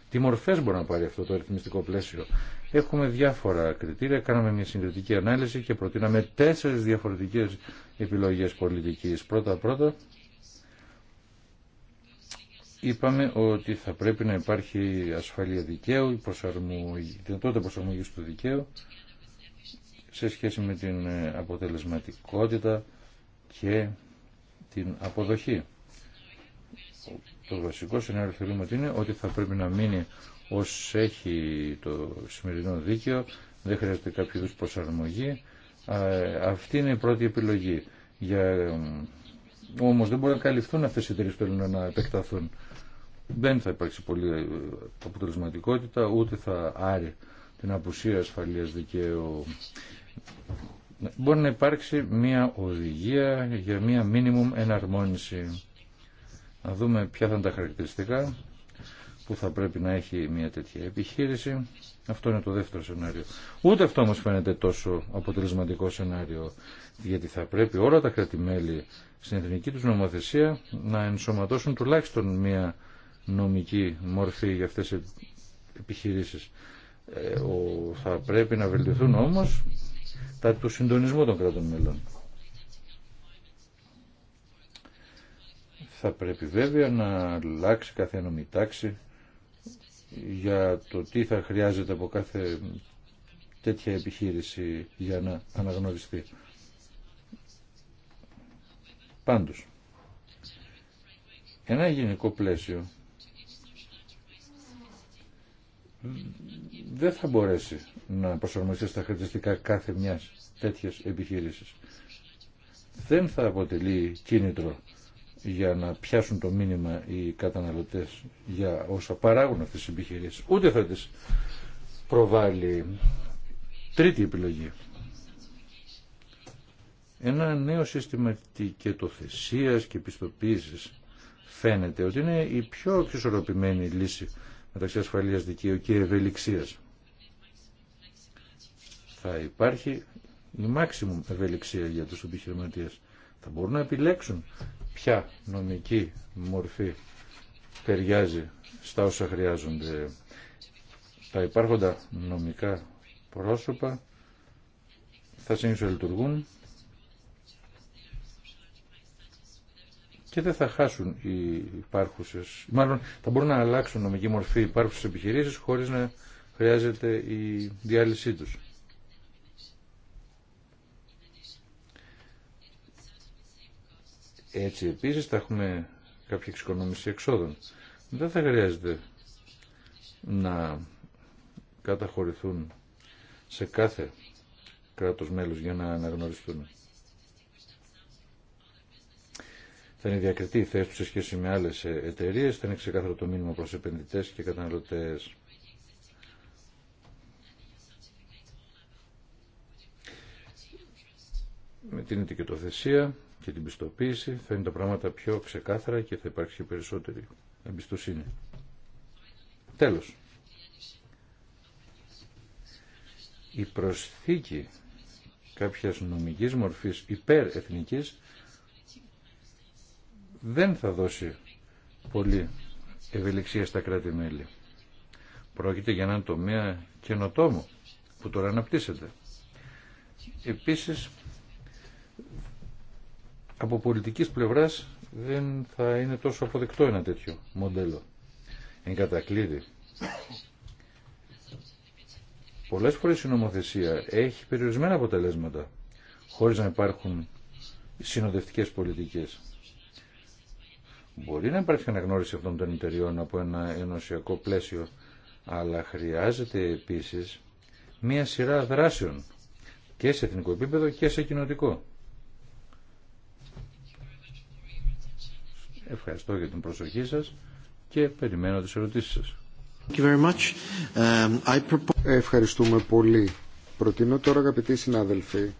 τι μορφές μπορεί να πάρει αυτό το αριθμιστικό πλαίσιο. Έχουμε διάφορα κριτήρια, κάναμε μια συγκριτική ανάλυση και προτείναμε τέσσερις διαφορετικές επιλογές πολιτικής. Πρώτα-πρώτα είπαμε ότι θα πρέπει να υπάρχει ασφαλεία δικαίου, προσαρμογή, δυνατότητα προσαρμογή του δικαίου σε σχέση με την ε, αποτελεσματικότητα και την αποδοχή. Το βασικό σενάριο θεωρούμε ότι είναι ότι θα πρέπει να μείνει ως έχει το σημερινό δίκαιο, δεν χρειάζεται κάποιο είδους προσαρμογή. Αυτή είναι η πρώτη επιλογή. Για... Ε, όμως δεν μπορούν να καλυφθούν αυτές οι εταιρείες που θέλουν να επεκταθούν δεν θα υπάρξει πολύ ε, αποτελεσματικότητα, ούτε θα άρει την απουσία ασφαλείας δικαίου. Ναι, μπορεί να υπάρξει μια οδηγία για μια μίνιμουμ εναρμόνιση. Να δούμε ποια θα είναι τα χαρακτηριστικά που θα πρέπει να έχει μια τέτοια επιχείρηση. Αυτό είναι το δεύτερο σενάριο. Ούτε αυτό μας φαίνεται τόσο αποτελεσματικό σενάριο, γιατί θα πρέπει όλα τα κρατημέλη στην εθνική τους νομοθεσία να ενσωματώσουν τουλάχιστον μια νομική μορφή για αυτές τις επιχειρήσεις. Ε, θα πρέπει να βελτιωθούν όμως τα του συντονισμού των κρατών μελών. Θα πρέπει βέβαια να αλλάξει κάθε νομή τάξη για το τι θα χρειάζεται από κάθε τέτοια επιχείρηση για να αναγνωριστεί. Πάντως, ένα γενικό πλαίσιο δεν θα μπορέσει να προσαρμοστεί στα χαρακτηριστικά κάθε μιας τέτοιας επιχείρησης. Δεν θα αποτελεί κίνητρο για να πιάσουν το μήνυμα οι καταναλωτές για όσα παράγουν αυτές τις επιχειρήσεις. Ούτε θα τις προβάλλει τρίτη επιλογή. Ένα νέο σύστημα τικετοθεσίας και πιστοποίησης φαίνεται ότι είναι η πιο εξισορροπημένη λύση μεταξύ ασφαλείας δικαίου και ευελιξίας. Θα υπάρχει η maximum ευελιξία για τους επιχειρηματίες. Θα μπορούν να επιλέξουν ποια νομική μορφή ταιριάζει στα όσα χρειάζονται. Τα υπάρχοντα νομικά πρόσωπα θα συνήθως λειτουργούν και δεν θα χάσουν οι υπάρχουσες, μάλλον θα μπορούν να αλλάξουν νομική μορφή υπάρχουσες επιχειρήσεις χωρίς να χρειάζεται η διάλυσή τους. Έτσι επίσης θα έχουμε κάποια εξοικονόμηση εξόδων. Δεν θα χρειάζεται να καταχωρηθούν σε κάθε κράτος μέλος για να αναγνωριστούν. θα είναι διακριτή η θέση του σε σχέση με άλλε εταιρείε, θα είναι ξεκάθαρο το μήνυμα προ επενδυτέ και καταναλωτέ. Με την ετικετοθεσία και την πιστοποίηση θα είναι τα πράγματα πιο ξεκάθαρα και θα υπάρξει και περισσότερη εμπιστοσύνη. Τέλος. Η προσθήκη κάποιας νομικής μορφής υπερεθνικής δεν θα δώσει πολύ ευελιξία στα κράτη-μέλη. Πρόκειται για έναν τομέα καινοτόμο που τώρα αναπτύσσεται. Επίσης, από πολιτικής πλευράς δεν θα είναι τόσο αποδεκτό ένα τέτοιο μοντέλο. Εν κατακλείδη. Πολλές φορές η νομοθεσία έχει περιορισμένα αποτελέσματα χωρίς να υπάρχουν συνοδευτικές πολιτικές. Μπορεί να υπάρχει αναγνώριση αυτών των εταιριών από ένα ενωσιακό πλαίσιο, αλλά χρειάζεται επίσης μία σειρά δράσεων και σε εθνικό επίπεδο και σε κοινοτικό. Ευχαριστώ για την προσοχή σας και περιμένω τις ερωτήσεις σας. Um, Ευχαριστούμε πολύ. Προτείνω τώρα αγαπητοί συνάδελφοι,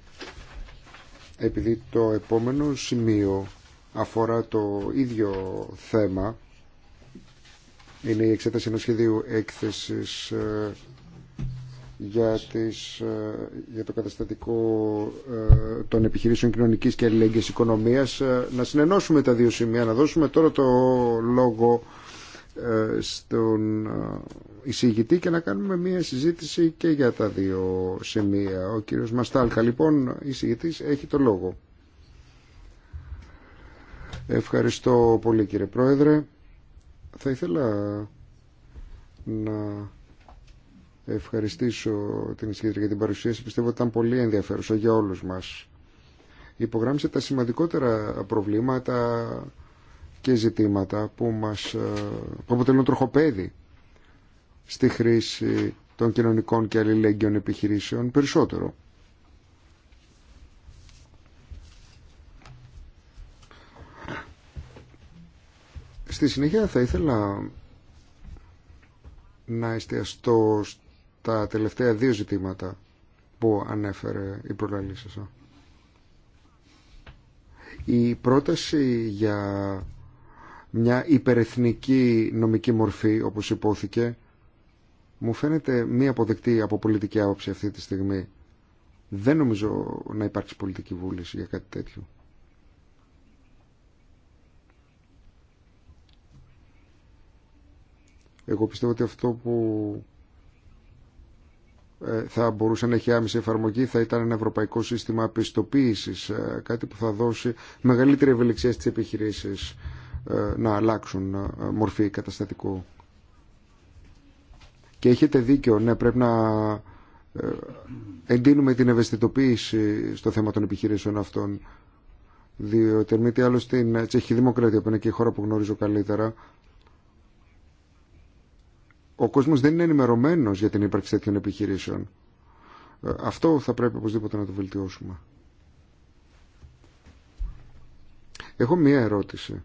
επειδή το επόμενο σημείο αφορά το ίδιο θέμα. Είναι η εξέταση ενός σχεδίου έκθεσης ε, για, τις, ε, για το καταστατικό ε, των επιχειρήσεων κοινωνικής και αλληλέγγυης οικονομίας. Να συνενώσουμε τα δύο σημεία, να δώσουμε τώρα το λόγο στον εισηγητή και να κάνουμε μία συζήτηση και για τα δύο σημεία. Ο κύριος Μαστάλκα, λοιπόν, εισηγητής, έχει το λόγο. Ευχαριστώ πολύ κύριε Πρόεδρε. Θα ήθελα να ευχαριστήσω την Ισχύτρια για την παρουσίαση. Πιστεύω ότι ήταν πολύ ενδιαφέρουσα για όλους μας. Υπογράμμισε τα σημαντικότερα προβλήματα και ζητήματα που, μας, που αποτελούν τροχοπέδι στη χρήση των κοινωνικών και αλληλέγγυων επιχειρήσεων περισσότερο. Στη συνέχεια θα ήθελα να εστιαστώ στα τελευταία δύο ζητήματα που ανέφερε η προλαλή Η πρόταση για μια υπερεθνική νομική μορφή, όπως υπόθηκε, μου φαίνεται μη αποδεκτή από πολιτική άποψη αυτή τη στιγμή. Δεν νομίζω να υπάρξει πολιτική βούληση για κάτι τέτοιο. Εγώ πιστεύω ότι αυτό που ε, θα μπορούσε να έχει άμεση εφαρμογή θα ήταν ένα ευρωπαϊκό σύστημα πιστοποίησης, ε, κάτι που θα δώσει μεγαλύτερη ευελιξία στις επιχειρήσεις ε, να αλλάξουν μορφή καταστατικού. Και έχετε δίκιο, ναι, πρέπει να εντείνουμε την ευαισθητοποίηση στο θέμα των επιχειρήσεων αυτών. Διότι τι άλλο στην Τσεχική Δημοκρατία, που είναι και η χώρα που γνωρίζω καλύτερα, ο κόσμος δεν είναι ενημερωμένος για την ύπαρξη τέτοιων επιχειρήσεων. Ε, αυτό θα πρέπει οπωσδήποτε να το βελτιώσουμε. Έχω μία ερώτηση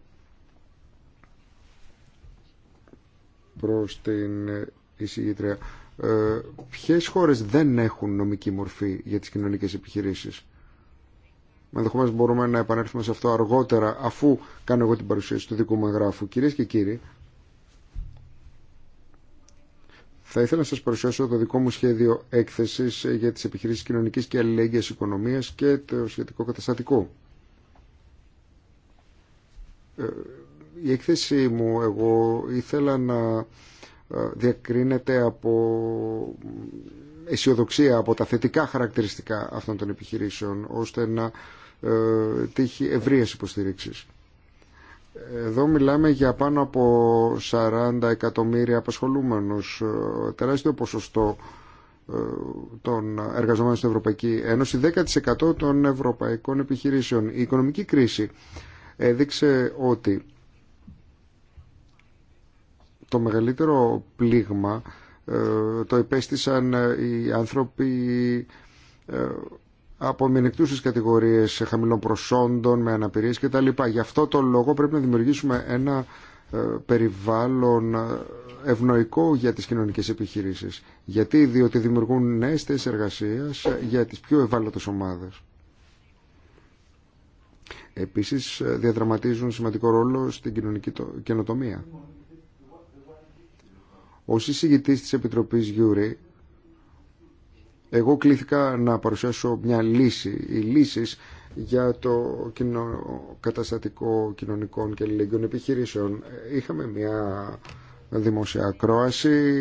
προς την ε, εισηγήτρια. Ε, ποιες χώρες δεν έχουν νομική μορφή για τις κοινωνικές επιχειρήσεις. Ενδεχομένω μπορούμε να επανέλθουμε σε αυτό αργότερα, αφού κάνω εγώ την παρουσίαση του δικού μου εγγράφου. Κυρίε και κύριοι, Θα ήθελα να σας παρουσιάσω το δικό μου σχέδιο έκθεσης ε, για τις επιχειρήσεις κοινωνικής και αλληλέγγυας οικονομίας και το σχετικό καταστατικό. Ε, η έκθεσή μου εγώ ήθελα να ε, διακρίνεται από αισιοδοξία, από τα θετικά χαρακτηριστικά αυτών των επιχειρήσεων, ώστε να τύχει ευρείας υποστηρίξης. Εδώ μιλάμε για πάνω από 40 εκατομμύρια απασχολούμενους, ε, τεράστιο ποσοστό ε, των εργαζομένων στην Ευρωπαϊκή Ένωση, 10% των ευρωπαϊκών επιχειρήσεων. Η οικονομική κρίση έδειξε ότι το μεγαλύτερο πλήγμα ε, το επέστησαν οι άνθρωποι από μειονεκτούσε κατηγορίε χαμηλών προσόντων, με αναπηρίε κτλ. Γι' αυτό το λόγο πρέπει να δημιουργήσουμε ένα ε, περιβάλλον ε, ευνοϊκό για τις κοινωνικές επιχειρήσεις. Γιατί, διότι δημιουργούν νέες θέσεις εργασίας ε, για τις πιο ευάλωτες ομάδες. Επίσης, διαδραματίζουν σημαντικό ρόλο στην κοινωνική καινοτομία. Ως εισηγητής της Επιτροπής Γιούρη, εγώ κλήθηκα να παρουσιάσω μια λύση ή λύσεις για το καταστατικό κοινωνικών και αλληλεγγύων επιχειρήσεων. Είχαμε μια δημόσια ακρόαση,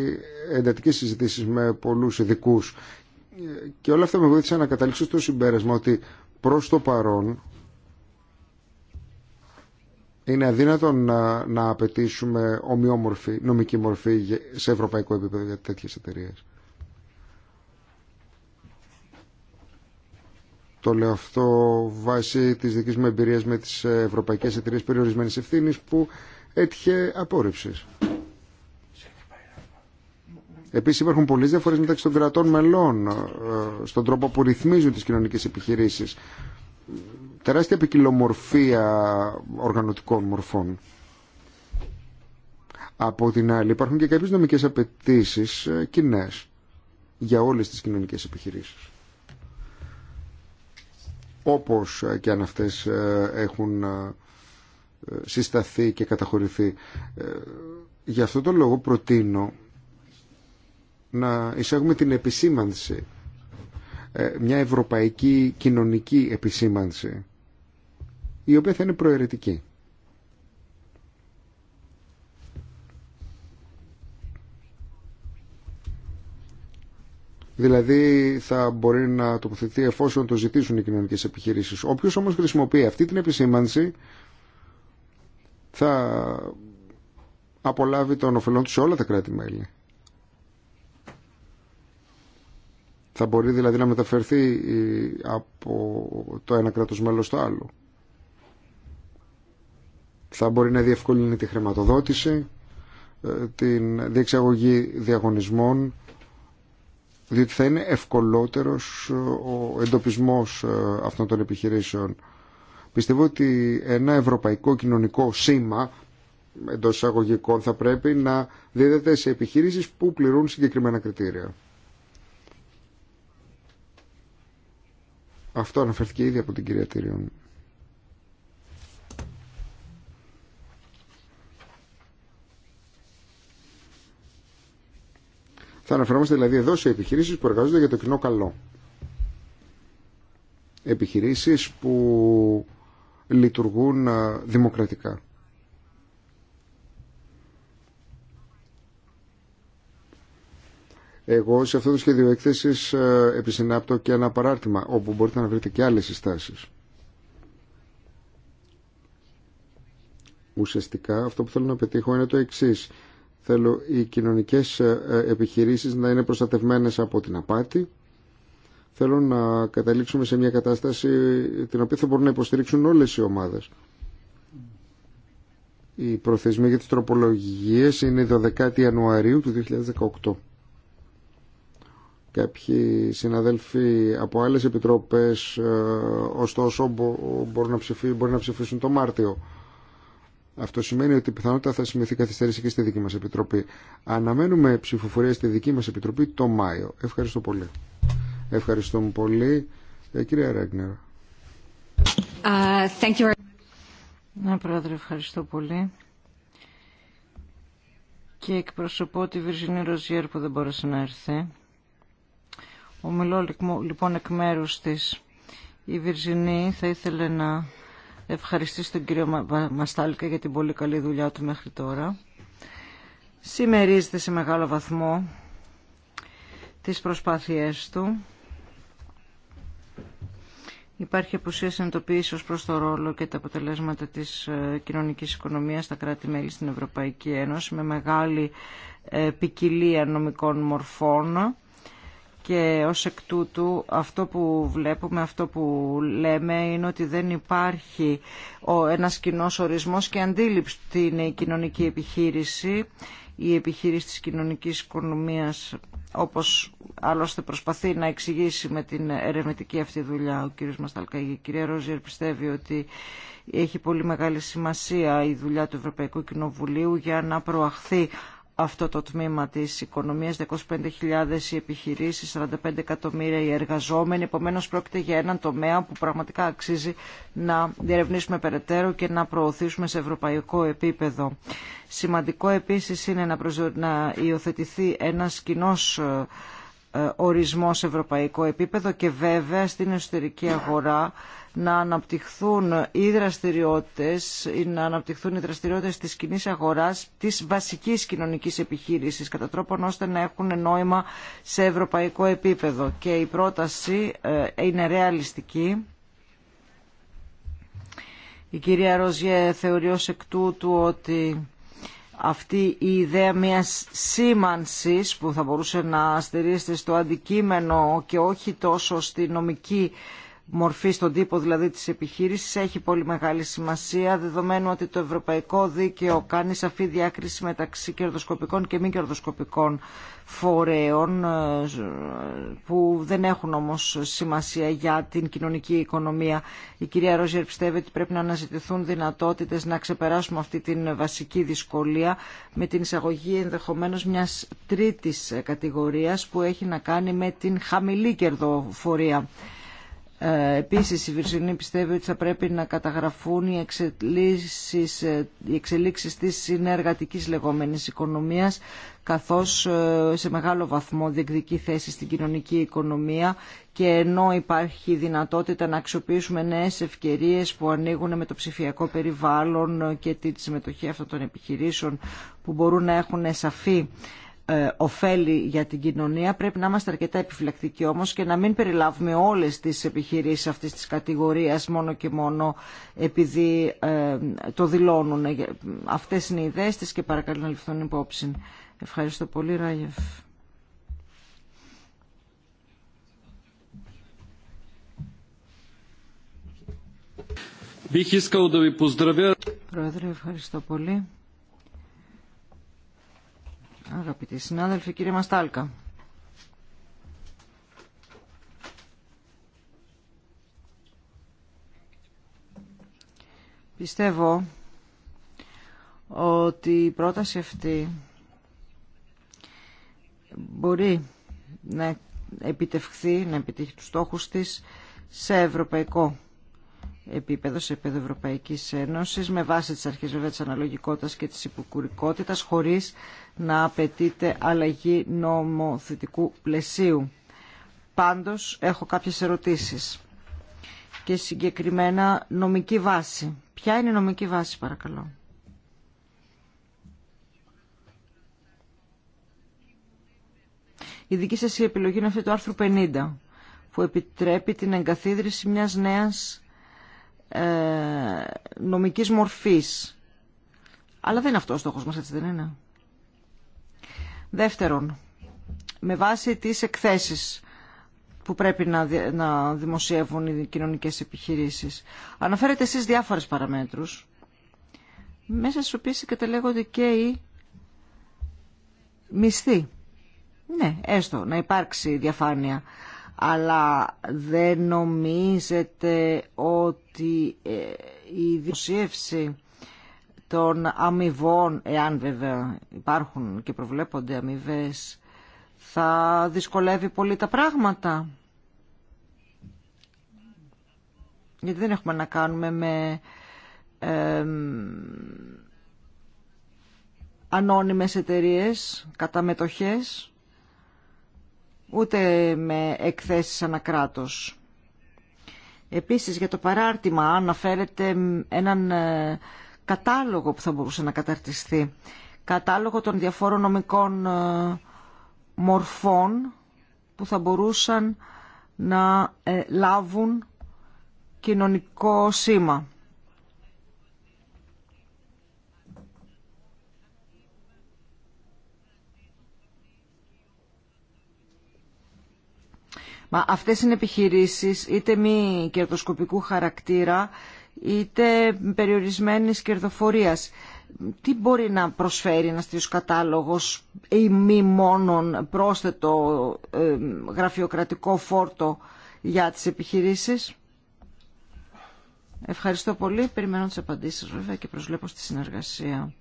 εντατικές συζητήσεις με πολλούς ειδικού. και όλα αυτά με βοήθησαν να καταλήξω στο συμπέρασμα ότι προς το παρόν είναι αδύνατο να, να απαιτήσουμε ομοιόμορφη νομική μορφή σε ευρωπαϊκό επίπεδο για τέτοιες εταιρείες. Το λέω αυτό βάσει της δικής μου εμπειρίας με τις Ευρωπαϊκές Εταιρείες Περιορισμένης Ευθύνης που έτυχε απόρριψης. Επίσης υπάρχουν πολλές διαφορές μεταξύ των κρατών μελών ε, στον τρόπο που ρυθμίζουν τις κοινωνικές επιχειρήσεις. Τεράστια ποικιλομορφία οργανωτικών μορφών. Από την άλλη υπάρχουν και κάποιες νομικές απαιτήσει ε, κοινέ για όλες τις κοινωνικές επιχειρήσεις όπως και αν αυτές ε, έχουν ε, συσταθεί και καταχωρηθεί. Ε, γι' αυτό τον λόγο προτείνω να εισάγουμε την επισήμανση, μια ευρωπαϊκή κοινωνική επισήμανση, η οποία θα είναι προαιρετική. Δηλαδή θα μπορεί να τοποθετηθεί εφόσον το ζητήσουν οι κοινωνικέ επιχειρήσεις. οποίο όμως χρησιμοποιεί αυτή την επισήμανση θα απολάβει τον ωφελόν του σε όλα τα κράτη-μέλη. Θα μπορεί δηλαδή να μεταφερθεί ε, από το ένα κράτος μέλος στο άλλο. Θα μπορεί να διευκολύνει τη χρηματοδότηση, ε, την διεξαγωγή διαγωνισμών, διότι θα είναι ευκολότερος ε, ο εντοπισμός ε, αυτών των επιχειρήσεων. Πιστεύω ότι ένα ευρωπαϊκό κοινωνικό σήμα εντό εισαγωγικών θα πρέπει να δίδεται σε επιχειρήσεις που πληρούν συγκεκριμένα κριτήρια. Αυτό αναφερθήκε ήδη από την κυρία Τύριον. Θα αναφερόμαστε δηλαδή εδώ σε επιχειρήσεις που εργάζονται για το κοινό καλό. Επιχειρήσεις που λειτουργούν ε, δημοκρατικά. Εγώ σε αυτό το σχέδιο έκθεσης ε, επισυνάπτω και ένα παράρτημα όπου μπορείτε να βρείτε και άλλες συστάσεις. Ουσιαστικά αυτό που θέλω να πετύχω είναι το εξής Θέλω οι κοινωνικές ε, ε, επιχειρήσεις να είναι προστατευμένες από την απάτη. Θέλω να καταλήξουμε σε μια κατάσταση την οποία θα μπορούν να υποστηρίξουν όλες οι ομάδες. Οι προθεσμοί για τις τροπολογίες είναι 12 Ιανουαρίου του 2018. Κάποιοι συναδέλφοι από άλλες επιτροπές ε, ωστόσο μπορεί μπορεί να ψηφίσουν το Μάρτιο. Αυτό σημαίνει ότι πιθανότατα θα σημειωθεί καθυστέρηση και στη δική μας Επιτροπή. Αναμένουμε ψηφοφορία στη δική μας Επιτροπή το Μάιο. Ευχαριστώ πολύ. Ευχαριστώ πολύ. Ε, κυρία Ρέγνερ. Ε, thank Ναι, Πρόεδρε, ευχαριστώ πολύ. Και εκπροσωπώ τη Βυρζινή Ροζιέρ που δεν μπόρεσε να έρθει. Ομιλώ λοιπόν εκ μέρους της. Η Βυρζινή θα ήθελε να ευχαριστήσω τον κύριο Μαστάλικα για την πολύ καλή δουλειά του μέχρι τώρα. Σημερίζεται σε μεγάλο βαθμό τις προσπάθειές του. Υπάρχει απουσία συνειδητοποίηση ως προς το ρόλο και τα αποτελέσματα της ε, κοινωνικής οικονομίας στα κράτη-μέλη στην Ευρωπαϊκή Ένωση με μεγάλη ε, ποικιλία νομικών μορφών και ως εκ τούτου αυτό που βλέπουμε, αυτό που λέμε είναι ότι δεν υπάρχει ο, ένας κοινό ορισμός και αντίληψη τι είναι η κοινωνική επιχείρηση, η επιχείρηση της κοινωνικής οικονομίας όπως άλλωστε προσπαθεί να εξηγήσει με την ερευνητική αυτή δουλειά ο κύριος Μασταλκαγή. Η κυρία Ρόζιερ πιστεύει ότι έχει πολύ μεγάλη σημασία η δουλειά του Ευρωπαϊκού Κοινοβουλίου για να προαχθεί αυτό το τμήμα της οικονομίας, 25.000 οι επιχειρήσεις, 45 εκατομμύρια οι εργαζόμενοι. Επομένως πρόκειται για έναν τομέα που πραγματικά αξίζει να διερευνήσουμε περαιτέρω και να προωθήσουμε σε ευρωπαϊκό επίπεδο. Σημαντικό επίσης είναι να, να υιοθετηθεί ένας κοινό ε, ε, ορισμός σε ευρωπαϊκό επίπεδο και βέβαια στην εσωτερική αγορά να αναπτυχθούν οι δραστηριότητες ή να αναπτυχθούν οι δραστηριότητες της κοινή αγοράς της βασικής κοινωνικής επιχείρησης κατά τρόπον ώστε να έχουν νόημα σε ευρωπαϊκό επίπεδο και η πρόταση ε, είναι ρεαλιστική η κυρία Ροζιέ θεωρεί ως εκ τούτου ότι αυτή η ιδέα μιας σήμανσης που θα μπορούσε να στηρίζεται στο αντικείμενο και όχι τόσο στη νομική μορφή στον τύπο δηλαδή της επιχείρησης έχει πολύ μεγάλη σημασία δεδομένου ότι το ευρωπαϊκό δίκαιο κάνει σαφή διάκριση μεταξύ κερδοσκοπικών και μη κερδοσκοπικών φορέων ε, που δεν έχουν όμως σημασία για την κοινωνική οικονομία. Η κυρία Ρόζιερ πιστεύει ότι πρέπει να αναζητηθούν δυνατότητες να ξεπεράσουμε αυτή την βασική δυσκολία με την εισαγωγή ενδεχομένως μιας τρίτης κατηγορίας που έχει να κάνει με την χαμηλή κερδοφορία ε, επίσης η Βυρσινή πιστεύει ότι θα πρέπει να καταγραφούν οι εξελίξεις, ε, οι εξελίξεις της συνεργατικής λεγόμενης οικονομίας καθώς ε, σε μεγάλο βαθμό διεκδικεί θέση στην κοινωνική οικονομία και ενώ υπάρχει δυνατότητα να αξιοποιήσουμε νέες ευκαιρίες που ανοίγουν με το ψηφιακό περιβάλλον και τη συμμετοχή αυτών των επιχειρήσεων που μπορούν να έχουν σαφή ε, ωφέλη για την κοινωνία. Πρέπει να είμαστε αρκετά επιφυλακτικοί όμως και να μην περιλάβουμε όλες τις επιχειρήσεις αυτής της κατηγορίας μόνο και μόνο επειδή ε, το δηλώνουν. Ε, αυτές είναι οι ιδέες της και παρακαλώ να ληφθούν υπόψη. Ευχαριστώ πολύ Ράγεφ. Πρόεδρε, ευχαριστώ πολύ. Αγαπητοί συνάδελφοι, κύριε Μαστάλκα. Πιστεύω ότι η πρόταση αυτή μπορεί να επιτευχθεί, να επιτύχει τους στόχους της σε ευρωπαϊκό επίπεδο, σε επίπεδο Ευρωπαϊκής Ένωσης, με βάση τις αρχές βέβαια της αναλογικότητας και της υποκουρικότητα, χωρίς να απαιτείται αλλαγή νομοθετικού πλαισίου. Πάντως, έχω κάποιες ερωτήσεις και συγκεκριμένα νομική βάση. Ποια είναι η νομική βάση, παρακαλώ. Η δική σας επιλογή είναι αυτή του άρθρου 50, που επιτρέπει την εγκαθίδρυση μιας νέας ε, νομικής μορφής. Αλλά δεν είναι αυτό ο στόχος μας, έτσι δεν είναι. Δεύτερον, με βάση τις εκθέσεις που πρέπει να δημοσιεύουν οι κοινωνικές επιχειρήσεις. Αναφέρετε εσείς διάφορες παραμέτρους, μέσα στις οποίες καταλέγονται και οι μισθοί. Ναι, έστω να υπάρξει διαφάνεια αλλά δεν νομίζετε ότι ε, η δημοσίευση των αμοιβών, εάν βέβαια υπάρχουν και προβλέπονται αμοιβέ, θα δυσκολεύει πολύ τα πράγματα. Γιατί δεν έχουμε να κάνουμε με ε, ανώνυμες εταιρείες, καταμετοχές ούτε με εκθέσεις ανακράτος. Επίσης για το παράρτημα αναφέρεται έναν ε, κατάλογο που θα μπορούσε να καταρτιστεί. Κατάλογο των διαφόρων νομικών ε, μορφών που θα μπορούσαν να ε, λάβουν κοινωνικό σήμα. Μα αυτές είναι επιχειρήσεις είτε μη κερδοσκοπικού χαρακτήρα είτε περιορισμένης κερδοφορίας. Τι μπορεί να προσφέρει ένας τέτοιος κατάλογος ή μη μόνον πρόσθετο ε, γραφειοκρατικό φόρτο για τις επιχειρήσεις. Ευχαριστώ πολύ. Περιμένω τις απαντήσεις βέβαια και προσβλέπω στη συνεργασία.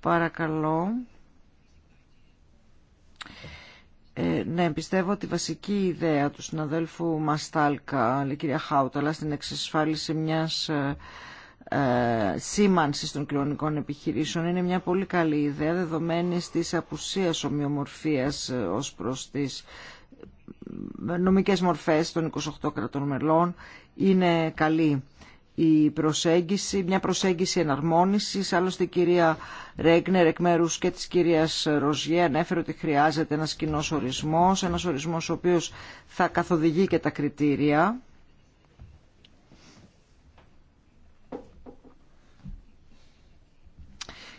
Παρακαλώ. Ε, ναι, πιστεύω ότι η βασική ιδέα του συναδέλφου Μαστάλκα, η κυρία Χάουτα, αλλά στην εξασφάλιση μιας ε, ε, σήμανσης των κοινωνικών επιχειρήσεων είναι μια πολύ καλή ιδέα δεδομένη της απουσίας ομοιομορφίας ε, ως προς τις ε, νομικές μορφές των 28 κρατών μελών είναι καλή η προσέγγιση, μια προσέγγιση εναρμόνισης. Άλλωστε η κυρία Ρέγνερ εκ μέρου και της κυρίας Ροζιέ ανέφερε ότι χρειάζεται ένας κοινό ορισμός, ένας ορισμός ο οποίος θα καθοδηγεί και τα κριτήρια.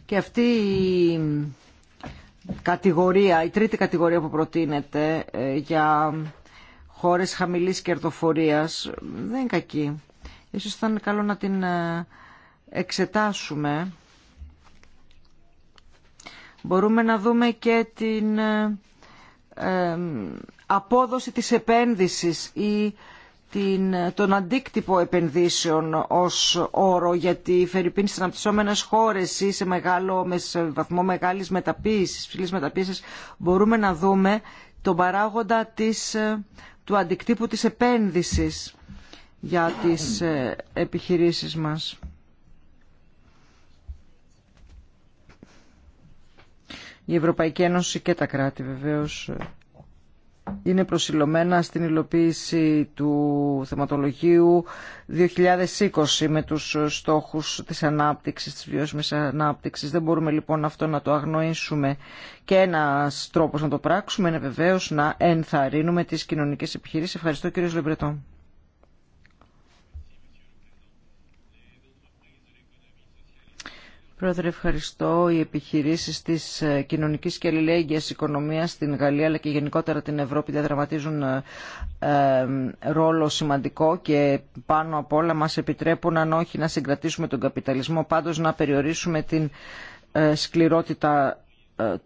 Και αυτή η κατηγορία, η τρίτη κατηγορία που προτείνεται ε, για χώρες χαμηλής κερδοφορίας δεν είναι κακή Ίσως θα είναι καλό να την ε, εξετάσουμε. Μπορούμε να δούμε και την ε, απόδοση της επένδυσης ή ε, τον αντίκτυπο επενδύσεων ως όρο γιατί φερειπίνει στις αναπτυσσόμενες χώρες ή σε, μεγάλο, σε βαθμό μεγάλης μεταποίησης, ψηλής μεταποίησης μπορούμε να δούμε τον παράγοντα της, του αντικτύπου της επένδυσης για τις ε, επιχειρήσεις μας. Η Ευρωπαϊκή Ένωση και τα κράτη βεβαίως ε, είναι προσιλωμένα στην υλοποίηση του θεματολογίου 2020 με τους στόχους της ανάπτυξης, της βιώσιμης ανάπτυξης. Δεν μπορούμε λοιπόν αυτό να το αγνοήσουμε και ένας τρόπος να το πράξουμε είναι βεβαίως να ενθαρρύνουμε τις κοινωνικές επιχειρήσεις. Ευχαριστώ κύριε Λεμπρετό. Πρόεδρε, ευχαριστώ. Οι επιχειρήσεις της ε, κοινωνικής και αλληλέγγυας οικονομίας στην Γαλλία αλλά και γενικότερα την Ευρώπη διαδραματίζουν ε, ε, ρόλο σημαντικό και πάνω απ' όλα μας επιτρέπουν αν όχι να συγκρατήσουμε τον καπιταλισμό, πάντως να περιορίσουμε την σκληρότητα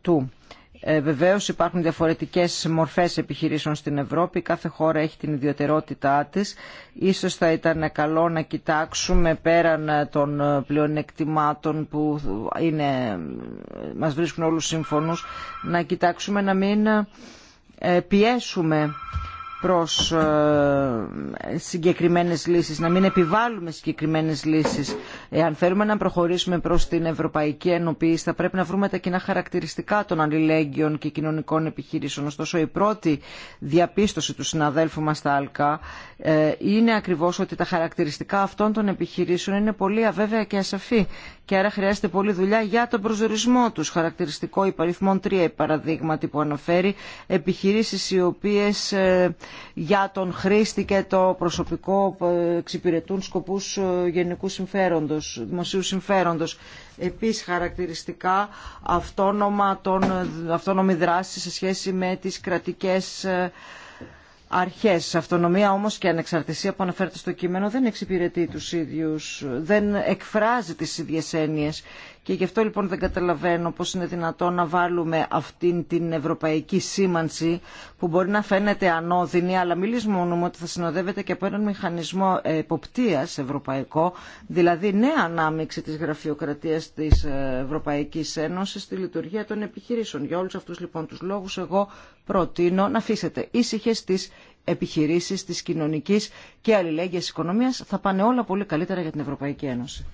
του. Ε, βεβαίως υπάρχουν διαφορετικές μορφές επιχειρήσεων στην Ευρώπη, κάθε χώρα έχει την ιδιωτερότητά της. Ίσως θα ήταν καλό να κοιτάξουμε πέραν ε, των ε, πλεονεκτημάτων που είναι, ε, μας βρίσκουν όλους σύμφωνους, να κοιτάξουμε να μην πιέσουμε προς ε, συγκεκριμένες λύσεις, να μην επιβάλλουμε συγκεκριμένες λύσεις. Εάν θέλουμε να προχωρήσουμε προς την ευρωπαϊκή ενοποίηση θα πρέπει να βρούμε τα κοινά χαρακτηριστικά των αλληλέγγυων και κοινωνικών επιχειρήσεων. Ωστόσο η πρώτη διαπίστωση του συναδέλφου μας στα ΑΛΚΑ ε, είναι ακριβώς ότι τα χαρακτηριστικά αυτών των επιχειρήσεων είναι πολύ αβέβαια και ασαφή και άρα χρειάζεται πολλή δουλειά για τον προσδιορισμό του. Χαρακτηριστικό υπαριθμών 3 παραδείγματι που αναφέρει επιχειρήσεις οι οποίες ε, για τον χρήστη και το προσωπικό ε, εξυπηρετούν σκοπούς ε, γενικού συμφέροντος, δημοσίου συμφέροντος. Επίσης χαρακτηριστικά αυτόνομα, τον, αυτόνομη δράση σε σχέση με τις κρατικές Αρχέ, Αυτονομία όμως και ανεξαρτησία που αναφέρεται στο κείμενο δεν εξυπηρετεί του ίδιου, δεν εκφράζει τις ίδιες έννοιε και γι' αυτό λοιπόν δεν καταλαβαίνω πώς είναι δυνατό να βάλουμε αυτήν την ευρωπαϊκή σήμανση που μπορεί να φαίνεται ανώδυνη, αλλά μιλήσουμε ότι θα συνοδεύεται και από έναν μηχανισμό ε, εποπτείας ευρωπαϊκό, δηλαδή νέα ανάμειξη της γραφειοκρατίας της ε, Ευρωπαϊκής Ένωσης στη λειτουργία των επιχειρήσεων. Για όλους αυτούς λοιπόν τους λόγους εγώ προτείνω να αφήσετε ήσυχε τις επιχειρήσεις της κοινωνικής και αλληλέγγυας οικονομίας. Θα πάνε όλα πολύ καλύτερα για την Ευρωπαϊκή Ένωση.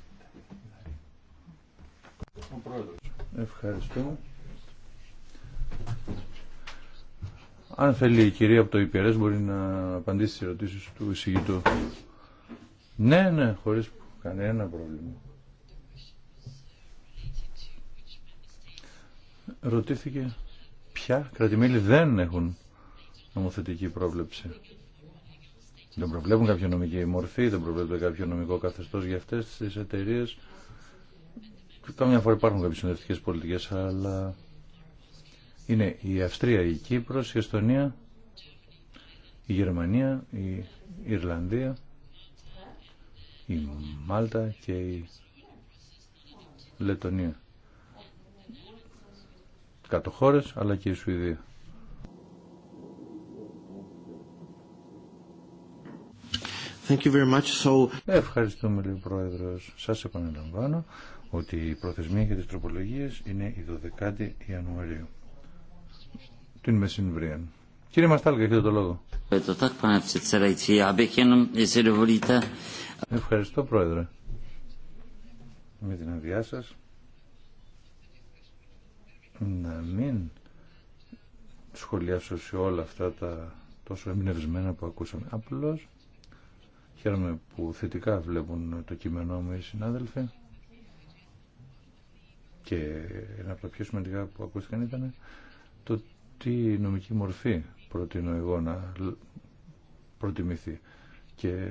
Ευχαριστώ. Αν θέλει η κυρία από το ΙΠΕΡΕΣ μπορεί να απαντήσει στις ερωτήσεις του εισηγητού. Ναι, ναι, χωρίς κανένα πρόβλημα. Ρωτήθηκε ποια κρατημέλη δεν έχουν νομοθετική πρόβλεψη. Δεν προβλέπουν κάποια νομική μορφή, δεν προβλέπουν κάποιο νομικό καθεστώς για αυτές τις εταιρείες Καμιά φορά υπάρχουν κάποιε συνδευτικέ πολιτικέ, αλλά είναι η Αυστρία, η Κύπρο, η Εστονία, η Γερμανία, η Ιρλανδία, η Μάλτα και η Λετωνία. Κάτω χώρες, αλλά και η Σουηδία. Thank you very much. So... Ευχαριστούμε, λοιπόν Πρόεδρος. Σας επαναλαμβάνω ότι η προθεσμία για τις τροπολογίες είναι η 12η Ιανουαρίου. Την μεσημβρία. Κύριε Μαστάλκα, έχετε το λόγο. Ευχαριστώ, Πρόεδρε. Με την αδειά σα. Να μην σχολιάσω σε όλα αυτά τα τόσο εμπνευσμένα που ακούσαμε. Απλώς χαίρομαι που θετικά βλέπουν το κείμενό μου οι συνάδελφοι. Και ένα από τα πιο σημαντικά που ακούστηκαν ήταν το τι νομική μορφή προτείνω εγώ να προτιμηθεί. Και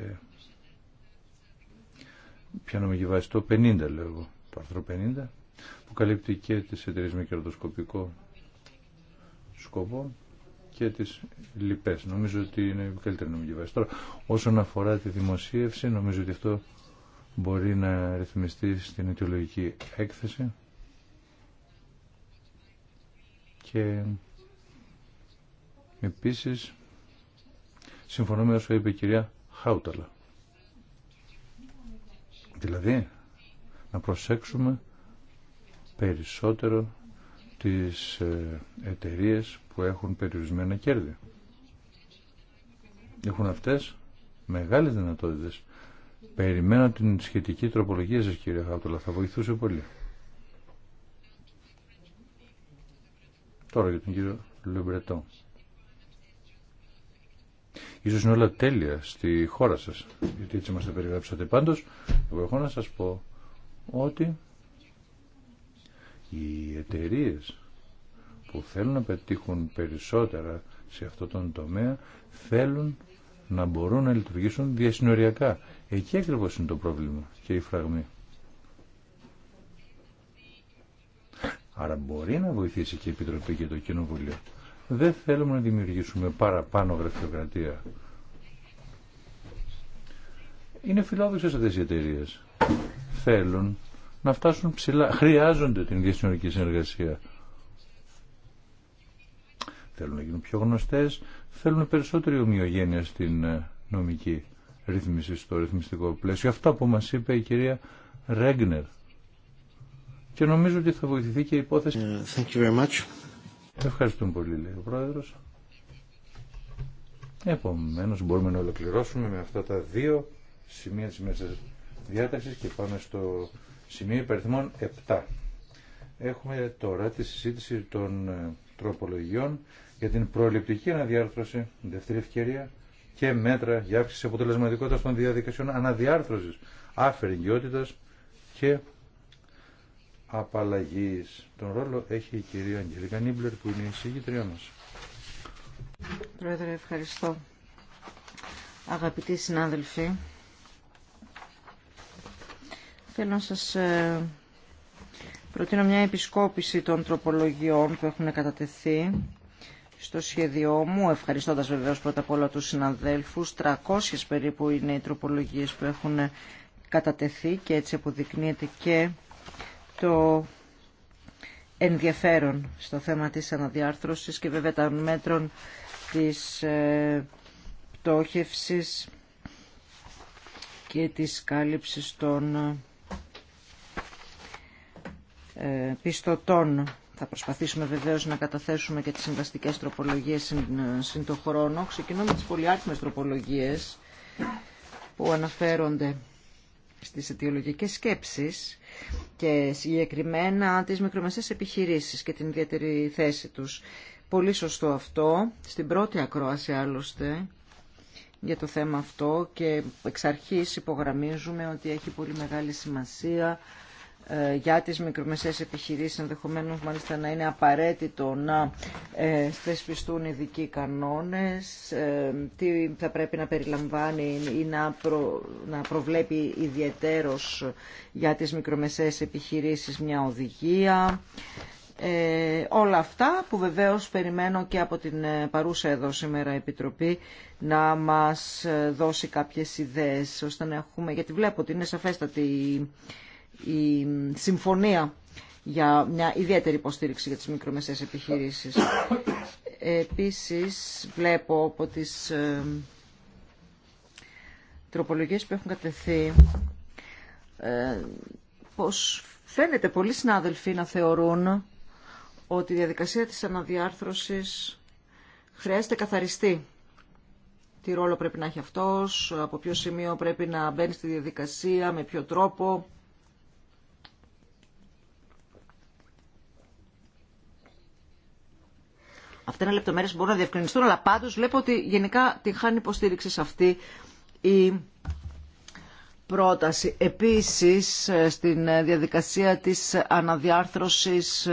ποια νομική βάση το 50 λέω εγώ, το άρθρο 50 που καλύπτει και τις εταιρείες με κερδοσκοπικό σκοπό και τις λοιπές. Νομίζω ότι είναι η καλύτερη νομική βάση. Τώρα, όσον αφορά τη δημοσίευση, νομίζω ότι αυτό μπορεί να ρυθμιστεί στην αιτιολογική έκθεση. Και επίσης συμφωνώ με όσο είπε η κυρία Χάουταλα. Δηλαδή, να προσέξουμε περισσότερο τις ε, εταιρείε που έχουν περιορισμένα κέρδη. Έχουν αυτές μεγάλες δυνατότητες. Περιμένω την σχετική τροπολογία σας κύριε Χάουταλα, θα βοηθούσε πολύ. Τώρα για τον κύριο Λεμπρετό. Ίσως είναι όλα τέλεια στη χώρα σας, γιατί έτσι μας τα περιγράψατε πάντως. Εγώ έχω να σας πω ότι οι εταιρείε που θέλουν να πετύχουν περισσότερα σε αυτό τον τομέα θέλουν να μπορούν να λειτουργήσουν διασυνοριακά. Εκεί ακριβώς είναι το πρόβλημα και η φραγμή. Άρα μπορεί να βοηθήσει και η Επιτροπή και το Κοινοβουλίο. Δεν θέλουμε να δημιουργήσουμε παραπάνω γραφειοκρατία. Είναι φιλόδοξες αυτέ οι εταιρείε. Θέλουν να φτάσουν ψηλά. Χρειάζονται την διασυνορική συνεργασία. Θέλουν να γίνουν πιο γνωστές. Θέλουν περισσότερη ομοιογένεια στην ε, νομική ρύθμιση, στο ρυθμιστικό πλαίσιο. Αυτό που μα είπε η κυρία Ρέγνερ και νομίζω ότι θα βοηθηθεί και η υπόθεση. Ε, thank you Ευχαριστούμε πολύ, λέει ο πρόεδρο. Επομένως μπορούμε να ολοκληρώσουμε με αυτά τα δύο σημεία τη μέσα διάταξη και πάμε στο σημείο υπερθυμών 7. Έχουμε τώρα τη συζήτηση των ε, τροπολογιών για την προληπτική αναδιάρθρωση, δεύτερη ευκαιρία και μέτρα για αύξηση αποτελεσματικότητα των διαδικασιών αναδιάρθρωση άφερη και απαλλαγής. Τον ρόλο έχει η κυρία Αγγελικά Νίμπλερ που είναι η συγγήτριά μας. Πρόεδρε, ευχαριστώ. Αγαπητοί συνάδελφοι, θέλω να σας ε, προτείνω μια επισκόπηση των τροπολογιών που έχουν κατατεθεί στο σχέδιό μου, ευχαριστώντας βεβαίως πρώτα απ' όλα τους συναδέλφους. 300 περίπου είναι οι τροπολογίες που έχουν κατατεθεί και έτσι αποδεικνύεται και το ενδιαφέρον στο θέμα της αναδιάρθρωσης και βέβαια των μέτρων της ε, πτώχευσης και της κάλυψης των ε, πιστωτών. Θα προσπαθήσουμε βεβαίως να καταθέσουμε και τις συμβαστικές τροπολογίες συν ε, το χρόνο. Ξεκινώ με τις πολυάριθμες τροπολογίες που αναφέρονται στις αιτιολογικές σκέψεις και συγκεκριμένα τις μικρομεσαίες επιχειρήσεις και την ιδιαίτερη θέση τους. Πολύ σωστό αυτό, στην πρώτη ακρόαση άλλωστε για το θέμα αυτό και εξ αρχής υπογραμμίζουμε ότι έχει πολύ μεγάλη σημασία ε, για τις μικρομεσαίες επιχειρήσεις ενδεχομένως μάλιστα να είναι απαραίτητο να ε, θεσπιστούν ειδικοί κανόνες, ε, τι θα πρέπει να περιλαμβάνει ή να, προ, να προβλέπει ιδιαιτέρως για τις μικρομεσαίες επιχειρήσεις μια οδηγία. Ε, όλα αυτά που βεβαίως περιμένω και από την ε, παρούσα εδώ σήμερα Επιτροπή να μας δώσει κάποιες ιδέες ώστε να έχουμε, γιατί βλέπω ότι είναι σαφέστατη η συμφωνία για μια ιδιαίτερη υποστήριξη για τις μικρομεσαίες επιχειρήσεις. Επίσης βλέπω από τις ε, τροπολογίες που έχουν κατεθεί ε, πως φαίνεται πολλοί συνάδελφοι να θεωρούν ότι η διαδικασία της αναδιάρθρωσης χρειάζεται καθαριστή. Τι ρόλο πρέπει να έχει αυτός, από ποιο σημείο πρέπει να μπαίνει στη διαδικασία, με ποιο τρόπο. Αυτά είναι λεπτομέρειε που μπορούν να διευκρινιστούν, αλλά πάντω βλέπω ότι γενικά την χάνει υποστήριξη σε αυτή η πρόταση. Επίσης, ε, στην διαδικασία της αναδιάρθρωσης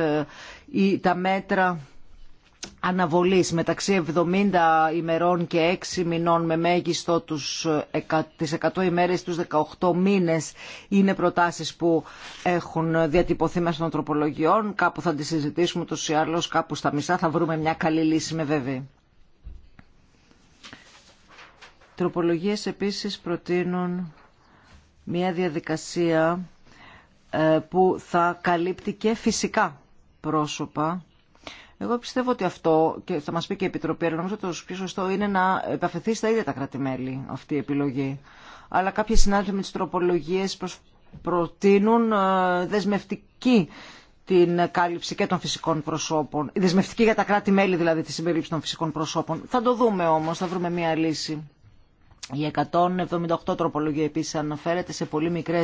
ή ε, τα μέτρα αναβολής μεταξύ 70 ημερών και 6 μηνών με μέγιστο τους, τις 100 ημέρες τους 18 μήνες είναι προτάσεις που έχουν διατυπωθεί μέσα των τροπολογιών. Κάπου θα τις συζητήσουμε τους ή άλλως, κάπου στα μισά θα βρούμε μια καλή λύση με βέβαιη. Τροπολογίες επίσης προτείνουν μια διαδικασία ε, που θα καλύπτει και φυσικά πρόσωπα εγώ πιστεύω ότι αυτό, και θα μα πει και η Επιτροπή, αλλά νομίζω ότι το πιο σωστό είναι να επαφεθεί στα ίδια τα κράτη-μέλη αυτή η επιλογή. Αλλά κάποιοι συνάδελφοι με τις τροπολογίες προτείνουν ε, δεσμευτική την κάλυψη και των φυσικών προσώπων. δεσμευτική για τα κράτη-μέλη δηλαδή τη συμπερίληψη των φυσικών προσώπων. Θα το δούμε όμω, θα βρούμε μία λύση. Η 178 τροπολογία επίση αναφέρεται σε πολύ μικρέ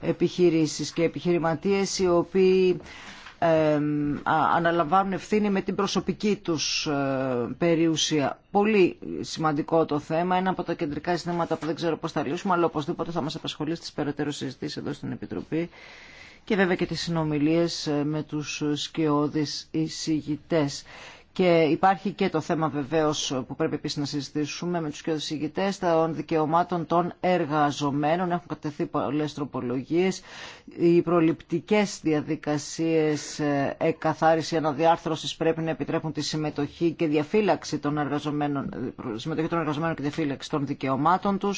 επιχειρήσει και επιχειρηματίε οι οποίοι αναλαμβάνουν ευθύνη με την προσωπική τους ε, περιουσία. Πολύ σημαντικό το θέμα, ένα από τα κεντρικά ζητήματα που δεν ξέρω πώς θα λύσουμε, αλλά οπωσδήποτε θα μας απασχολεί στις περαιτέρω συζητήσεις εδώ στην Επιτροπή και βέβαια και τις συνομιλίες ε, με τους σκιώδεις εισηγητές. Και υπάρχει και το θέμα βεβαίως που πρέπει επίσης να συζητήσουμε με τους και του ηγητές των δικαιωμάτων των εργαζομένων. Έχουν κατευθεί πολλέ τροπολογίε. Οι προληπτικές διαδικασίες ε, εκαθάριση αναδιάρθρωσης πρέπει να επιτρέπουν τη συμμετοχή και διαφύλαξη των εργαζομένων, ε, συμμετοχή των εργαζομένων και διαφύλαξη των δικαιωμάτων του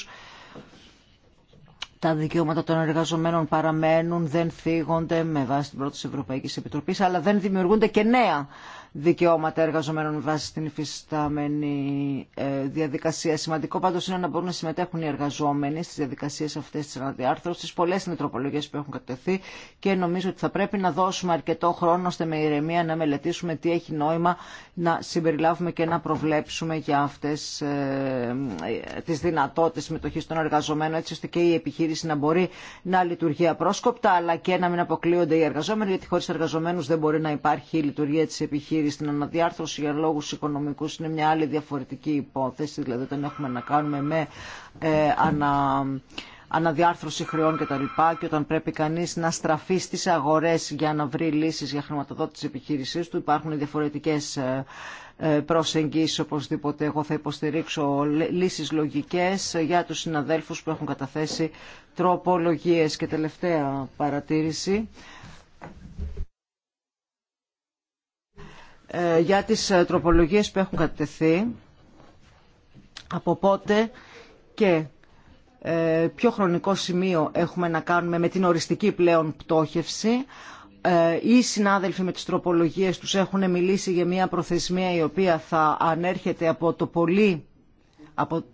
τα δικαιώματα των εργαζομένων παραμένουν, δεν φύγονται με βάση την πρώτη Ευρωπαϊκή Επιτροπή, αλλά δεν δημιουργούνται και νέα δικαιώματα εργαζομένων με βάση την υφιστάμενη ε, διαδικασία. Σημαντικό πάντω είναι να μπορούν να συμμετέχουν οι εργαζόμενοι στι διαδικασίε αυτέ τη αναδιάρθρωση. Πολλέ είναι που έχουν κατευθεί και νομίζω ότι θα πρέπει να δώσουμε αρκετό χρόνο ώστε με ηρεμία να μελετήσουμε τι έχει νόημα να συμπεριλάβουμε και να προβλέψουμε για αυτέ ε, τι δυνατότητε συμμετοχή των εργαζομένων, έτσι ώστε και η επιχείρηση να μπορεί να λειτουργεί απρόσκοπτα, αλλά και να μην αποκλείονται οι εργαζόμενοι, γιατί χωρί εργαζομένου δεν μπορεί να υπάρχει η λειτουργία τη επιχείρηση. στην αναδιάρθρωση για λόγου οικονομικού είναι μια άλλη διαφορετική υπόθεση, δηλαδή όταν έχουμε να κάνουμε με ε, ανα αναδιάρθρωση χρεών κτλ. Και, και όταν πρέπει κανεί να στραφεί στι αγορέ για να βρει λύσει για χρηματοδότηση επιχείρησή του υπάρχουν διαφορετικές ε, ε, προσεγγίσει οπωσδήποτε. Εγώ θα υποστηρίξω λύσεις λογικές για τους συναδέλφους που έχουν καταθέσει τροπολογίες. Και τελευταία παρατήρηση. Ε, για τις ε, τροπολογίες που έχουν κατεθεί από πότε και ποιο χρονικό σημείο έχουμε να κάνουμε με την οριστική πλέον πτώχευση, ε, οι συνάδελφοι με τις τροπολογίες τους έχουν μιλήσει για μια προθεσμία η οποία θα ανέρχεται από το πολύ, από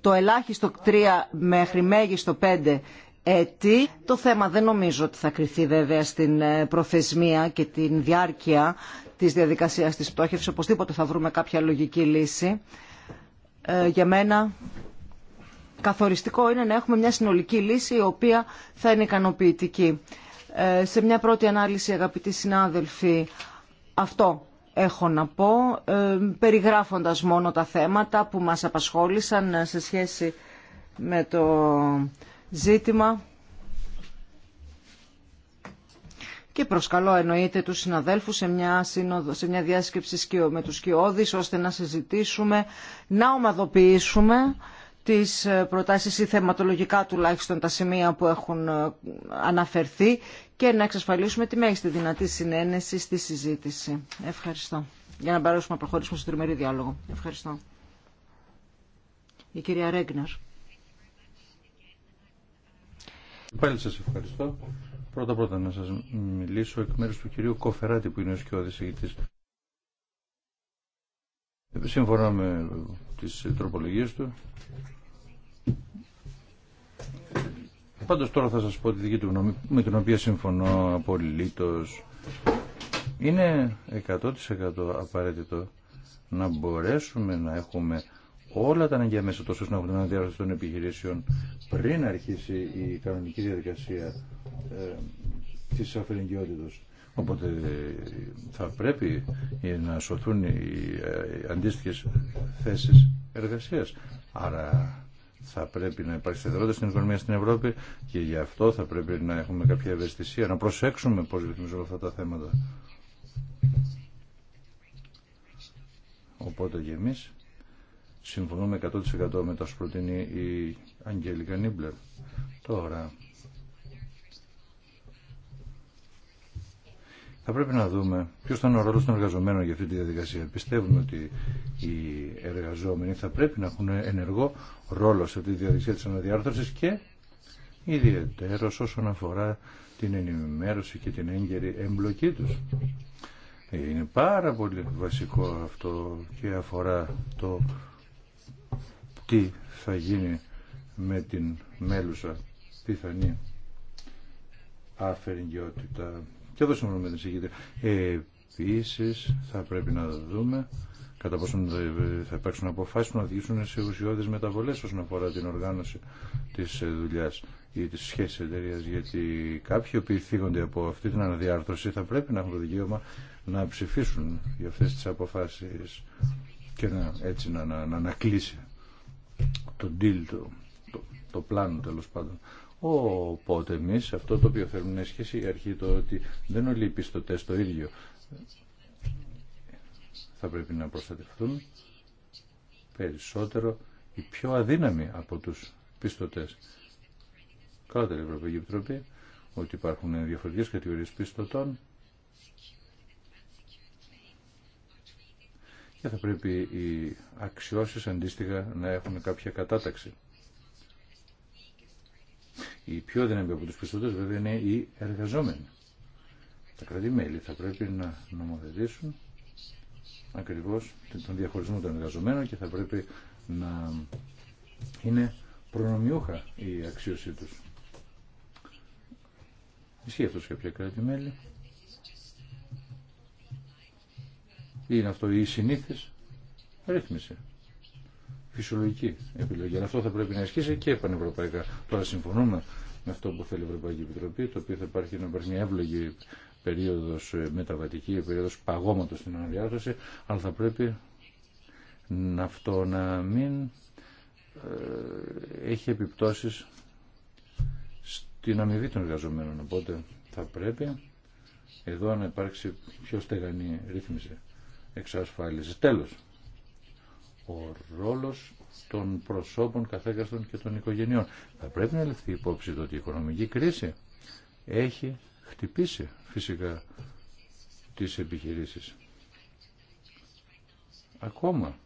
το ελάχιστο 3 μέχρι μέγιστο 5 έτη. Το θέμα δεν νομίζω ότι θα κρυθεί βέβαια στην ε, προθεσμία και την διάρκεια της διαδικασίας της πτώχευσης. Οπωσδήποτε θα βρούμε κάποια λογική λύση. Ε, για μένα καθοριστικό είναι να έχουμε μια συνολική λύση η οποία θα είναι ικανοποιητική. Ε, σε μια πρώτη ανάλυση αγαπητοί συνάδελφοι αυτό έχω να πω ε, περιγράφοντας μόνο τα θέματα που μας απασχόλησαν ε, σε σχέση με το ζήτημα και προσκαλώ εννοείται τους συναδέλφους σε μια, σύνοδο, σε μια διάσκεψη με τους σκιώδεις ώστε να συζητήσουμε, να ομαδοποιήσουμε τις ε, προτάσεις ή θεματολογικά τουλάχιστον τα σημεία που έχουν ε, αναφερθεί και να εξασφαλίσουμε τη μέγιστη δυνατή συνένεση στη συζήτηση. Ευχαριστώ. Για να μπορέσουμε να προχωρήσουμε στο τριμερή διάλογο. Ευχαριστώ. Η κυρία Ρέγνερ. Πάλι σας ευχαριστώ. Πρώτα πρώτα να σας μιλήσω εκ μέρους του κυρίου Κοφεράτη που είναι ο σκιώδης Σύμφωνα με τις τροπολογίες του Πάντω τώρα θα σα πω τη δική του γνώμη με την οποία συμφωνώ απολύτω. Είναι 100% απαραίτητο να μπορέσουμε να έχουμε όλα τα αναγκαία μέσα τόσο να έχουμε αναδιάρθρωση των επιχειρήσεων πριν αρχίσει η κανονική διαδικασία ε, της Οπότε θα πρέπει να σωθούν οι ε, αντίστοιχες θέσεις εργασίας. Άρα θα πρέπει να υπάρχει σταθερότητα στην οικονομία στην Ευρώπη και γι' αυτό θα πρέπει να έχουμε κάποια ευαισθησία, να προσέξουμε πώς ρυθμίζουμε αυτά τα θέματα. Οπότε και εμείς συμφωνούμε 100% με τα προτείνει η Αγγέλικα Νίμπλερ. Τώρα, θα πρέπει να δούμε ποιο θα είναι ο ρόλο των εργαζομένων για αυτή τη διαδικασία. Πιστεύουμε ότι οι εργαζόμενοι θα πρέπει να έχουν ενεργό ρόλο σε αυτή τη διαδικασία τη αναδιάρθρωση και ιδιαίτερω όσον αφορά την ενημέρωση και την έγκαιρη εμπλοκή του. Είναι πάρα πολύ βασικό αυτό και αφορά το τι θα γίνει με την μέλουσα πιθανή αφαιρεγγιότητα. Και εδώ συμφωνώ με την Επίση, θα πρέπει να δούμε κατά πόσο θα υπάρξουν αποφάσει που να οδηγήσουν σε ουσιώδει μεταβολέ όσον αφορά την οργάνωση τη ε, δουλειά ή τη σχέση εταιρεία. Γιατί κάποιοι οποίοι θίγονται από αυτή την αναδιάρθρωση θα πρέπει να έχουν το δικαίωμα να ψηφίσουν για αυτέ τι αποφάσει και να, έτσι να, να, να ανακλείσει το deal, το, το, το πλάνο τέλο πάντων Οπότε εμεί αυτό το οποίο θέλουμε να ισχύσει το ότι δεν όλοι οι πιστωτέ το ίδιο θα πρέπει να προστατευτούν περισσότερο οι πιο αδύναμοι από τους πιστωτέ. Κάτω η Ευρωπαϊκή Επιτροπή ότι υπάρχουν διαφορετικέ κατηγορίε πιστωτών και θα πρέπει οι αξιώσεις αντίστοιχα να έχουν κάποια κατάταξη. Οι πιο δυναμικοί από τους πιστωτέ βέβαια είναι οι εργαζόμενοι. Τα κρατημέλη θα πρέπει να νομοθετήσουν ακριβώς τον διαχωρισμό των εργαζομένων και θα πρέπει να είναι προνομιούχα η αξίωσή του. Ισχύει αυτό σε κάποια κράτη-μέλη. Ή είναι αυτό η συνήθις συνηθες ρυθμιση φυσιολογική επιλογή. Αλλά αυτό θα πρέπει να ισχύσει και πανευρωπαϊκά. Τώρα συμφωνούμε με αυτό που θέλει η Ευρωπαϊκή Επιτροπή, το οποίο θα υπάρχει, να υπάρχει μια εύλογη περίοδο ε, μεταβατική, περίοδο παγώματο στην αναδιάρθρωση, αλλά θα πρέπει να αυτό να μην ε, έχει επιπτώσεις στην αμοιβή των εργαζομένων. Οπότε θα πρέπει εδώ να υπάρξει πιο στεγανή ρύθμιση εξασφάλισης. Τέλος ο ρόλος των προσώπων καθέκαστων και των οικογενειών. Θα πρέπει να ληφθεί υπόψη ότι η οικονομική κρίση έχει χτυπήσει φυσικά τις επιχειρήσεις. Ακόμα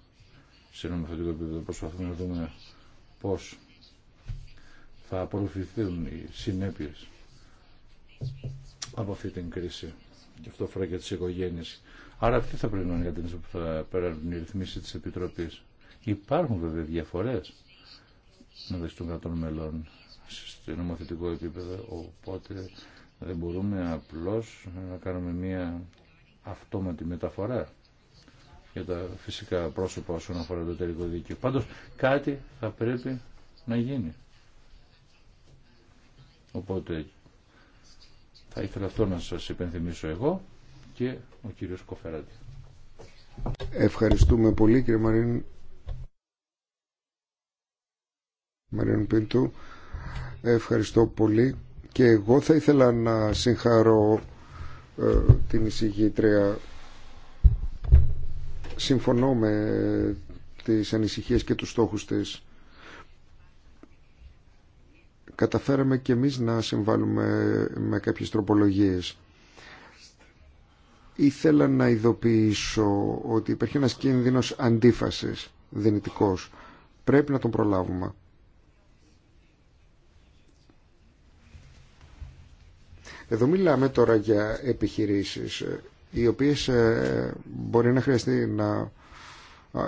σε νομοθετικό επίπεδο προσπαθούμε να δούμε πώς θα απορροφηθούν οι συνέπειες από αυτή την κρίση. Και αυτό φορά και τις οικογένειες Άρα τι θα πρέπει να είναι η την που θα περάσουν οι ρυθμίσει τη Επιτροπή. Υπάρχουν βέβαια διαφορέ μεταξύ των κρατών μελών στο νομοθετικό επίπεδο, οπότε δεν μπορούμε απλώς να κάνουμε μία αυτόματη μεταφορά για τα φυσικά πρόσωπα όσον αφορά το εταιρικό δίκαιο. Πάντως κάτι θα πρέπει να γίνει. Οπότε θα ήθελα αυτό να σας υπενθυμίσω εγώ και ο κύριος Κοφεράτη. Ευχαριστούμε πολύ κύριε Μαρίν Μαρίν Πίντου. Ευχαριστώ πολύ και εγώ θα ήθελα να συγχαρώ ε, την εισηγήτρια. Συμφωνώ με τις ανησυχίες και τους στόχους της. Καταφέραμε και εμείς να συμβάλλουμε με κάποιες τροπολογίες. Ήθελα να ειδοποιήσω ότι υπάρχει ένας κίνδυνος αντίφασης δυνητικός. Πρέπει να τον προλάβουμε. Εδώ μιλάμε τώρα για επιχειρήσεις ε, οι οποίες ε, μπορεί να χρειαστεί να ε,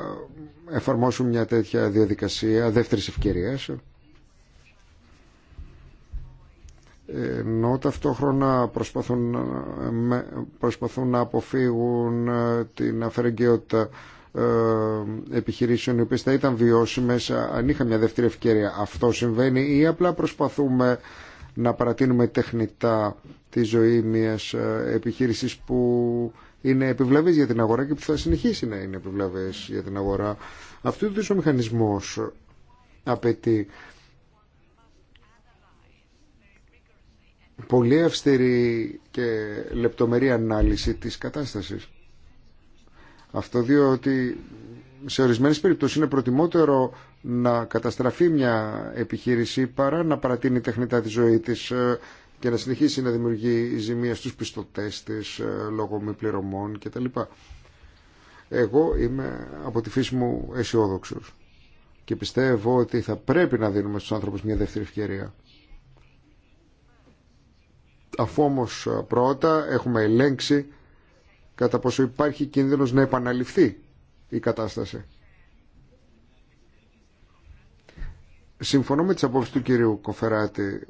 εφαρμόσουν μια τέτοια διαδικασία δεύτερης ευκαιρίας ενώ ταυτόχρονα προσπαθούν, προσπαθούν να αποφύγουν ε, την αφαιρεγκαιότητα ε, επιχειρήσεων οι οποίες θα ήταν βιώσιμες ε, αν είχα μια δεύτερη ευκαιρία. Αυτό συμβαίνει ή απλά προσπαθούμε να παρατείνουμε τεχνητά τη ζωή μιας επιχείρησης που είναι επιβλαβής για την αγορά και που θα συνεχίσει να είναι επιβλαβής για την αγορά. Αυτού του ο μηχανισμός απαιτεί πολύ αυστηρή και λεπτομερή ανάλυση της κατάστασης. Αυτό διότι σε ορισμένες περιπτώσεις είναι προτιμότερο να καταστραφεί μια επιχείρηση παρά να παρατείνει τεχνητά τη ζωή της ε, και να συνεχίσει να δημιουργεί ζημία στους πιστωτές της ε, λόγω μη πληρωμών κτλ. Εγώ είμαι από τη φύση μου αισιόδοξο και πιστεύω ότι θα πρέπει να δίνουμε στους άνθρωπους μια δεύτερη ευκαιρία. Αφού όμω ε, πρώτα έχουμε ελέγξει κατά πόσο υπάρχει κίνδυνος να επαναληφθεί η κατάσταση. Συμφωνώ με τις απόψεις του κυρίου Κοφεράτη.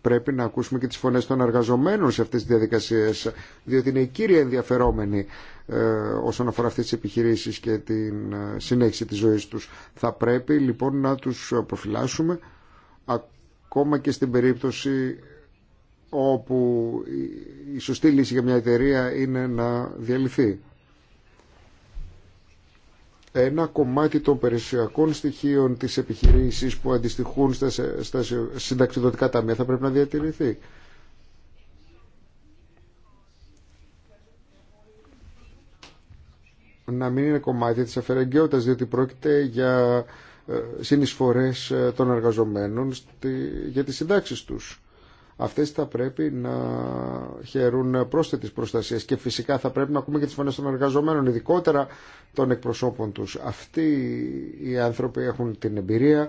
Πρέπει να ακούσουμε και τις φωνές των εργαζομένων σε αυτές τις διαδικασίες, διότι είναι οι κύριοι ενδιαφερόμενοι ε, όσον αφορά αυτές τις επιχειρήσεις και την ε, συνέχιση της ζωής τους. Θα πρέπει λοιπόν να τους προφυλάσσουμε ακόμα και στην περίπτωση όπου η σωστή λύση για μια εταιρεία είναι να διαλυθεί. Ένα κομμάτι των περιουσιακών στοιχείων της επιχειρήσης που αντιστοιχούν στα συνταξιδοτικά ταμεία θα πρέπει να διατηρηθεί. Να μην είναι κομμάτι της αφαιρεγγιότητας, διότι πρόκειται για ε, συνεισφορές ε, των εργαζομένων για τις συντάξεις τους. Αυτές θα πρέπει να χαιρούν πρόσθετης προστασίας και φυσικά θα πρέπει να ακούμε και τις φωνές των εργαζομένων, ειδικότερα των εκπροσώπων τους. Αυτοί οι άνθρωποι έχουν την εμπειρία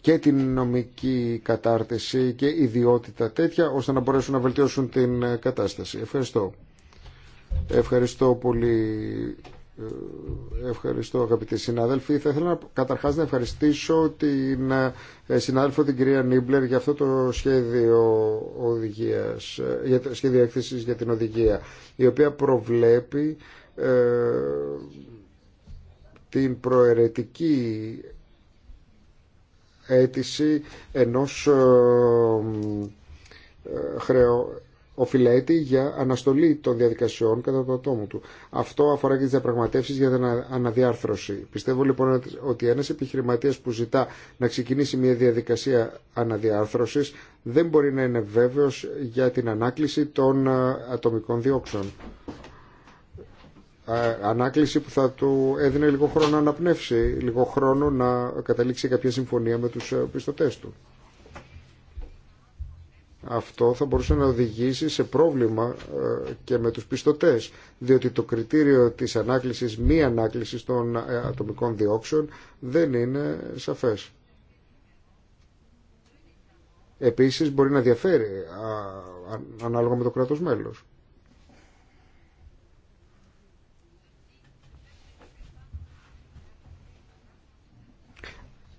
και την νομική κατάρτιση και ιδιότητα τέτοια ώστε να μπορέσουν να βελτιώσουν την κατάσταση. Ευχαριστώ. Ευχαριστώ πολύ Ευχαριστώ αγαπητοί συνάδελφοι. Θα ήθελα καταρχάς να ευχαριστήσω την ε, συνάδελφο την κυρία Νίμπλερ για αυτό το σχέδιο, οδηγίας, ε, για το σχέδιο για την οδηγία η οποία προβλέπει ε, την προαιρετική αίτηση ενός ε, οφειλέτη για αναστολή των διαδικασιών κατά το ατόμο του. Αυτό αφορά και τι διαπραγματεύσει για την αναδιάρθρωση. Πιστεύω λοιπόν ότι ένα επιχειρηματία που ζητά να ξεκινήσει μια διαδικασία αναδιάρθρωση δεν μπορεί να είναι βέβαιο για την ανάκληση των ε, ατομικών διώξεων. Ε, ανάκληση που θα του έδινε λίγο χρόνο να αναπνεύσει, λίγο χρόνο να καταλήξει κάποια συμφωνία με τους ε, πιστωτές του αυτό θα μπορούσε να οδηγήσει σε πρόβλημα ε, και με τους πιστωτές διότι το κριτήριο της ανάκλησης μη ανάκλησης των ε, ατομικών διώξεων δεν είναι σαφές. Επίσης μπορεί να διαφέρει ανάλογα με το κράτος μέλος.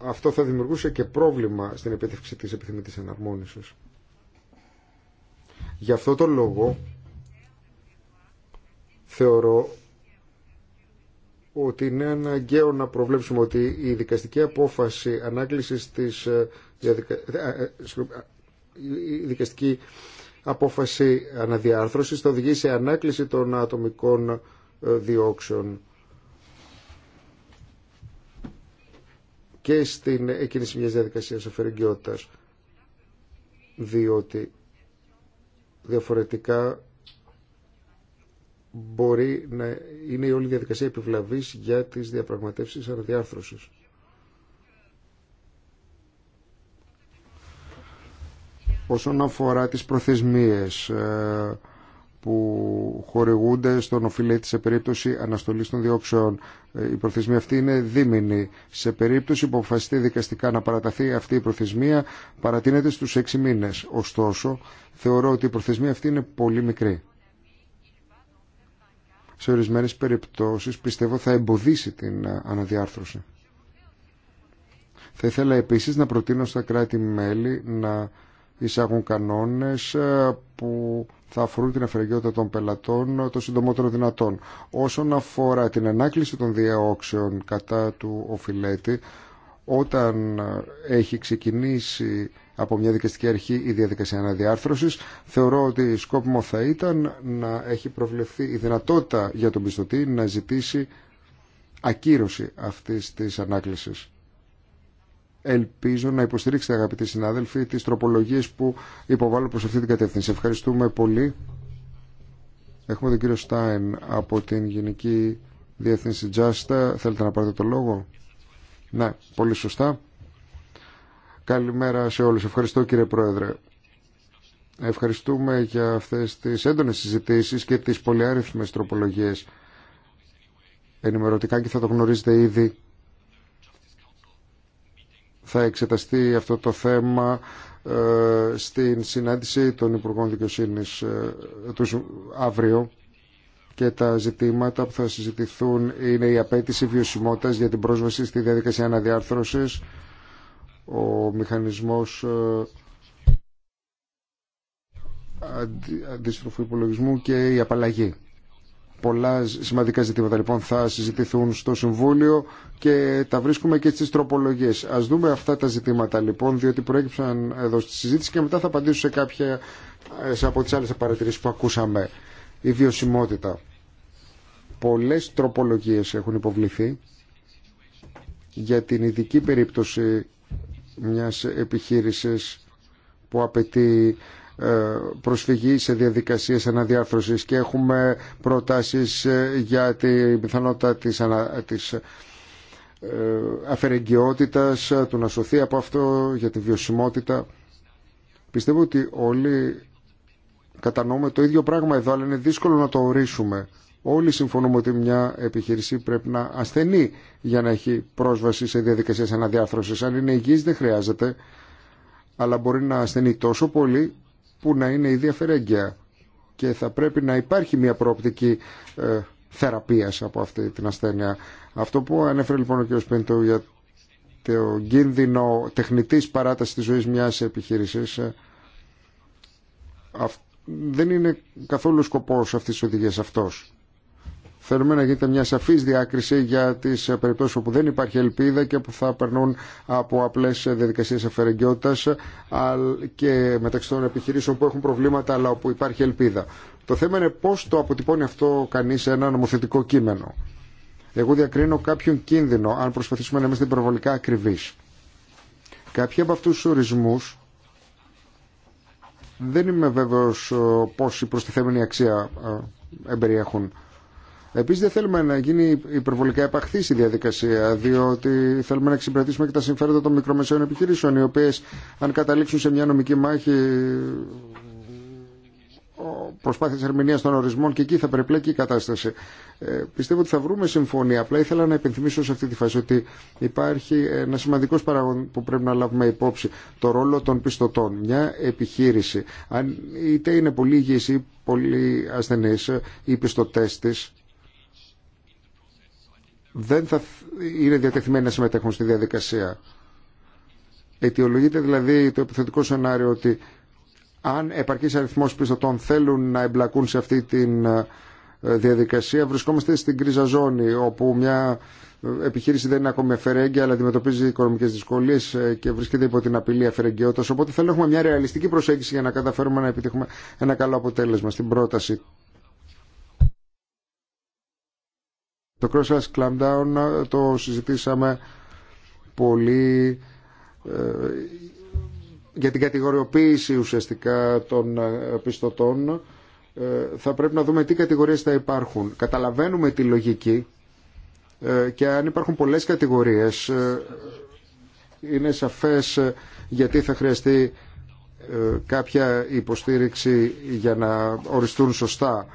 Αυτό θα δημιουργούσε και πρόβλημα στην επίτευξη της επιθυμητής εναρμόνισης. Γι' αυτό το λόγο θεωρώ ότι είναι αναγκαίο να προβλέψουμε ότι η δικαστική απόφαση ανάκλησης της ε, ε, ε, δικαστική απόφαση αναδιάρθρωσης θα οδηγεί σε ανάκληση των ατομικών διώξεων και στην εκκίνηση μιας διαδικασίας αφαιρεγγιότητας διότι Διαφορετικά μπορεί να είναι η όλη διαδικασία επιβλαβής για τις διαπραγματεύσεις αναδιάρθρωσης. Όσον αφορά τις προθεσμίες, ε, που χορηγούνται στον οφειλέτη σε περίπτωση αναστολής των διώξεων. Ε, η προθεσμία αυτή είναι δίμηνη. Σε περίπτωση που αποφασιστεί δικαστικά να παραταθεί αυτή η προθεσμία, παρατείνεται στου έξι μήνες. Ωστόσο, θεωρώ ότι η προθεσμία αυτή είναι πολύ μικρή. Σε ορισμένες περιπτώσεις πιστεύω θα εμποδίσει την ε, αναδιάρθρωση. Θα ήθελα επίσης να προτείνω στα κράτη-μέλη να εισάγουν κανόνες ε, που θα αφορούν την αφαιρεγιότητα των πελατών ε, το συντομότερο δυνατόν. Όσον αφορά την ανάκληση των διαόξεων κατά του οφηλέτη, όταν ε, έχει ξεκινήσει από μια δικαστική αρχή η διαδικασία αναδιάρθρωσης, θεωρώ ότι σκόπιμο θα ήταν να έχει προβλεφθεί η δυνατότητα για τον πιστωτή να ζητήσει ακύρωση αυτής της ανάκλησης. Ελπίζω να υποστηρίξετε αγαπητοί συνάδελφοι τις τροπολογίες που υποβάλλω προς αυτή την κατεύθυνση. Ευχαριστούμε πολύ. Έχουμε τον κύριο Στάιν από την Γενική Διεύθυνση Τζάστα. Θέλετε να πάρετε το λόγο. Ναι, πολύ σωστά. Καλημέρα σε όλους. Ευχαριστώ κύριε Πρόεδρε. Ευχαριστούμε για αυτές τις έντονες συζητήσεις και τις πολυάριθμες τροπολογίες. Ενημερωτικά και θα το γνωρίζετε ήδη θα εξεταστεί αυτό το θέμα ε, στην συνάντηση των Υπουργών Δικαιοσύνη ε, αύριο και τα ζητήματα που θα συζητηθούν είναι η απέτηση βιωσιμότητας για την πρόσβαση στη διαδικασία αναδιάρθρωσης, ο μηχανισμός ε, αντίστροφου υπολογισμού και η απαλλαγή. Πολλά σημαντικά ζητήματα λοιπόν θα συζητηθούν στο Συμβούλιο και τα βρίσκουμε και στις τροπολογίες. Ας δούμε αυτά τα ζητήματα λοιπόν, διότι προέκυψαν εδώ στη συζήτηση και μετά θα απαντήσω σε κάποια ε, σε από τις άλλες παρατηρήσεις που ακούσαμε. Η βιωσιμότητα. Πολλές τροπολογίες έχουν υποβληθεί για την ειδική περίπτωση μιας επιχείρησης που απαιτεί ε, προσφυγή σε διαδικασίες αναδιάρθρωσης και έχουμε προτάσεις ε, για την πιθανότητα της, ανα... της ε, του να σωθεί από αυτό, για τη βιωσιμότητα. Πιστεύω ότι όλοι κατανοούμε το ίδιο πράγμα εδώ, αλλά είναι δύσκολο να το ορίσουμε. Όλοι συμφωνούμε ότι μια επιχείρηση πρέπει να ασθενεί για να έχει πρόσβαση σε διαδικασίες αναδιάρθρωσης. Αν είναι υγιής δεν χρειάζεται, αλλά μπορεί να ασθενεί τόσο πολύ που να είναι η διαφερέγγια και θα πρέπει να υπάρχει μια προοπτική ε, θεραπείας από αυτή την ασθένεια. Αυτό που ανέφερε λοιπόν ο κ. Πίντο για το κίνδυνο τεχνητής παράτασης της ζωής μιας επιχείρησης ε, δεν είναι καθόλου σκοπός αυτής της οδηγίας αυτός. Θέλουμε να γίνεται μια σαφή διάκριση για τι περιπτώσει όπου δεν υπάρχει ελπίδα και που θα περνούν από απλέ διαδικασίε αφαιρεγγιότητας και μεταξύ των επιχειρήσεων που έχουν προβλήματα αλλά όπου υπάρχει ελπίδα. Το θέμα είναι πώ το αποτυπώνει αυτό κανεί σε ένα νομοθετικό κείμενο. Εγώ διακρίνω κάποιον κίνδυνο αν προσπαθήσουμε να είμαστε υπερβολικά ακριβεί. Κάποιοι από αυτού του ορισμού δεν είμαι βέβαιος ε, η προστιθέμενη αξία ε, εμπεριέχουν. Επίση, δεν θέλουμε να γίνει υπερβολικά επαχθή η διαδικασία, διότι θέλουμε να εξυπηρετήσουμε και τα συμφέροντα των μικρομεσαίων επιχειρήσεων, οι οποίε, αν καταλήξουν σε μια νομική μάχη προσπάθειας ερμηνεία των ορισμών και εκεί θα περιπλέκει η κατάσταση. Ε, πιστεύω ότι θα βρούμε συμφωνία. Απλά ήθελα να υπενθυμίσω σε αυτή τη φάση ότι υπάρχει ένα σημαντικό παράγον που πρέπει να λάβουμε υπόψη. Το ρόλο των πιστωτών. Μια επιχείρηση, αν είτε είναι πολύ υγιή ή πολύ ασθενή, οι πιστωτέ τη δεν θα είναι διατεθειμένοι να συμμετέχουν στη διαδικασία. Αιτιολογείται δηλαδή το επιθετικό σενάριο ότι αν επαρκής αριθμός πιστωτών θέλουν να εμπλακούν σε αυτή τη ε, διαδικασία βρισκόμαστε στην κρίζα ζώνη όπου μια ε, επιχείρηση δεν είναι ακόμη αφαιρέγγια αλλά αντιμετωπίζει οικονομικές δυσκολίες ε, και βρίσκεται υπό την απειλή αφαιρεγγιότητας οπότε θέλουμε μια ρεαλιστική προσέγγιση για να καταφέρουμε να επιτύχουμε ένα καλό αποτέλεσμα στην πρόταση Το Clamp Clampdown ε, το συζητήσαμε πολύ ε, για την κατηγοριοποίηση ουσιαστικά των ε, πιστωτών. Θα πρέπει να δούμε τι κατηγορίες θα υπάρχουν. Καταλαβαίνουμε τη λογική και αν υπάρχουν πολλές κατηγορίες είναι σαφές γιατί θα χρειαστεί κάποια υποστήριξη για να οριστούν σωστά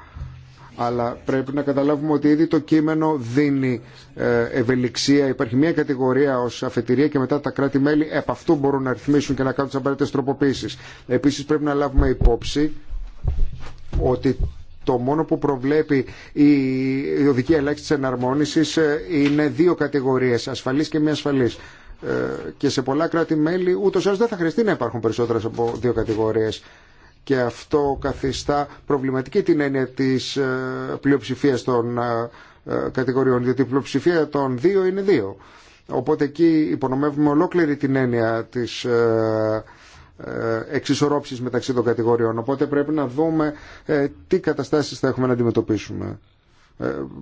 αλλά πρέπει να καταλάβουμε ότι ήδη το κείμενο δίνει ε, ευελιξία. Υπάρχει μια κατηγορία ω αφετηρία και μετά τα κράτη-μέλη επ' αυτού μπορούν να ρυθμίσουν και να κάνουν τι απαραίτητε τροποποίησει. Επίση πρέπει να λάβουμε υπόψη ότι το μόνο που προβλέπει η οδική ελάχιστη εναρμόνιση ε, είναι δύο κατηγορίε, ασφαλή και μη ασφαλή. Ε, και σε πολλά κράτη-μέλη ούτω ή δεν θα χρειαστεί να υπάρχουν περισσότερε από δύο κατηγορίε και αυτό καθιστά προβληματική την έννοια της ε, πλειοψηφίας των ε, ε, κατηγοριών, διότι η πλειοψηφία των δύο είναι δύο. Οπότε εκεί υπονομεύουμε ολόκληρη την έννοια της εξισορρόψης μεταξύ των κατηγοριών. Οπότε πρέπει να δούμε τι καταστάσεις θα έχουμε να αντιμετωπίσουμε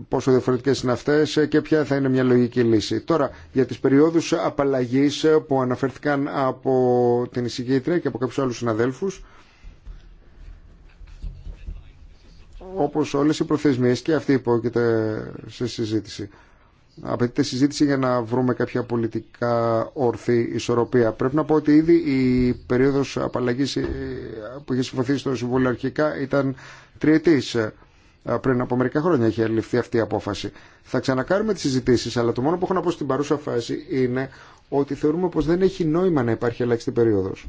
πόσο διαφορετικές είναι αυτές και ποια θα είναι μια λογική λύση. Τώρα, για τις περιόδους απαλλαγής που αναφέρθηκαν από την εισηγήτρια και από κάποιους άλλους συναδέλφους, όπως όλες οι προθεσμίες και αυτή υπόκειται σε συζήτηση. Απαιτείται συζήτηση για να βρούμε κάποια πολιτικά ορθή ισορροπία. Πρέπει να πω ότι ήδη η περίοδος απαλλαγής ε, που είχε συμφωθεί στο Συμβούλιο αρχικά ήταν τριετής. Ε, πριν από μερικά χρόνια είχε ληφθεί αυτή η απόφαση. Θα ξανακάνουμε τις συζητήσεις, αλλά το μόνο που έχω να πω στην παρούσα φάση είναι ότι θεωρούμε πως δεν έχει νόημα να υπάρχει ελάχιστη περίοδος.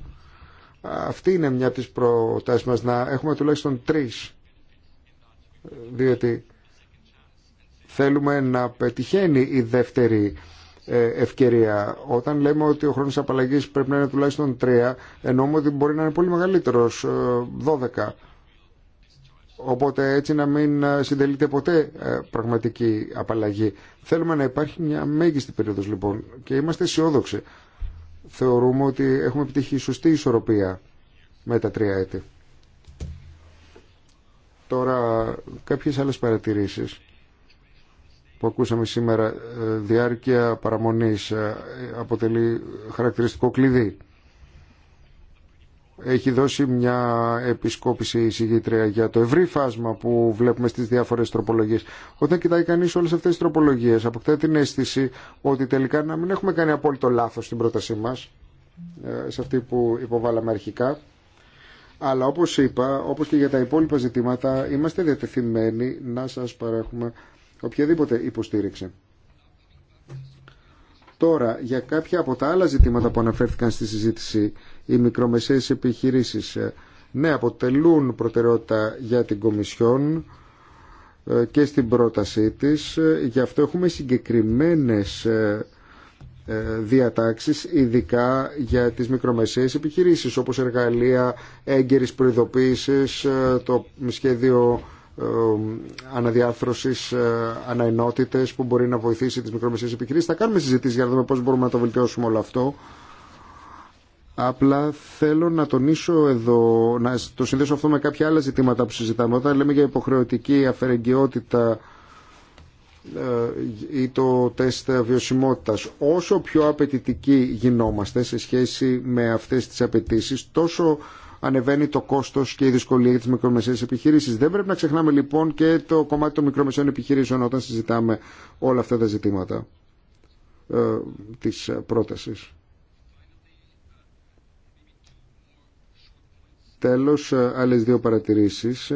Αυτή είναι μια από τις προτάσεις μας, να έχουμε τουλάχιστον τρει διότι θέλουμε να πετυχαίνει η δεύτερη ε, ευκαιρία. Όταν λέμε ότι ο χρόνος απαλλαγής πρέπει να είναι τουλάχιστον 3, ενώ ότι μπορεί να είναι πολύ μεγαλύτερος, 12. Ε, Οπότε έτσι να μην ε, συντελείται ποτέ πραγματική απαλλαγή. Θέλουμε να υπάρχει μια μέγιστη περίοδος λοιπόν και είμαστε αισιόδοξοι. Θεωρούμε ότι έχουμε επιτύχει σωστή ισορροπία με τα τρία έτη. Τώρα κάποιες άλλες παρατηρήσεις που ακούσαμε σήμερα. Ε, διάρκεια παραμονής ε, αποτελεί χαρακτηριστικό κλειδί. Έχει δώσει μια επισκόπηση η συγγήτρια για το ευρύ φάσμα που βλέπουμε στις διάφορες τροπολογίες. Όταν κοιτάει κανείς όλες αυτές τις τροπολογίες αποκτά την αίσθηση ότι τελικά να μην έχουμε κάνει απόλυτο λάθος στην πρότασή μας ε, σε αυτή που υποβάλαμε αρχικά αλλά όπως είπα, όπως και για τα υπόλοιπα ζητήματα, είμαστε διατεθειμένοι να σας παρέχουμε οποιαδήποτε υποστήριξη. Τώρα, για κάποια από τα άλλα ζητήματα που αναφέρθηκαν στη συζήτηση, οι μικρομεσαίες επιχειρήσεις, ε, ναι, αποτελούν προτεραιότητα για την Κομισιόν ε, και στην πρότασή της. Ε, γι' αυτό έχουμε συγκεκριμένες ε, διατάξεις ειδικά για τις μικρομεσαίες επιχειρήσεις όπως εργαλεία έγκαιρης προειδοποίησης, ε, το σχέδιο ε, αναδιάρθρωσης αναενότητες που μπορεί να βοηθήσει τις μικρομεσαίες επιχειρήσεις. Θα κάνουμε συζητήσεις για να δούμε πώς μπορούμε να το βελτιώσουμε όλο αυτό. Απλά θέλω να τονίσω εδώ, να το συνδέσω αυτό με κάποια άλλα ζητήματα που συζητάμε. Όταν λέμε για υποχρεωτική αφαιρεγγιότητα ε, ή το τεστ βιωσιμότητας. Όσο πιο απαιτητικοί γινόμαστε σε σχέση με αυτές τις απαιτήσει, τόσο ανεβαίνει το κόστος και η δυσκολία για τις μικρομεσαίες επιχειρήσεις. Δεν πρέπει να ξεχνάμε λοιπόν και το κομμάτι των μικρομεσαίων επιχειρήσεων όταν συζητάμε όλα αυτά τα ζητήματα ε, της πρότασης. Τέλος, άλλες δύο παρατηρήσεις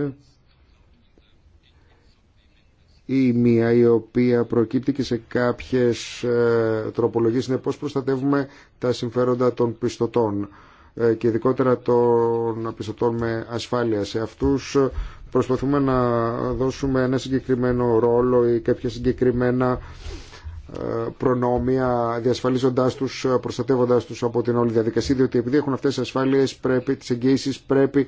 ή μία η οποία προκύπτει και σε κάποιες ε, τροπολογίες είναι πώς προστατεύουμε τα συμφέροντα των πιστωτών ε, και ειδικότερα των πιστωτών με ασφάλεια. Σε αυτούς ε, προσπαθούμε να δώσουμε ένα συγκεκριμένο ρόλο ή κάποια συγκεκριμένα προνόμια διασφαλίζοντάς τους, προστατεύοντάς τους από την όλη διαδικασία διότι επειδή έχουν αυτές τις ασφάλειες, πρέπει, τις εγγύησεις πρέπει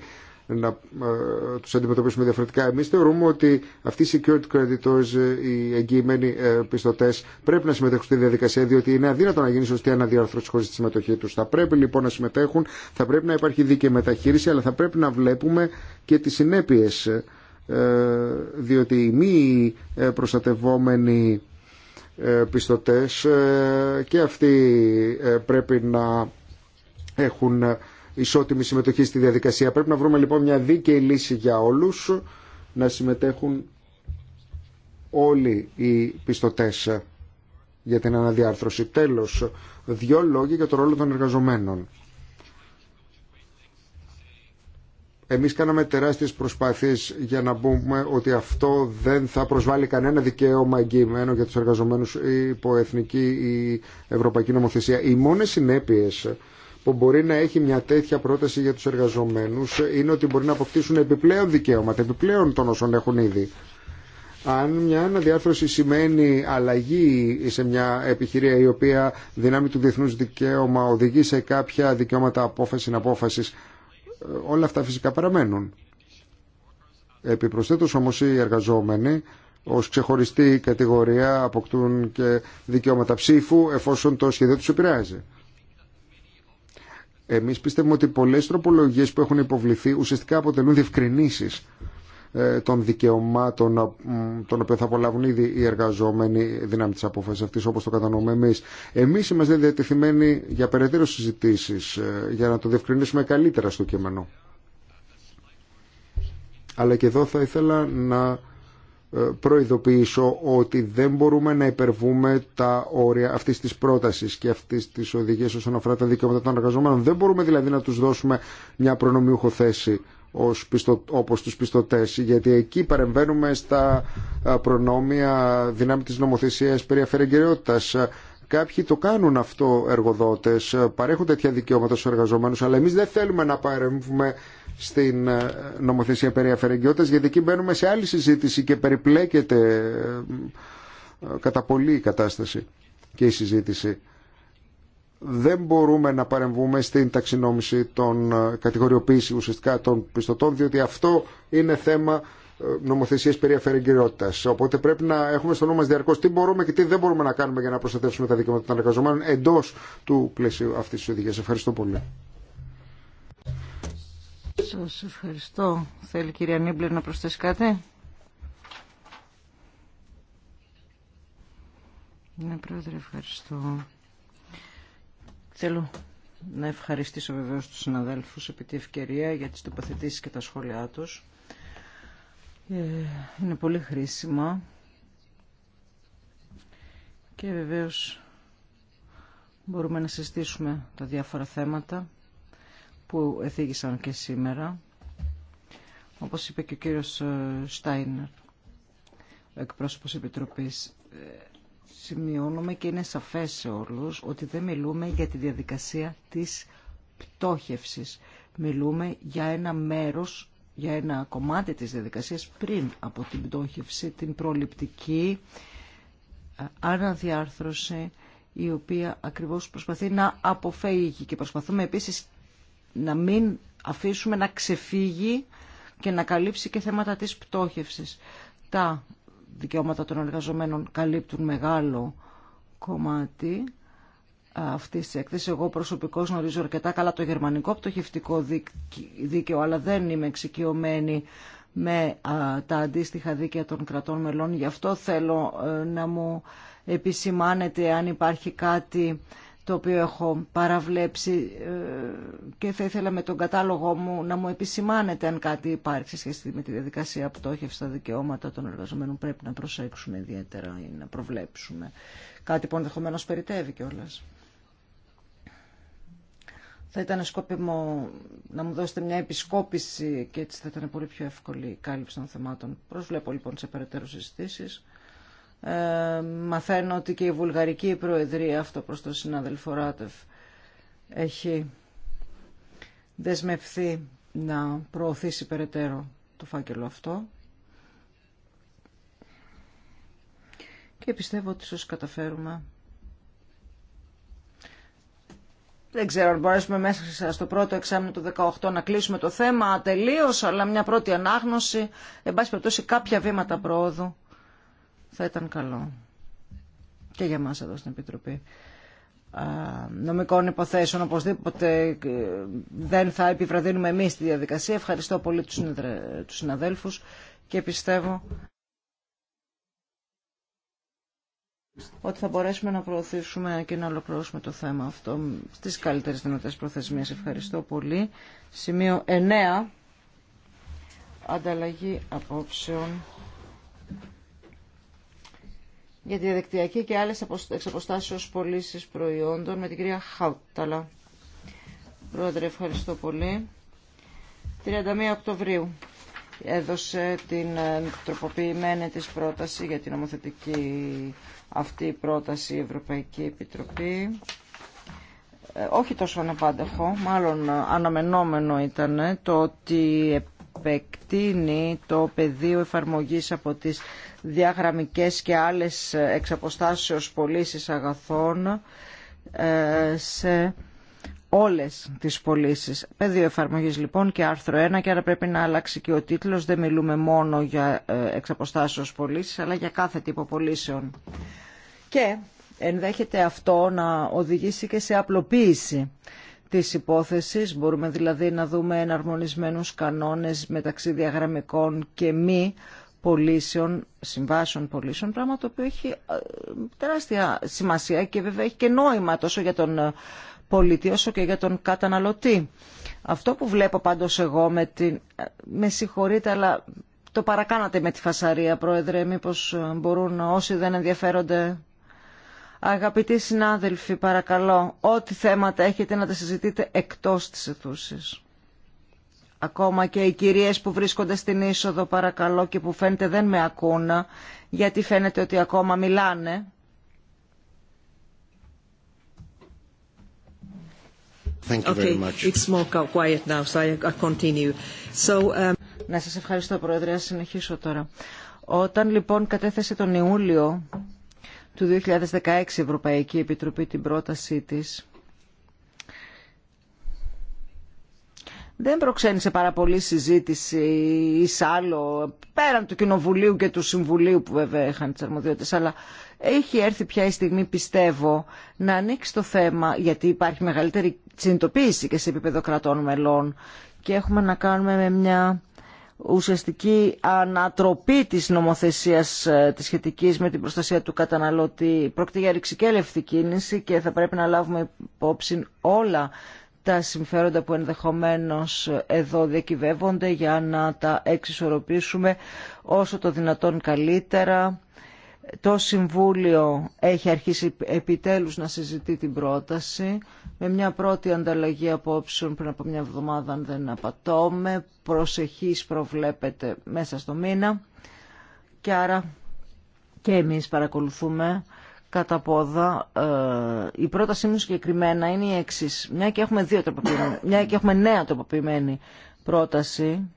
να ε, τους αντιμετωπίσουμε διαφορετικά. Εμείς θεωρούμε ότι αυτοί οι security creditors, ε, οι εγγυημένοι ε, πιστωτές, πρέπει να συμμετέχουν στη διαδικασία, διότι είναι αδύνατο να γίνει σωστή αναδιάρθρωση χωρίς τη συμμετοχή τους. Θα πρέπει λοιπόν να συμμετέχουν, θα πρέπει να υπάρχει δίκαιη μεταχείριση, αλλά θα πρέπει να βλέπουμε και τις συνέπειες, διότι οι μη προστατευόμενοι πιστωτές και αυτοί πρέπει να έχουν ισότιμη συμμετοχή στη διαδικασία. Πρέπει να βρούμε λοιπόν μια δίκαιη λύση για όλους να συμμετέχουν όλοι οι πιστωτές για την αναδιάρθρωση. Τέλος, δύο λόγια για το ρόλο των εργαζομένων. Εμείς κάναμε τεράστιες προσπάθειες για να πούμε ότι αυτό δεν θα προσβάλλει κανένα δικαίωμα εγγυημένο για τους εργαζομένους υπό εθνική ή ευρωπαϊκή νομοθεσία. Οι μόνες συνέπειες που μπορεί να έχει μια τέτοια πρόταση για τους εργαζομένους είναι ότι μπορεί να αποκτήσουν επιπλέον δικαίωματα, επιπλέον των όσων έχουν ήδη. Αν μια αναδιάρθρωση σημαίνει αλλαγή σε μια επιχειρία η οποία δυνάμει του διεθνούς δικαίωμα οδηγεί σε κάποια δικαιώματα απόφαση απόφασης, όλα αυτά φυσικά παραμένουν. Επιπροσθέτως όμως οι εργαζόμενοι ως ξεχωριστή κατηγορία αποκτούν και δικαιώματα ψήφου εφόσον το σχέδιο τους επηρεάζει. Εμείς πιστεύουμε ότι πολλές τροπολογίες που έχουν υποβληθεί ουσιαστικά αποτελούν διευκρινήσεις ε, των δικαιωμάτων των οποίων θα απολαύουν ήδη οι εργαζόμενοι δυνάμει της απόφασης αυτής όπως το κατανοούμε εμείς. Εμείς είμαστε διατεθειμένοι για περαιτέρω συζητήσεις ε, για να το διευκρινίσουμε καλύτερα στο κείμενο. Αλλά και εδώ θα ήθελα να ε, προειδοποιήσω ότι δεν μπορούμε να υπερβούμε τα όρια αυτής της πρότασης και αυτής της οδηγίας όσον αφορά τα δικαιώματα των εργαζομένων. Δεν μπορούμε δηλαδή να τους δώσουμε μια προνομιούχο θέση ως πιστο, όπως τους πιστωτές γιατί εκεί παρεμβαίνουμε στα ε, προνόμια δυνάμει της νομοθεσίας περί αφαιρεγκαιριότητας. Ε, κάποιοι το κάνουν αυτό εργοδότες, παρέχουν τέτοια δικαιώματα στους εργαζομένους αλλά εμείς δεν θέλουμε να παρέμβουμε στην ε, νομοθεσία περί αφαιρεγγιότητας γιατί εκεί μπαίνουμε σε άλλη συζήτηση και περιπλέκεται ε, ε, κατά πολύ η κατάσταση και η συζήτηση. Δεν μπορούμε να παρεμβούμε στην ταξινόμηση των κατηγοριοποίηση ουσιαστικά των πιστωτών διότι αυτό είναι θέμα νομοθεσίες περί αφαιρεγγυρότητας. Οπότε πρέπει να έχουμε στο νου μας διαρκώς τι μπορούμε και τι δεν μπορούμε να κάνουμε για να προστατεύσουμε τα δικαιώματα των εργαζομένων εντός του πλαίσιου αυτής της οδηγίας. Ευχαριστώ πολύ. Σας ευχαριστώ. Θέλει η κυρία Νίμπλερ να προσθέσει κάτι. Ναι, πρόεδρε, ευχαριστώ. Θέλω να ευχαριστήσω βεβαίως τους συναδέλφους επί τη ευκαιρία για τις τοποθετήσεις και τα σχόλιά τους. Ε, είναι πολύ χρήσιμα. Και βεβαίως μπορούμε να συστήσουμε τα διάφορα θέματα που εθίγησαν και σήμερα. Όπως είπε και ο κύριος ε, Στάινερ, ο εκπρόσωπος Επιτροπής, ε, σημειώνουμε και είναι σαφές σε όλους ότι δεν μιλούμε για τη διαδικασία της πτώχευσης. Μιλούμε για ένα μέρος, για ένα κομμάτι της διαδικασίας πριν από την πτώχευση, την προληπτική ε, αναδιάρθρωση, η οποία ακριβώς προσπαθεί να αποφεύγει και προσπαθούμε επίσης να μην αφήσουμε να ξεφύγει και να καλύψει και θέματα της πτώχευσης. Τα δικαιώματα των εργαζομένων καλύπτουν μεγάλο κομμάτι αυτής της έκθεσης. Εγώ προσωπικώς γνωρίζω αρκετά καλά το γερμανικό πτωχευτικό δίκαιο, αλλά δεν είμαι εξοικειωμένη με τα αντίστοιχα δίκαια των κρατών μελών. Γι' αυτό θέλω ε, να μου επισημάνετε αν υπάρχει κάτι το οποίο έχω παραβλέψει ε, και θα ήθελα με τον κατάλογο μου να μου επισημάνετε αν κάτι υπάρχει σχέση με τη διαδικασία πτώχευση στα δικαιώματα των εργαζομένων πρέπει να προσέξουμε ιδιαίτερα ή να προβλέψουμε. Κάτι που ενδεχομένω περιτεύει κιόλα. Θα ήταν σκόπιμο να μου δώσετε μια επισκόπηση και έτσι θα ήταν πολύ πιο εύκολη η κάλυψη των θεμάτων. Προσβλέπω λοιπόν σε περαιτέρω συζητήσει. Ε, μαθαίνω ότι και η Βουλγαρική Προεδρία, αυτό προς τον συνάδελφο Ράτεφ, έχει δεσμευθεί να προωθήσει περαιτέρω το φάκελο αυτό. Και πιστεύω ότι ίσως καταφέρουμε. Δεν ξέρω αν μπορέσουμε μέσα στο πρώτο εξάμεινο του 18 να κλείσουμε το θέμα τελείως, αλλά μια πρώτη ανάγνωση, εν πάση περιπτώσει κάποια βήματα πρόοδου θα ήταν καλό και για μας εδώ στην Επιτροπή νομικών υποθέσεων οπωσδήποτε ε, δεν θα επιβραδύνουμε εμείς τη διαδικασία ευχαριστώ πολύ τους συναδέλφους και πιστεύω ότι θα μπορέσουμε να προωθήσουμε και να ολοκληρώσουμε το θέμα αυτό στις καλύτερες δυνατές προθεσμίες ευχαριστώ πολύ σημείο 9 ανταλλαγή απόψεων για τη διαδικτυακή και άλλες εξαποστάσεις πωλήσει προϊόντων με την κυρία Χάουταλα. Πρόεδρε, ευχαριστώ πολύ. 31 Οκτωβρίου έδωσε την ε, τροποποιημένη της πρόταση για την νομοθετική αυτή πρόταση η Ευρωπαϊκή Επιτροπή. Ε, όχι τόσο αναπάντεχο, μάλλον αναμενόμενο ήταν το ότι επεκτείνει το πεδίο εφαρμογής από τις διαγραμμικές και άλλες εξαποστάσεως αποστάσεως αγαθών ε, σε όλες τις πωλήσει. Πεδίο εφαρμογής λοιπόν και άρθρο 1 και άρα πρέπει να αλλάξει και ο τίτλος. Δεν μιλούμε μόνο για ε, εξαποστάσεως αποστάσεως αλλά για κάθε τύπο πωλήσεων. Και ενδέχεται αυτό να οδηγήσει και σε απλοποίηση της υπόθεσης. Μπορούμε δηλαδή να δούμε εναρμονισμένους κανόνες μεταξύ διαγραμμικών και μη πωλήσεων, συμβάσεων πωλήσεων, πράγμα το οποίο έχει ε, τεράστια σημασία και βέβαια έχει και νόημα τόσο για τον ε, πολίτη όσο και για τον καταναλωτή. Αυτό που βλέπω πάντως εγώ με την... Ε, με συγχωρείτε αλλά το παρακάνατε με τη φασαρία πρόεδρε, μήπως μπορούν όσοι δεν ενδιαφέρονται... Αγαπητοί συνάδελφοι, παρακαλώ, ό,τι θέματα έχετε να τα συζητείτε εκτός της αιθούσης. Ακόμα και οι κυρίες που βρίσκονται στην είσοδο παρακαλώ και που φαίνεται δεν με ακούνα γιατί φαίνεται ότι ακόμα μιλάνε. It's more quiet now, so I continue. So, um... Να σας ευχαριστώ Πρόεδρε, ας συνεχίσω τώρα. Όταν λοιπόν κατέθεσε τον Ιούλιο του 2016 η Ευρωπαϊκή Επιτροπή την πρότασή της, δεν προξένησε πάρα πολύ συζήτηση ή σ' άλλο, πέραν του Κοινοβουλίου και του Συμβουλίου που βέβαια είχαν τις αρμοδιότητες, αλλά έχει έρθει πια η στιγμή, πιστεύω, να ανοίξει το θέμα, γιατί υπάρχει μεγαλύτερη συνειδητοποίηση και σε επίπεδο κρατών μελών και έχουμε να κάνουμε με μια ουσιαστική ανατροπή της νομοθεσίας ε, της σχετικής με την προστασία του καταναλώτη. Πρόκειται για ρηξικέλευτη κίνηση και θα πρέπει να λάβουμε υπόψη όλα τα συμφέροντα που ενδεχομένως εδώ διακυβεύονται για να τα εξισορροπήσουμε όσο το δυνατόν καλύτερα. Το Συμβούλιο έχει αρχίσει επιτέλους να συζητεί την πρόταση με μια πρώτη ανταλλαγή απόψεων πριν από μια εβδομάδα αν δεν απατώμε. Προσεχής προβλέπεται μέσα στο μήνα και άρα και εμείς παρακολουθούμε κατά πόδα. Ε, η πρότασή μου συγκεκριμένα είναι η εξή. Μια και έχουμε δύο μια και έχουμε νέα τροποποιημένη πρόταση,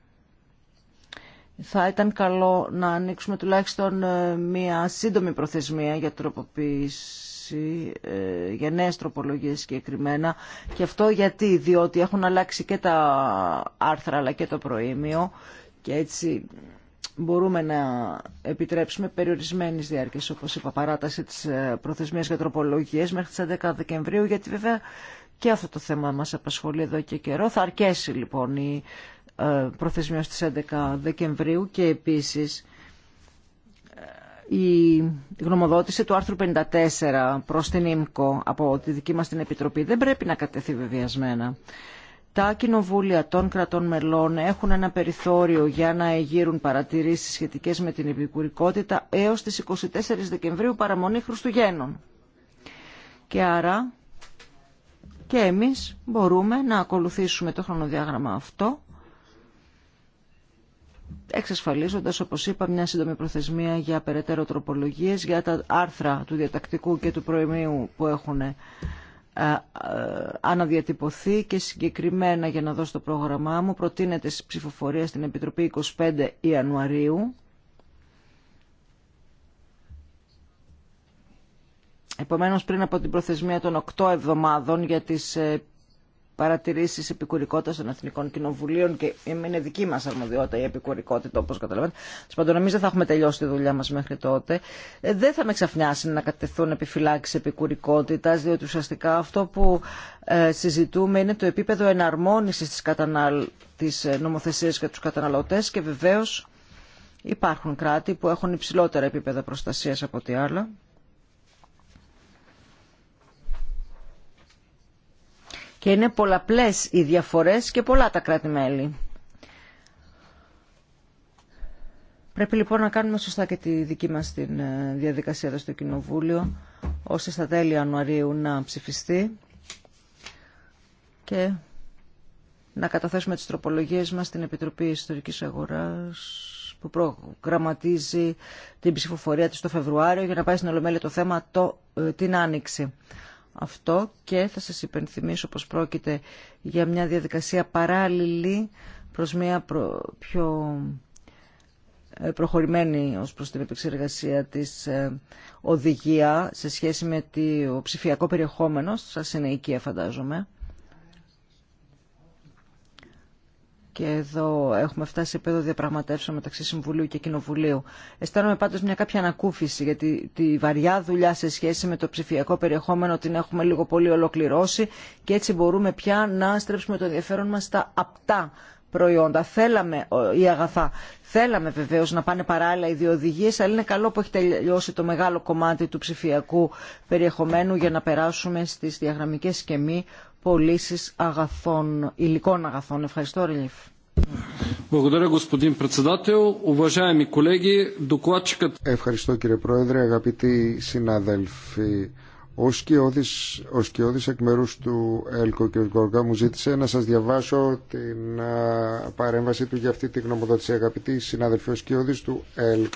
θα ήταν καλό να ανοίξουμε τουλάχιστον ε, μια σύντομη προθεσμία για τροποποίηση ε, για νέες τροπολογίες συγκεκριμένα και αυτό γιατί, διότι έχουν αλλάξει και τα άρθρα αλλά και το προήμιο και έτσι μπορούμε να επιτρέψουμε περιορισμένης διάρκεια όπως είπα, παράταση της ε, προθεσμίας για τροπολογίες μέχρι τι 11 Δεκεμβρίου, γιατί βέβαια και αυτό το θέμα μας απασχολεί εδώ και καιρό. Θα αρκέσει λοιπόν η ε, προθεσμία στις 11 Δεκεμβρίου και επίσης ε, η γνωμοδότηση του άρθρου 54 προς την ΙΜΚΟ από τη δική μας την Επιτροπή δεν πρέπει να κατεθεί βεβαιασμένα τα κοινοβούλια των κρατών μελών έχουν ένα περιθώριο για να εγείρουν παρατηρήσεις σχετικές με την επικουρικότητα έως τις 24 Δεκεμβρίου παραμονή Χριστουγέννων. Και άρα και εμείς μπορούμε να ακολουθήσουμε το χρονοδιάγραμμα αυτό εξασφαλίζοντας, όπως είπα, μια σύντομη προθεσμία για περαιτέρω τροπολογίες για τα άρθρα του διατακτικού και του προημίου που έχουν ε, ε, αναδιατυπωθεί και συγκεκριμένα για να δώσω το πρόγραμμά μου προτείνεται στις ψηφοφορία στην Επιτροπή 25 Ιανουαρίου. Επομένως πριν από την προθεσμία των 8 εβδομάδων για τις ε, Παρατηρήσει επικουρικότητα των Εθνικών Κοινοβουλίων και είναι δική μα αρμοδιότητα η επικουρικότητα όπω καταλαβαίνετε. Τέλο πάντων εμείς δεν θα έχουμε τελειώσει τη δουλειά μα μέχρι τότε. Ε, δεν θα με ξαφνιάσει να κατεθούν επιφυλάξει επικουρικότητα, διότι ουσιαστικά αυτό που ε, συζητούμε είναι το επίπεδο εναρμόνιση τη καταναλ... της ε, νομοθεσίας για τους καταναλωτές και βεβαίω υπάρχουν κράτη που έχουν υψηλότερα επίπεδα προστασίας από ό,τι άλλα. και είναι πολλαπλές οι διαφορές και πολλά τα κράτη-μέλη. Πρέπει λοιπόν να κάνουμε σωστά και τη δική μας την ε, διαδικασία εδώ στο Κοινοβούλιο, ώστε στα τέλη Ιανουαρίου να ψηφιστεί και να καταθέσουμε τις τροπολογίες μας στην Επιτροπή Ιστορικής Αγοράς που προγραμματίζει την ψηφοφορία της το Φεβρουάριο για να πάει στην Ολομέλεια το θέμα ε, την Άνοιξη αυτό και θα σας υπενθυμίσω πως πρόκειται για μια διαδικασία παράλληλη προς μια πιο ε, προχωρημένη ως προς την επεξεργασία της ε, οδηγία σε σχέση με το ψηφιακό περιεχόμενο. Σας είναι οικία φαντάζομαι. και εδώ έχουμε φτάσει σε επίπεδο διαπραγματεύσεων μεταξύ Συμβουλίου και Κοινοβουλίου. Αισθάνομαι πάντως μια κάποια ανακούφιση γιατί τη βαριά δουλειά σε σχέση με το ψηφιακό περιεχόμενο την έχουμε λίγο πολύ ολοκληρώσει και έτσι μπορούμε πια να στρέψουμε το ενδιαφέρον μας στα απτά προϊόντα. Θέλαμε, η αγαθά, θέλαμε βεβαίω να πάνε παράλληλα οι δύο οδηγίε, αλλά είναι καλό που έχει τελειώσει το μεγάλο κομμάτι του ψηφιακού περιεχομένου για να περάσουμε στι διαγραμμικέ και μη πωλήσει αγαθών, υλικών αγαθών. Ευχαριστώ, Ευχαριστώ κύριε Πρόεδρε, αγαπητοί συνάδελφοι. Ο Σκιώδης, ο Σκιώδης εκ μέρους του ΕΛΚΟ και ο Γκοργά μου ζήτησε να σας διαβάσω την παρέμβαση του για αυτή τη γνωμοδότηση. Αγαπητοί συνάδελφοι, ο Σκιώδης του ΕΛΚ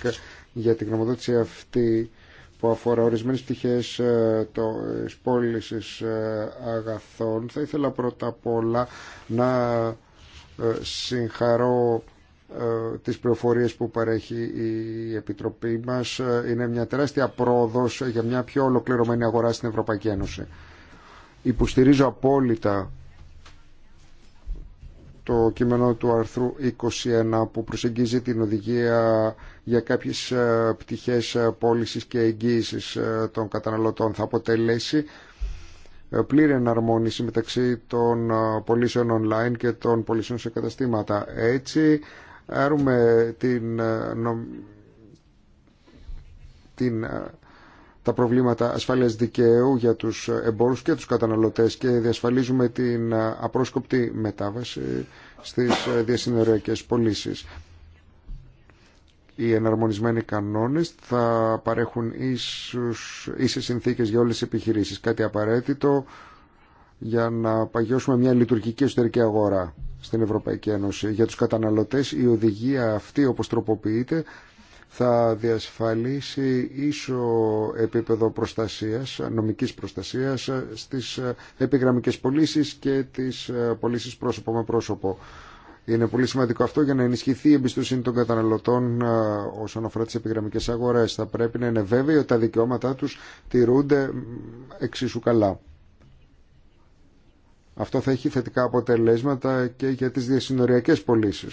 για τη γνωμοδότηση αυτή που αφορά ορισμένες πτυχές ε, της ε, πώλησης ε, αγαθών. Θα ήθελα πρώτα απ' όλα να συγχαρώ τις πληροφορίες που παρέχει η Επιτροπή μας. Είναι μια τεράστια πρόοδος για μια πιο ολοκληρωμένη αγορά στην Ευρωπαϊκή Ένωση. Υποστηρίζω απόλυτα το κείμενο του αρθρού 21 που προσεγγίζει την οδηγία για κάποιες ε, πτυχές ε, πώλησης και εγγύησης ε, των καταναλωτών. Θα αποτελέσει πλήρη εναρμόνιση μεταξύ των πωλήσεων online και των πωλήσεων σε καταστήματα. Έτσι, έρουμε την, την, τα προβλήματα ασφάλειας δικαίου για τους εμπόρους και τους καταναλωτές και διασφαλίζουμε την απρόσκοπτη μετάβαση στις διασυνοριακές πωλήσει οι εναρμονισμένοι κανόνες θα παρέχουν ίσους, ίσες συνθήκες για όλες τις επιχειρήσεις. Κάτι απαραίτητο για να παγιώσουμε μια λειτουργική εσωτερική αγορά στην Ευρωπαϊκή Ένωση. Για τους καταναλωτές η οδηγία αυτή όπως τροποποιείται θα διασφαλίσει ίσο επίπεδο προστασίας, νομικής προστασίας στις επιγραμμικές πωλήσει και τις πωλήσει πρόσωπο με πρόσωπο. Είναι πολύ σημαντικό αυτό για να ενισχυθεί η εμπιστοσύνη των καταναλωτών ε, όσον αφορά τι επιγραμμικέ αγορέ. Θα πρέπει να είναι βέβαιοι ότι τα δικαιώματά του τηρούνται εξίσου καλά. Αυτό θα έχει θετικά αποτελέσματα και για τι διασυνοριακέ πωλήσει.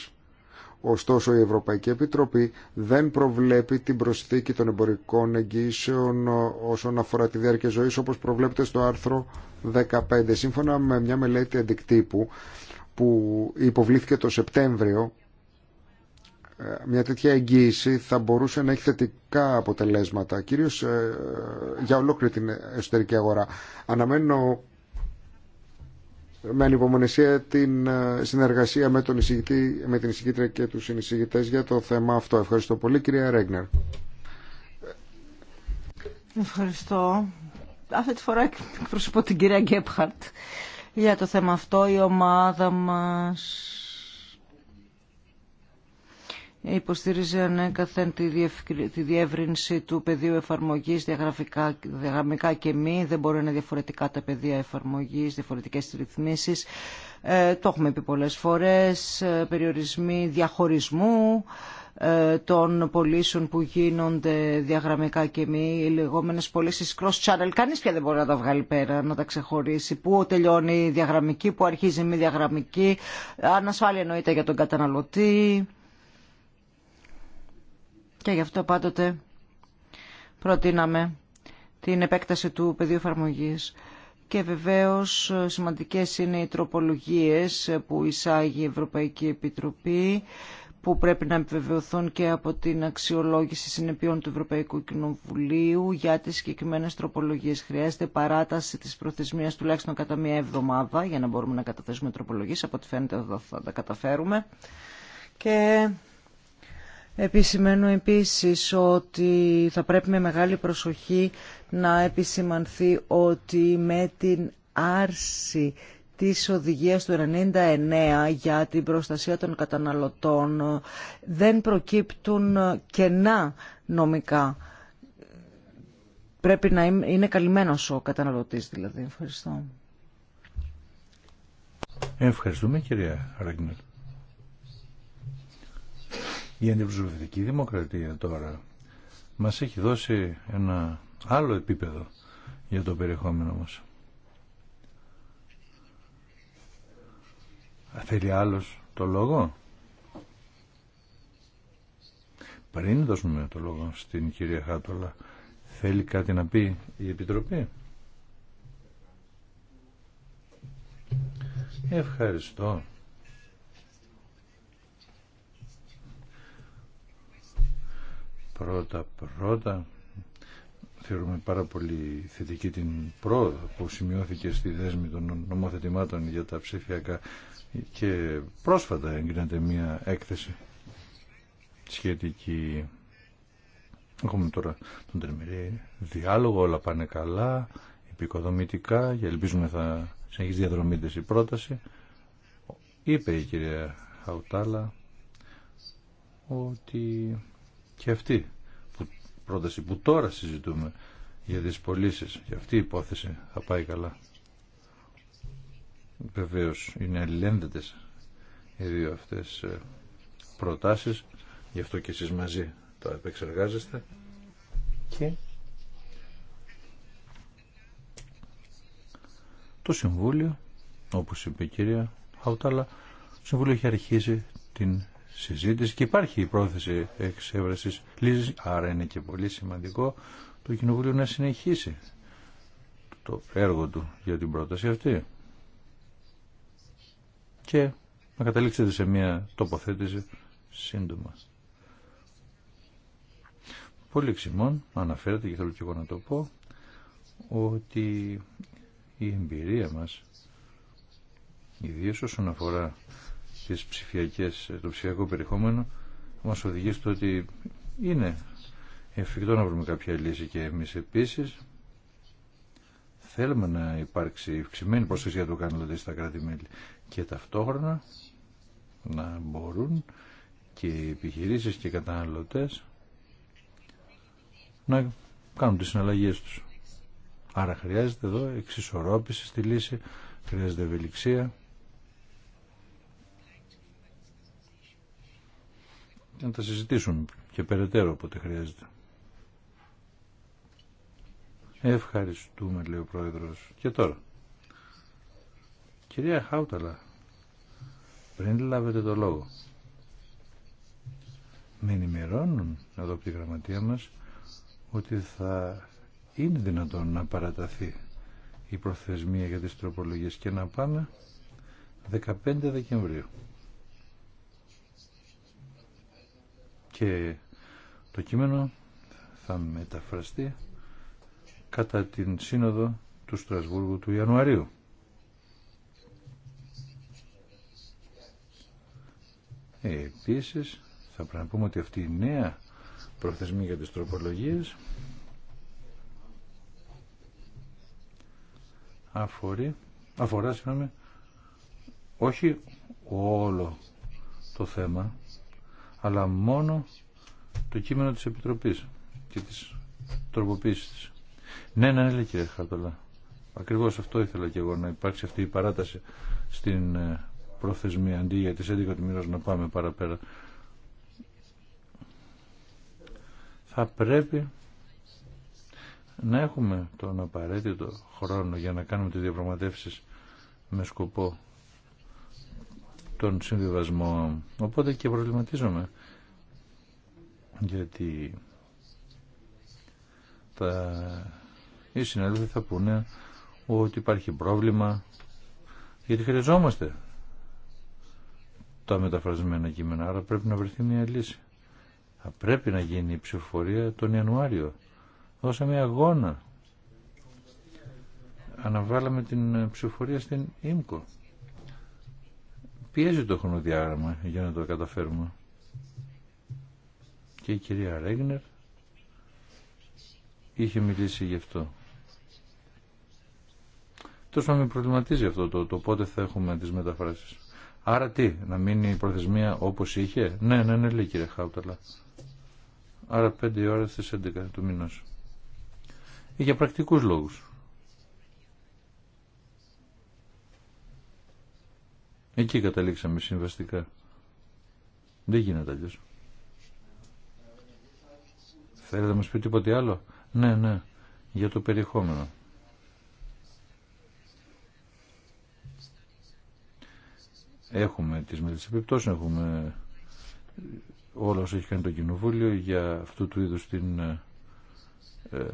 Ωστόσο, η Ευρωπαϊκή Επιτροπή δεν προβλέπει την προσθήκη των εμπορικών εγγύσεων ε, όσον αφορά τη διάρκεια ζωή, όπω προβλέπεται στο άρθρο 15. Σύμφωνα με μια μελέτη αντικτύπου, που υποβλήθηκε το Σεπτέμβριο ε, μια τέτοια εγγύηση θα μπορούσε να έχει θετικά αποτελέσματα κυρίως ε, για ολόκληρη την εσωτερική αγορά. Αναμένω με ανυπομονησία την ε, συνεργασία με, τον με την εισηγήτρια και τους συνεισηγητές για το θέμα αυτό. Ευχαριστώ πολύ κυρία Ρέγνερ. Ευχαριστώ. Αυτή τη φορά εκπροσωπώ την κυρία Γκέπχαρτ για το θέμα αυτό η ομάδα μας υποστηρίζει ανέκαθεν τη διεύρυνση του πεδίου εφαρμογής διαγραφικά, διαγραμμικά και μη. Δεν μπορεί να είναι διαφορετικά τα πεδία εφαρμογής, διαφορετικές ρυθμίσεις. Ε, το έχουμε πει πολλές φορές, ε, περιορισμοί διαχωρισμού, ε, των πωλήσεων που γίνονται διαγραμμικά και μη, οι λεγόμενε πωλήσει cross-channel. Κανεί πια δεν μπορεί να τα βγάλει πέρα, να τα ξεχωρίσει. Πού τελειώνει η διαγραμμική, πού αρχίζει η μη διαγραμμική. Ανασφάλεια εννοείται για τον καταναλωτή. Και γι' αυτό πάντοτε προτείναμε την επέκταση του πεδίου εφαρμογή. Και βεβαίως σημαντικές είναι οι τροπολογίες που εισάγει η Ευρωπαϊκή Επιτροπή που πρέπει να επιβεβαιωθούν και από την αξιολόγηση συνεπειών του Ευρωπαϊκού Κοινοβουλίου για τις συγκεκριμένε τροπολογίες. Χρειάζεται παράταση της προθεσμίας τουλάχιστον κατά μία εβδομάδα για να μπορούμε να καταθέσουμε τροπολογίες. Από ό,τι φαίνεται θα τα καταφέρουμε. Και επισημαίνω επίσης ότι θα πρέπει με μεγάλη προσοχή να επισημανθεί ότι με την άρση της οδηγίας του 99 για την προστασία των καταναλωτών δεν προκύπτουν κενά νομικά. Πρέπει να είναι καλυμμένος ο καταναλωτής δηλαδή. Ευχαριστώ. Ευχαριστούμε κυρία Ραγκνέλ. Η αντιπροσωπευτική δημοκρατία τώρα μας έχει δώσει ένα άλλο επίπεδο για το περιεχόμενο μας. Θέλει άλλος το λόγο. Πριν δώσουμε το λόγο στην κυρία Χάτολα, θέλει κάτι να πει η Επιτροπή. Ευχαριστώ. Πρώτα πρώτα θεωρούμε πάρα πολύ θετική την πρόοδο που σημειώθηκε στη δέσμη των νομοθετημάτων για τα ψηφιακά και πρόσφατα εγκρίνεται μία έκθεση σχετική. Έχουμε τώρα τον τριμερή διάλογο, όλα πάνε καλά, επικοδομητικά και ελπίζουμε θα συνεχίσει διαδρομή της η πρόταση. Είπε η κυρία Χαουτάλα ότι και αυτή που, πρόταση που τώρα συζητούμε για τις πωλήσει και αυτή η υπόθεση θα πάει καλά. Βεβαίω είναι αλληλένδετε οι δύο αυτές ε, προτάσει γι' αυτό και εσεί μαζί τα επεξεργάζεστε. Και το Συμβούλιο, όπω είπε η κυρία Χαουτάλα, το Συμβούλιο έχει αρχίσει την συζήτηση και υπάρχει η πρόθεση εξέβραση λύση. άρα είναι και πολύ σημαντικό το Κοινοβούλιο να συνεχίσει το έργο του για την πρόταση αυτή και να καταλήξετε σε μια τοποθέτηση σύντομα. Πολύ ξημών αναφέρεται και θέλω και εγώ να το πω ότι η εμπειρία μας ιδίω όσον αφορά τις ψηφιακές, το ψηφιακό περιεχόμενο μας οδηγεί στο ότι είναι εφικτό να βρούμε κάποια λύση και εμείς επίσης θέλουμε να υπάρξει ευξημένη προσέγγιση για το κάνουμε δηλαδή στα κράτη-μέλη και ταυτόχρονα να μπορούν και οι επιχειρήσεις και οι καταναλωτές να κάνουν τις συναλλαγές τους. Άρα χρειάζεται εδώ εξισορρόπηση στη λύση, χρειάζεται ευελιξία. Να τα συζητήσουν και περαιτέρω όποτε χρειάζεται. Ευχαριστούμε, λέει ο Πρόεδρος. Και τώρα. Κυρία Χάουταλα, πριν λάβετε το λόγο. Με ενημερώνουν εδώ από τη γραμματεία μας ότι θα είναι δυνατόν να παραταθεί η προθεσμία για τις τροπολογίες και να πάμε 15 Δεκεμβρίου. Και το κείμενο θα μεταφραστεί κατά την σύνοδο του Στρασβούργου του Ιανουαρίου. Ε, επίσης, θα πρέπει να πούμε ότι αυτή η νέα προθεσμή για τις τροπολογίες αφορεί, αφορά συγγνώμη, όχι όλο το θέμα, αλλά μόνο το κείμενο της Επιτροπής και της τροποποίησης της. Ναι, ναι, ναι λέει κύριε Χαρτολά. Ακριβώς αυτό ήθελα και εγώ, να υπάρξει αυτή η παράταση στην ε, πρόθεσμη αντί για τις 11 του να πάμε παραπέρα. Θα πρέπει να έχουμε τον απαραίτητο χρόνο για να κάνουμε τις διαπραγματεύσεις με σκοπό τον συμβιβασμό. Οπότε και προβληματίζομαι γιατί οι συναδέλφοι θα πούνε ότι υπάρχει πρόβλημα γιατί χρειαζόμαστε τα μεταφρασμένα κείμενα. Άρα πρέπει να βρεθεί μια λύση. Θα πρέπει να γίνει η ψηφοφορία τον Ιανουάριο. Δώσαμε αγώνα. Αναβάλαμε την ψηφοφορία στην ΙΜΚΟ. Πιέζει το χρονοδιάγραμμα για να το καταφέρουμε. Και η κυρία Ρέγνερ είχε μιλήσει γι' αυτό. Τόσο με προβληματίζει αυτό το, το πότε θα έχουμε τις μεταφράσεις. Άρα τι, να μείνει η προθεσμία όπως είχε. Ναι, ναι, ναι, λέει κύριε Χάουταλα. Άρα 5 ώρα στις 11 του μηνός. Ε, για πρακτικούς λόγους. Εκεί καταλήξαμε συμβαστικά. Δεν γίνεται αλλιώ. Θέλετε να μας πει τίποτε άλλο. Ναι, ναι, για το περιεχόμενο. Έχουμε τις μελέτες επιπτώσεις, έχουμε όλα όσα έχει κάνει το Κοινοβούλιο για αυτού του είδους την ε, ε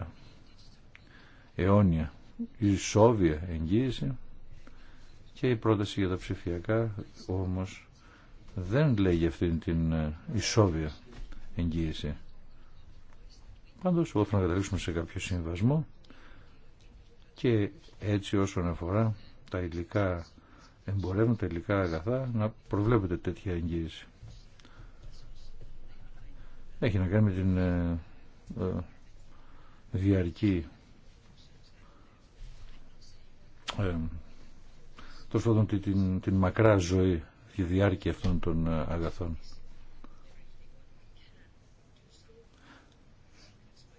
αιώνια η εγγύηση και η πρόταση για τα ψηφιακά όμως δεν λέγει αυτή την ε, ισόβια εγγύηση. Πάντως, εγώ να καταλήξουμε σε κάποιο συμβασμό και έτσι όσον αφορά τα υλικά εμπορεύουν τελικά αγαθά να προβλέπεται τέτοια εγγύηση. Έχει να κάνει με την ε, ε, διαρκή ε, τόσο την, την, μακρά ζωή τη διάρκεια αυτών των ε, αγαθών.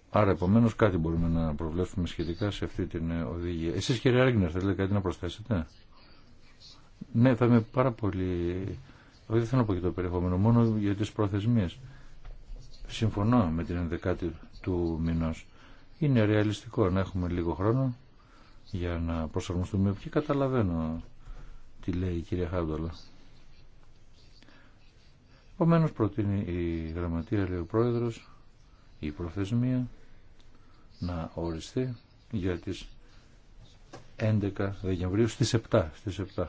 Άρα, επομένω, κάτι μπορούμε να προβλέψουμε σχετικά σε αυτή την ε, οδηγία. Εσείς κύριε Άγγινερ, θέλετε κάτι να προσθέσετε. Ναι, θα είμαι πάρα πολύ... Όχι, δεν θέλω να πω και το περιεχόμενο, μόνο για τις προθεσμίες. Συμφωνώ με την 11η του μηνός. Είναι ρεαλιστικό να έχουμε λίγο χρόνο για να προσαρμοστούμε και καταλαβαίνω τι λέει η κυρία Χάντολα. Επομένω προτείνει η γραμματεία, λέει ο πρόεδρο, η προθεσμία να οριστεί για τις 11 Δεκεμβρίου στις 7, στις 7.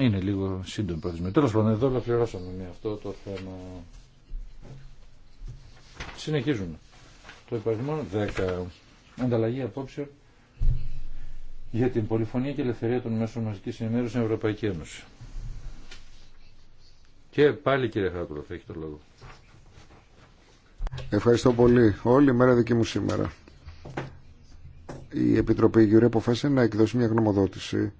Είναι λίγο σύντομη προθεσμία. Τέλος πάντων, εδώ ολοκληρώσαμε με αυτό το θέμα. Συνεχίζουμε. Το υπαριθμό 10. Ανταλλαγή απόψεων για την πολυφωνία και ελευθερία των μέσων μαζικής ενημέρωσης στην Ευρωπαϊκή Ένωση. Και πάλι κύριε Χάπροφ, έχει το λόγο. Ευχαριστώ πολύ. Όλη η μέρα δική μου σήμερα. Η Επιτροπή Γιουρία αποφάσισε να εκδώσει μια γνωμοδότηση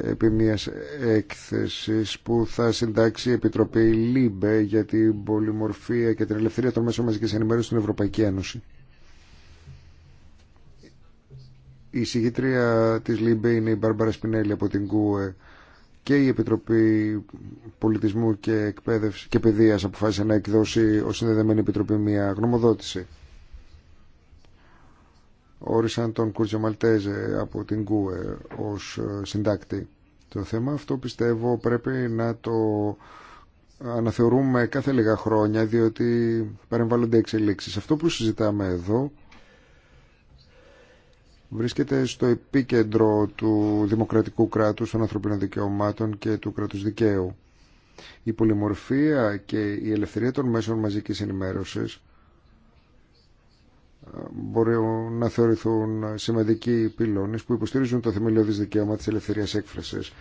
επί μιας έκθεσης που θα συντάξει η Επιτροπή ΛΥΜΠΕ για την πολυμορφία και την ελευθερία των μέσων μαζικής ενημέρωσης στην Ευρωπαϊκή Ένωση. Η συγγήτρια της ΛΥΜΠΕ είναι η Μπάρμπαρα Σπινέλη από την ΚΟΕ και η Επιτροπή Πολιτισμού και, Εκπαίδευση και Παιδείας αποφάσισε να εκδώσει ως συνδεδεμένη Επιτροπή μια γνωμοδότηση όρισαν τον Κούρτζο Μαλτέζε από την ΚΟΕ ως ε, συντάκτη. Το θέμα αυτό πιστεύω πρέπει να το αναθεωρούμε κάθε λίγα χρόνια διότι παρεμβάλλονται εξελίξεις. Αυτό που συζητάμε εδώ βρίσκεται στο επίκεντρο του δημοκρατικού κράτους, των ανθρωπίνων δικαιωμάτων και του κράτους δικαίου. Η πολυμορφία και η ελευθερία των μέσων μαζικής ενημέρωσης μπορεί να θεωρηθούν σημαντικοί πυλώνες που υποστηρίζουν το θεμελιώδης δικαίωμα της ελευθερίας έκφρασης.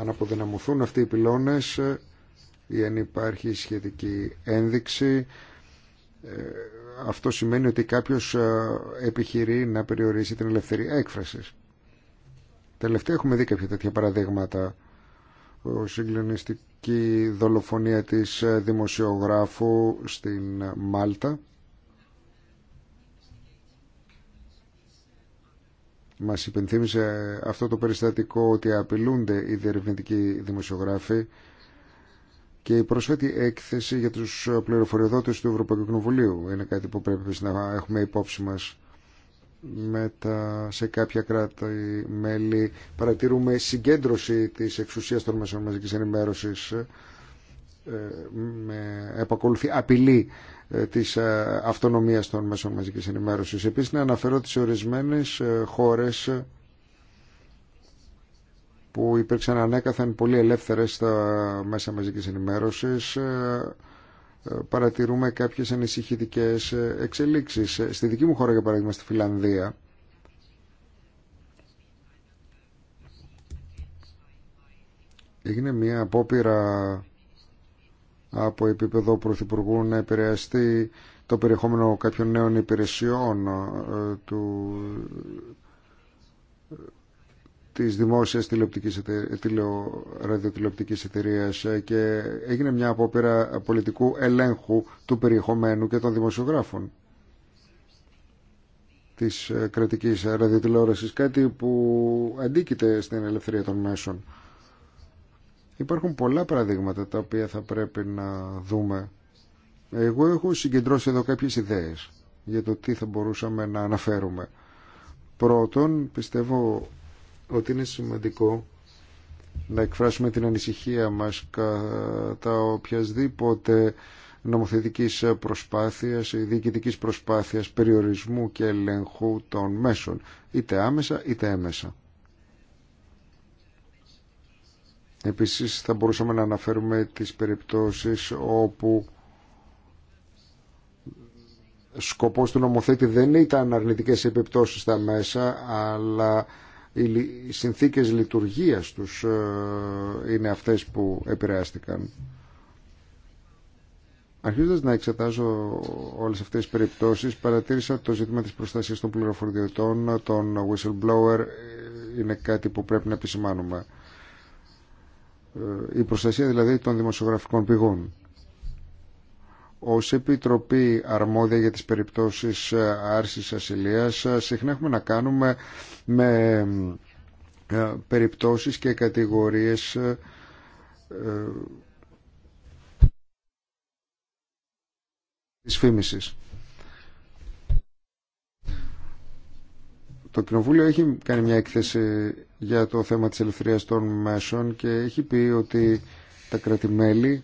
Αν αποδυναμωθούν αυτοί οι πυλώνες ή αν υπάρχει σχετική ένδειξη, ε, αυτό σημαίνει ότι κάποιος ε, επιχειρεί να περιορίσει την ελευθερία έκφρασης. Τελευταία έχουμε δει κάποια τέτοια παραδείγματα. Ο συγκλονιστική δολοφονία της ε, δημοσιογράφου στην Μάλτα μας υπενθύμισε αυτό το περιστατικό ότι απειλούνται οι διερευνητικοί δημοσιογράφοι και η προσφέτη έκθεση για τους πληροφοριοδότες του Ευρωπαϊκού Κοινοβουλίου είναι κάτι που πρέπει να έχουμε υπόψη μας τα σε κάποια κράτη μέλη παρατηρούμε συγκέντρωση της εξουσίας των μέσων μαζικής ενημέρωσης ε, με επακολουθεί απειλή ε, της ε, αυτονομίας των μέσων μαζικής ενημέρωσης. Επίσης να αναφέρω τις ορισμένες ε, χώρες που υπήρξαν ανέκαθεν πολύ ελεύθερες στα μέσα μαζικής ενημέρωσης παρατηρούμε κάποιες ανησυχητικές εξελίξεις. Στη δική μου χώρα, για παράδειγμα, στη Φιλανδία, έγινε μια απόπειρα από επίπεδο Πρωθυπουργού να επηρεαστεί το περιεχόμενο κάποιων νέων υπηρεσιών ε, του, της δημόσιας τηλεοπτικής, τηλεο, ραδιοτηλεοπτικής εταιρείας ε, και έγινε μια απόπειρα πολιτικού ελέγχου του περιεχομένου και των δημοσιογράφων της ε, κρατικής ραδιοτηλεόρασης, κάτι που αντίκειται στην ελευθερία των μέσων. Υπάρχουν πολλά παραδείγματα τα οποία θα πρέπει να δούμε. Εγώ έχω συγκεντρώσει εδώ κάποιες ιδέες για το τι θα μπορούσαμε να αναφέρουμε. Πρώτον, πιστεύω ότι είναι σημαντικό να εκφράσουμε την ανησυχία μας κατά οποιασδήποτε νομοθετικής προσπάθειας ή διοικητικής προσπάθειας περιορισμού και ελεγχού των μέσων, είτε άμεσα είτε έμεσα. Επίσης θα μπορούσαμε να αναφέρουμε τις περιπτώσεις όπου σκοπός του νομοθέτη δεν ήταν αρνητικές επιπτώσεις στα μέσα, αλλά οι συνθήκες λειτουργίας τους ε, είναι αυτές που επηρεάστηκαν. Αρχίζοντας να εξετάζω όλες αυτές τις περιπτώσεις, παρατήρησα το ζήτημα της προστασίας των Τον των whistleblower, ε, είναι κάτι που πρέπει να επισημάνουμε. Ε, η προστασία δηλαδή των δημοσιογραφικών πηγών. Ως Επιτροπή Αρμόδια για τις περιπτώσεις ε, άρσης ασυλίας ε, συχνά έχουμε να κάνουμε με περιπτώσεις και κατηγορίες της φήμησης. Το Κοινοβούλιο έχει κάνει μια έκθεση για το θέμα της ελευθερίας των μέσων και έχει πει ότι τα κρατημέλη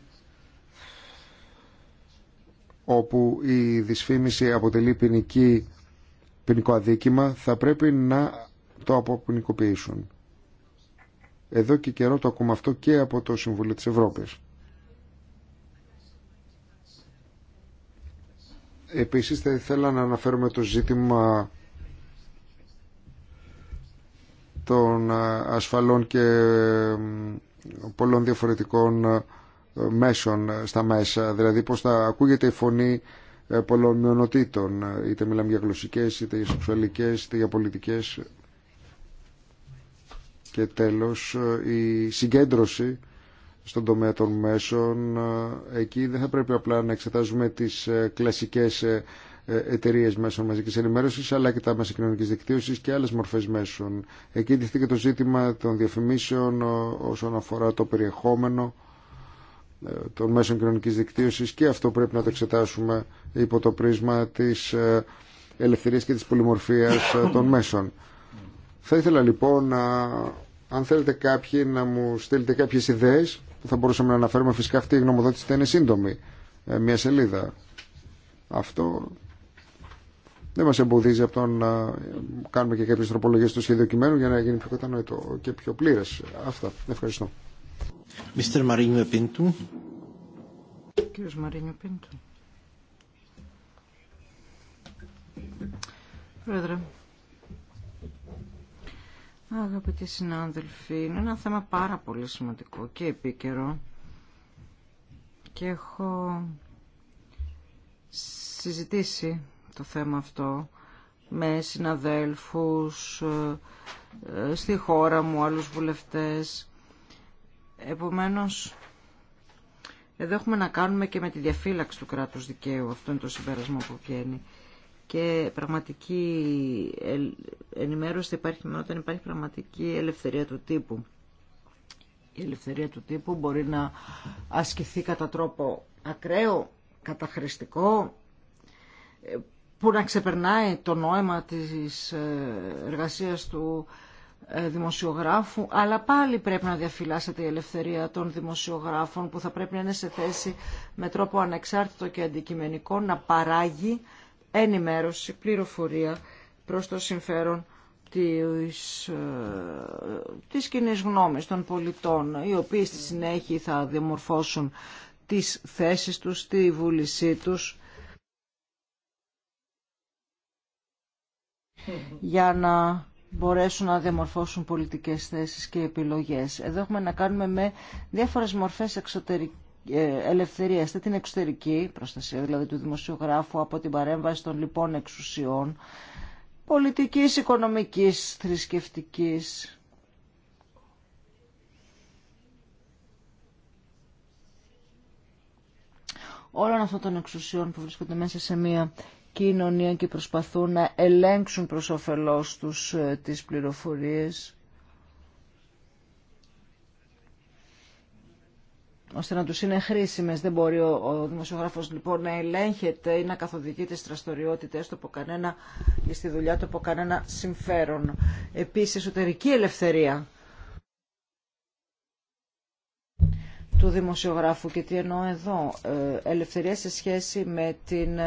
όπου η δυσφήμιση αποτελεί ποινική, ποινικό αδίκημα θα πρέπει να το αποποινικοποιήσουν. Εδώ και καιρό το ακούμε αυτό και από το Συμβουλίο της Ευρώπης. Επίσης θα ήθελα να αναφέρουμε το ζήτημα των ε, ασφαλών και ε, πολλών διαφορετικών ε, μέσων στα μέσα. Δηλαδή πώς θα ακούγεται η φωνή πολλών μειονοτήτων, είτε μιλάμε για γλωσσικές, είτε για σεξουαλικές, είτε για πολιτικές. Και τέλος, η συγκέντρωση στον τομέα των μέσων. Εκεί δεν θα πρέπει απλά να εξετάζουμε τις κλασικές ε, εταιρείε μέσων μαζική ενημέρωση, αλλά και τα μέσα κοινωνική δικτύωση και άλλε μορφέ μέσων. Εκεί και το ζήτημα των διαφημίσεων ε, όσον αφορά το περιεχόμενο ε, των μέσων κοινωνική δικτύωση και αυτό πρέπει να το εξετάσουμε υπό το πρίσμα της ελευθερίας και τη πολυμορφία των μέσων. Θα ήθελα λοιπόν να, αν θέλετε κάποιοι να μου στείλετε κάποιες ιδέες που θα μπορούσαμε να αναφέρουμε φυσικά αυτή η γνωμοδότηση θα είναι σύντομη, μια σελίδα. Αυτό δεν μας εμποδίζει από το να κάνουμε και κάποιες τροπολογίες στο σχέδιο κειμένου για να γίνει πιο κατανοητό και πιο πλήρες. Αυτά. Ευχαριστώ. Μίστερ Μαρίνιο Πίντου. Κύριος Μαρίνιο Πίντου. Πρόεδρε, αγαπητοί συνάδελφοι, είναι ένα θέμα πάρα πολύ σημαντικό και επίκαιρο και έχω συζητήσει το θέμα αυτό με συναδέλφους ε, ε, στη χώρα μου, άλλους βουλευτές. Επομένως, εδώ έχουμε να κάνουμε και με τη διαφύλαξη του κράτους δικαίου. Αυτό είναι το συμπέρασμα που βγαίνει. Και πραγματική ενημέρωση υπάρχει μόνο όταν υπάρχει πραγματική ελευθερία του τύπου. Η ελευθερία του τύπου μπορεί να ασκηθεί κατά τρόπο ακραίο, καταχρηστικό, ε, που να ξεπερνάει το νόημα της ε, εργασίας του ε, δημοσιογράφου, αλλά πάλι πρέπει να διαφυλάσσεται η ελευθερία των δημοσιογράφων που θα πρέπει να είναι σε θέση με τρόπο ανεξάρτητο και αντικειμενικό να παράγει ενημέρωση, πληροφορία προς το συμφέρον της, ε, της κοινή γνώμης των πολιτών, οι οποίοι στη συνέχεια θα διαμορφώσουν τις θέσεις τους, τη βούλησή τους για να μπορέσουν να διαμορφώσουν πολιτικές θέσεις και επιλογές. Εδώ έχουμε να κάνουμε με διάφορες μορφές εξωτερικής ε, ελευθερία, είτε την εξωτερική προστασία δηλαδή του δημοσιογράφου από την παρέμβαση των λοιπών εξουσιών, πολιτικής, οικονομικής, θρησκευτικής. Όλων αυτών των εξουσιών που βρίσκονται μέσα σε μία κοινωνία και προσπαθούν να ελέγξουν προς όφελός τους ε, τις πληροφορίες ώστε να τους είναι χρήσιμες. Δεν μπορεί ο, δημοσιογράφος λοιπόν να ελέγχεται ή να καθοδηγεί τις τραστοριότητες του από κανένα ή στη δουλειά του από κανένα συμφέρον. Επίσης εσωτερική ελευθερία του δημοσιογράφου και τι εννοώ εδώ. Ε, ελευθερία σε σχέση με την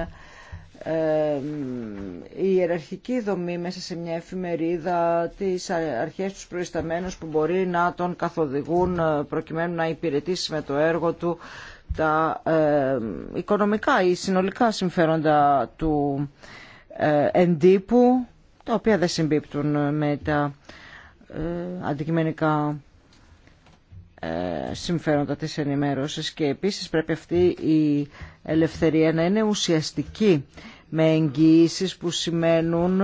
η ιεραρχική δομή μέσα σε μια εφημερίδα, τις αρχές τους προϊσταμένους που μπορεί να τον καθοδηγούν ε, προκειμένου να υπηρετήσει με το έργο του τα οικονομικά ή συνολικά συμφέροντα του ε, εντύπου, τα οποία δεν συμπίπτουν με τα ε, αντικειμενικά ε, συμφέροντα της ενημέρωσης και επίσης πρέπει αυτή η ελευθερία να είναι ουσιαστική με εγγυήσει που σημαίνουν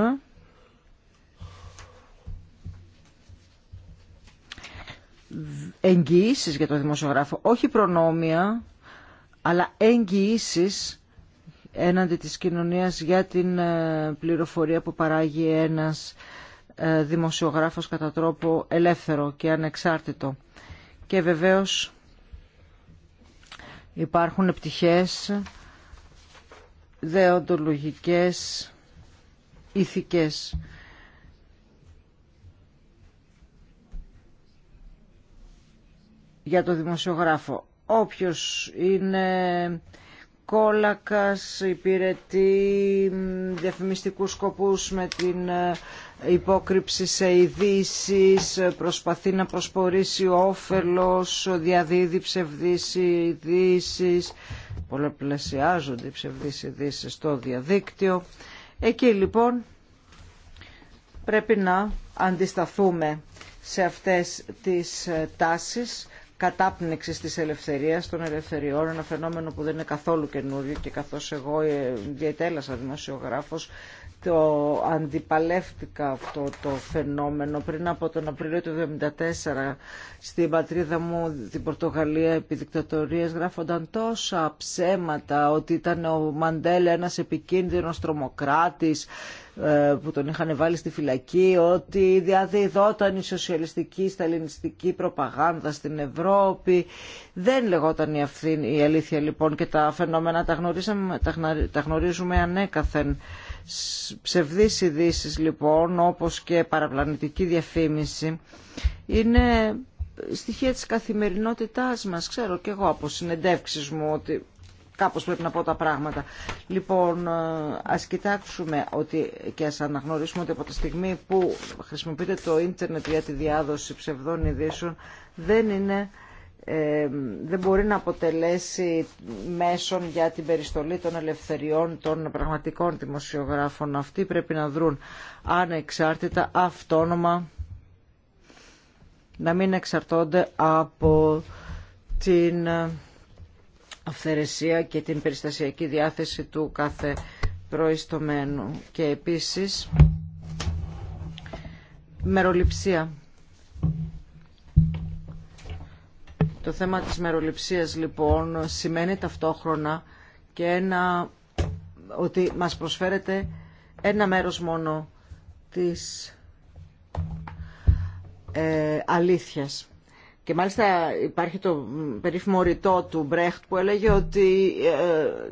εγγυήσεις για το δημοσιογράφο, όχι προνόμια, αλλά εγγυήσεις έναντι της κοινωνίας για την ε, πληροφορία που παράγει ένας ε, δημοσιογράφος κατά τρόπο ελεύθερο και ανεξάρτητο. Και βεβαίως υπάρχουν πτυχές δεοντολογικές, ηθικές. Για το δημοσιογράφο. Όποιος είναι κόλακας, υπηρετεί διαφημιστικούς σκοπούς με την ε, υπόκρυψη σε ειδήσει, προσπαθεί να προσπορήσει όφελος, διαδίδει ψευδείς ειδήσει, πολλαπλασιάζονται οι ψευδείς ειδήσει στο διαδίκτυο. Εκεί λοιπόν πρέπει να αντισταθούμε σε αυτές τις τάσεις κατάπνιξη της ελευθερίας των ελευθεριών, ένα φαινόμενο που δεν είναι καθόλου καινούριο και καθώς εγώ ε, διατέλασα δημοσιογράφος το αντιπαλεύτηκα αυτό το φαινόμενο πριν από τον Απριλίο του 1974 στην πατρίδα μου την Πορτογαλία επί γράφονταν τόσα ψέματα ότι ήταν ο Μαντέλε ένας επικίνδυνος τρομοκράτης ε, που τον είχαν βάλει στη φυλακή ότι διαδιδόταν η σοσιαλιστική η σταλινιστική προπαγάνδα στην Ευρώπη δεν λεγόταν η, αλήθεια λοιπόν και τα φαινόμενα τα, τα γνωρίζουμε ανέκαθεν Ψευδείς ειδήσει λοιπόν, όπως και παραπλανητική διαφήμιση, είναι στοιχεία της καθημερινότητάς μας. Ξέρω και εγώ από συνεντεύξεις μου ότι κάπως πρέπει να πω τα πράγματα. Λοιπόν, ε, ας κοιτάξουμε ότι, και ας αναγνωρίσουμε ότι από τη στιγμή που χρησιμοποιείται το ίντερνετ για τη διάδοση ψευδών ειδήσεων δεν είναι ε, δεν μπορεί να αποτελέσει μέσον για την περιστολή των ελευθεριών των πραγματικών δημοσιογράφων. Αυτοί πρέπει να δρουν ανεξάρτητα, αυτόνομα, να μην εξαρτώνται από την αυθαιρεσία και την περιστασιακή διάθεση του κάθε προϊστομένου. Και επίσης, μεροληψία το θέμα της μεροληψίας λοιπόν σημαίνει ταυτόχρονα και ένα, ότι μας προσφέρεται ένα μέρος μόνο της ε, αλήθειας. Και μάλιστα υπάρχει το περίφημο ρητό του Μπρέχτ που έλεγε ότι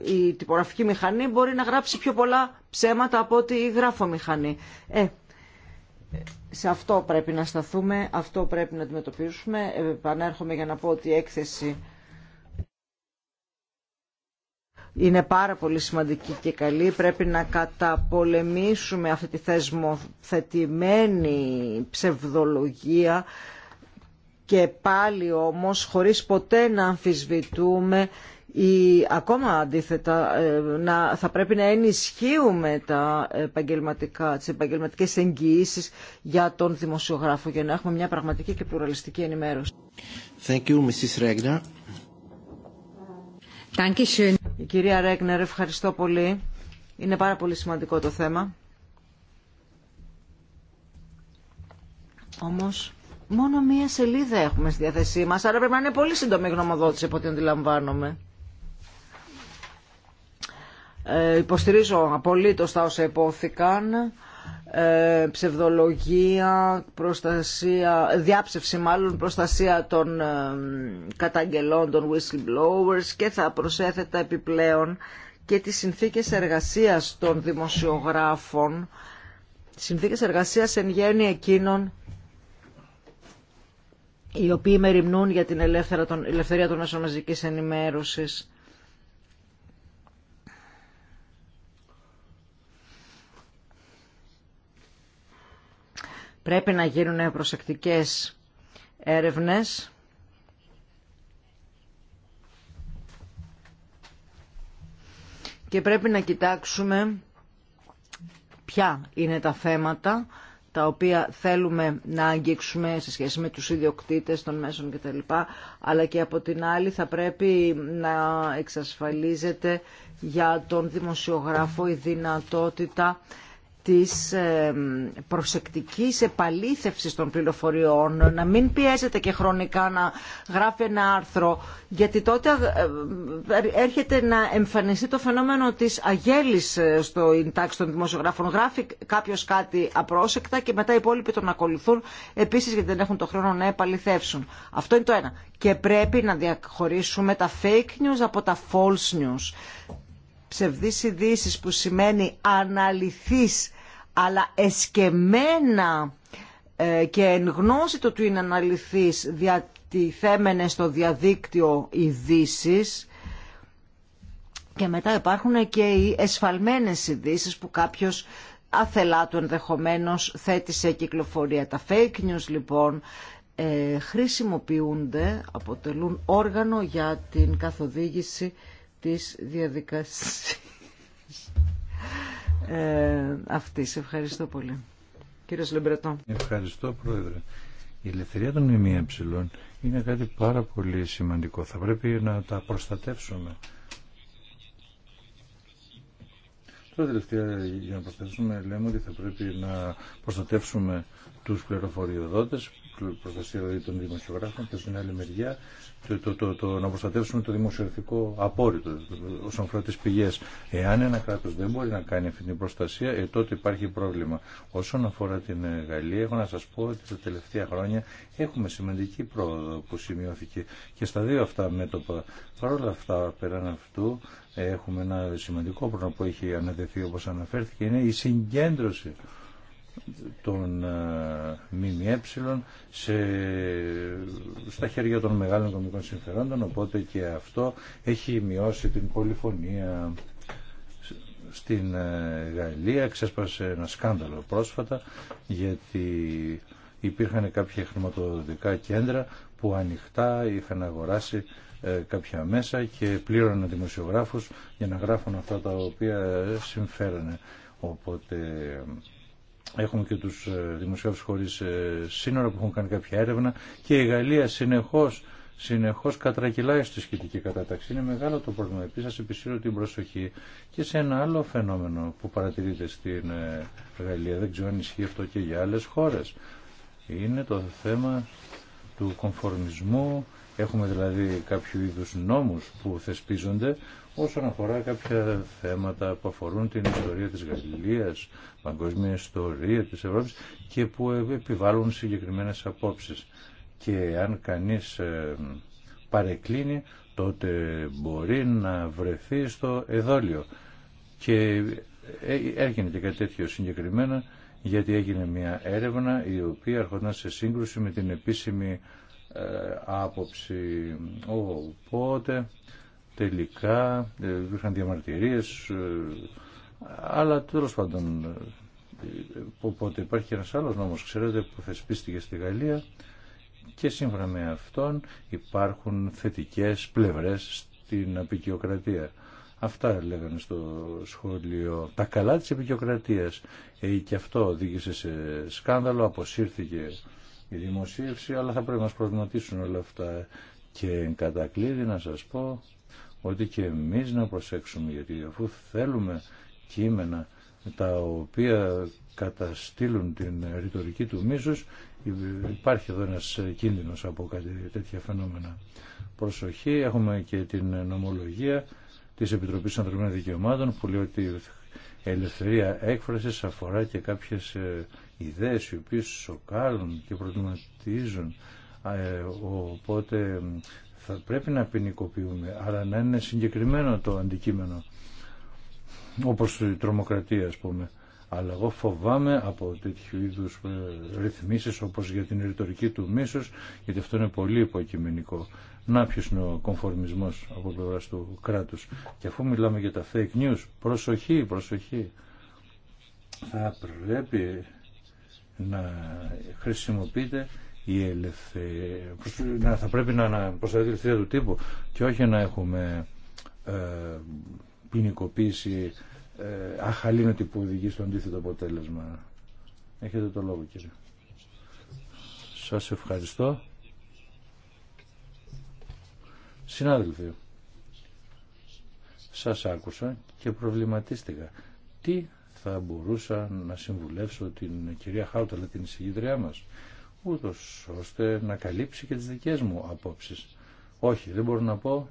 ε, η τυπογραφική μηχανή μπορεί να γράψει πιο πολλά ψέματα από ότι η γράφομηχανή. Ε, σε αυτό πρέπει να σταθούμε, αυτό πρέπει να αντιμετωπίσουμε. Επανέρχομαι για να πω ότι η έκθεση είναι πάρα πολύ σημαντική και καλή. Πρέπει να καταπολεμήσουμε αυτή τη θεσμοθετημένη ψευδολογία και πάλι όμως χωρίς ποτέ να αμφισβητούμε ή ακόμα αντίθετα ε, θα πρέπει να ενισχύουμε τα επαγγελματικά, τις επαγγελματικές εγγυήσεις για τον δημοσιογράφο για να έχουμε μια πραγματική και πλουραλιστική ενημέρωση. Thank you, Mrs. Thank you. Η κυρία Ρέγνερ, ευχαριστώ πολύ. Είναι πάρα πολύ σημαντικό το θέμα. Όμως... Μόνο μία σελίδα έχουμε στη διάθεσή μας, άρα πρέπει να είναι πολύ σύντομη η γνωμοδότηση από ό,τι αντιλαμβάνομαι. Ε, υποστηρίζω απολύτως τα όσα υπόθηκαν. Ε, ψευδολογία, προστασία, διάψευση μάλλον, προστασία των ε, καταγγελών, των whistleblowers και θα προσέθετα επιπλέον και τις συνθήκες εργασίας των δημοσιογράφων, συνθήκες εργασίας εν γέννη εκείνων οι οποίοι μεριμνούν για την ελευθερία των μέσων ενημέρωσης Πρέπει να γίνουν προσεκτικές έρευνες. Και πρέπει να κοιτάξουμε ποια είναι τα θέματα τα οποία θέλουμε να αγγίξουμε σε σχέση με τους ιδιοκτήτες των μέσων κτλ. Αλλά και από την άλλη θα πρέπει να εξασφαλίζεται για τον δημοσιογράφο η δυνατότητα της προσεκτικής επαλήθευσης των πληροφοριών, να μην πιέζεται και χρονικά να γράφει ένα άρθρο, γιατί τότε ε, ε, έρχεται να εμφανιστεί το φαινόμενο της αγέλης ε, στο εντάξει των δημοσιογράφων. Γράφει κάποιος κάτι απρόσεκτα και μετά οι υπόλοιποι τον ακολουθούν, επίσης γιατί δεν έχουν το χρόνο να επαληθεύσουν. Αυτό είναι το ένα. Και πρέπει να διαχωρίσουμε τα fake news από τα false news ψευδείς ειδήσει που σημαίνει αναλυθείς αλλά εσκεμένα ε, και εν γνώση του του είναι αναλυθείς θέμενε στο διαδίκτυο ειδήσει. και μετά υπάρχουν και οι εσφαλμένες ειδήσει που κάποιος αθελά του ενδεχομένως θέτει σε κυκλοφορία. Τα fake news λοιπόν ε, χρησιμοποιούνται, αποτελούν όργανο για την καθοδήγηση της διαδικασίας ε, Ευχαριστώ πολύ. Κύριος Λεμπρετό. Ευχαριστώ Πρόεδρε. Η ελευθερία των ΜΜΕ είναι κάτι πάρα πολύ σημαντικό. Θα πρέπει να τα προστατεύσουμε. Τώρα τελευταία για να προστατεύσουμε λέμε ότι θα πρέπει να προστατεύσουμε τους πληροφοριοδότες προστασία δηλαδή, των δημοσιογράφων και στην άλλη μεριά το, το, το, το να προστατεύσουμε το δημοσιογραφικό απόρριτο όσον αφορά τι πηγέ. Εάν ένα κράτο δεν μπορεί να κάνει αυτή την προστασία, ε, τότε υπάρχει πρόβλημα. Όσον αφορά την ε, Γαλλία, έχω να σα πω ότι τα τελευταία χρόνια έχουμε σημαντική πρόοδο που σημειώθηκε και στα δύο αυτά μέτωπα. Παρ' όλα αυτά, πέραν αυτού, έχουμε ένα σημαντικό πρόβλημα που έχει αναδεθεί όπω αναφέρθηκε, είναι η συγκέντρωση των ε, ΜΜΕ σε, στα χέρια των μεγάλων οικονομικών συμφερόντων οπότε και αυτό έχει μειώσει την πολυφωνία στην ε, Γαλλία ξέσπασε ένα σκάνδαλο πρόσφατα γιατί υπήρχαν κάποια χρηματοδοτικά κέντρα που ανοιχτά είχαν αγοράσει ε, κάποια μέσα και πλήρωναν δημοσιογράφους για να γράφουν αυτά τα οποία συμφέρανε οπότε Έχουμε και τους ε, δημοσιογράφους χωρίς ε, σύνορα που έχουν κάνει κάποια έρευνα και η Γαλλία συνεχώς, συνεχώς κατρακυλάει στη σχετική κατάταξη. Είναι μεγάλο το πρόβλημα. Επίσης σας επισύρω την προσοχή και σε ένα άλλο φαινόμενο που παρατηρείται στην ε, Γαλλία. Δεν ξέρω αν ισχύει αυτό και για άλλες χώρες. Είναι το θέμα του κομφορμισμού Έχουμε δηλαδή κάποιου είδους νόμους που θεσπίζονται όσον αφορά κάποια θέματα που αφορούν την ιστορία της Γαλλίας, παγκόσμια ιστορία της Ευρώπης και που επιβάλλουν συγκεκριμένες απόψεις. Και αν κανείς ε, παρεκκλίνει τότε μπορεί να βρεθεί στο εδόλιο. Και ε, έγινε και κάτι τέτοιο συγκεκριμένα γιατί έγινε μια έρευνα η οποία έρχονταν σε σύγκρουση με την επίσημη ε, άποψη. Οπότε τελικά ε, υπήρχαν διαμαρτυρίες ε, αλλά τέλος πάντων οπότε υπάρχει ένας άλλος νόμος ξέρετε που θεσπίστηκε στη Γαλλία και σύμφωνα με αυτόν υπάρχουν θετικές πλευρές στην απεικιοκρατία. Αυτά λέγανε στο σχολείο. Τα καλά της απεικιοκρατία. και αυτό οδήγησε σε σκάνδαλο, αποσύρθηκε η δημοσίευση, αλλά θα πρέπει να μας προβληματίσουν όλα αυτά. Και κατακλείδη να σας πω ότι και εμείς να προσέξουμε, γιατί αφού θέλουμε κείμενα τα οποία καταστήλουν την ρητορική του μίσους, υπάρχει εδώ ένας κίνδυνος από κάτι, τέτοια φαινόμενα. Προσοχή, έχουμε και την νομολογία της Επιτροπής Ανθρωπίνων Δικαιωμάτων που λέει ότι η ελευθερία έκφρασης αφορά και κάποιες ε, ιδέες οι οποίες σοκάρουν και προβληματίζουν ε, οπότε θα πρέπει να ποινικοποιούμε αλλά να είναι συγκεκριμένο το αντικείμενο όπως η τρομοκρατία ας πούμε αλλά εγώ φοβάμαι από τέτοιου είδους ε, ρυθμίσεις όπως για την ρητορική του μίσους γιατί αυτό είναι πολύ υποκειμενικό να ποιο είναι ο κομφορμισμός από πλευρά του κράτους και αφού μιλάμε για τα fake news προσοχή, προσοχή θα πρέπει να χρησιμοποιείται η ελευθερία, θα πρέπει να, να η ελευθερία του τύπου και όχι να έχουμε ε, ποινικοποίηση ε, αχαλήνωτη που οδηγεί στο αντίθετο αποτέλεσμα. Έχετε το λόγο κύριε. Σας ευχαριστώ. Συνάδελφοι, σας άκουσα και προβληματίστηκα. Τι θα μπορούσα να συμβουλεύσω την κυρία Χάουταλα, την εισηγήτριά μας, ούτως ώστε να καλύψει και τις δικές μου απόψεις. Όχι, δεν μπορώ να πω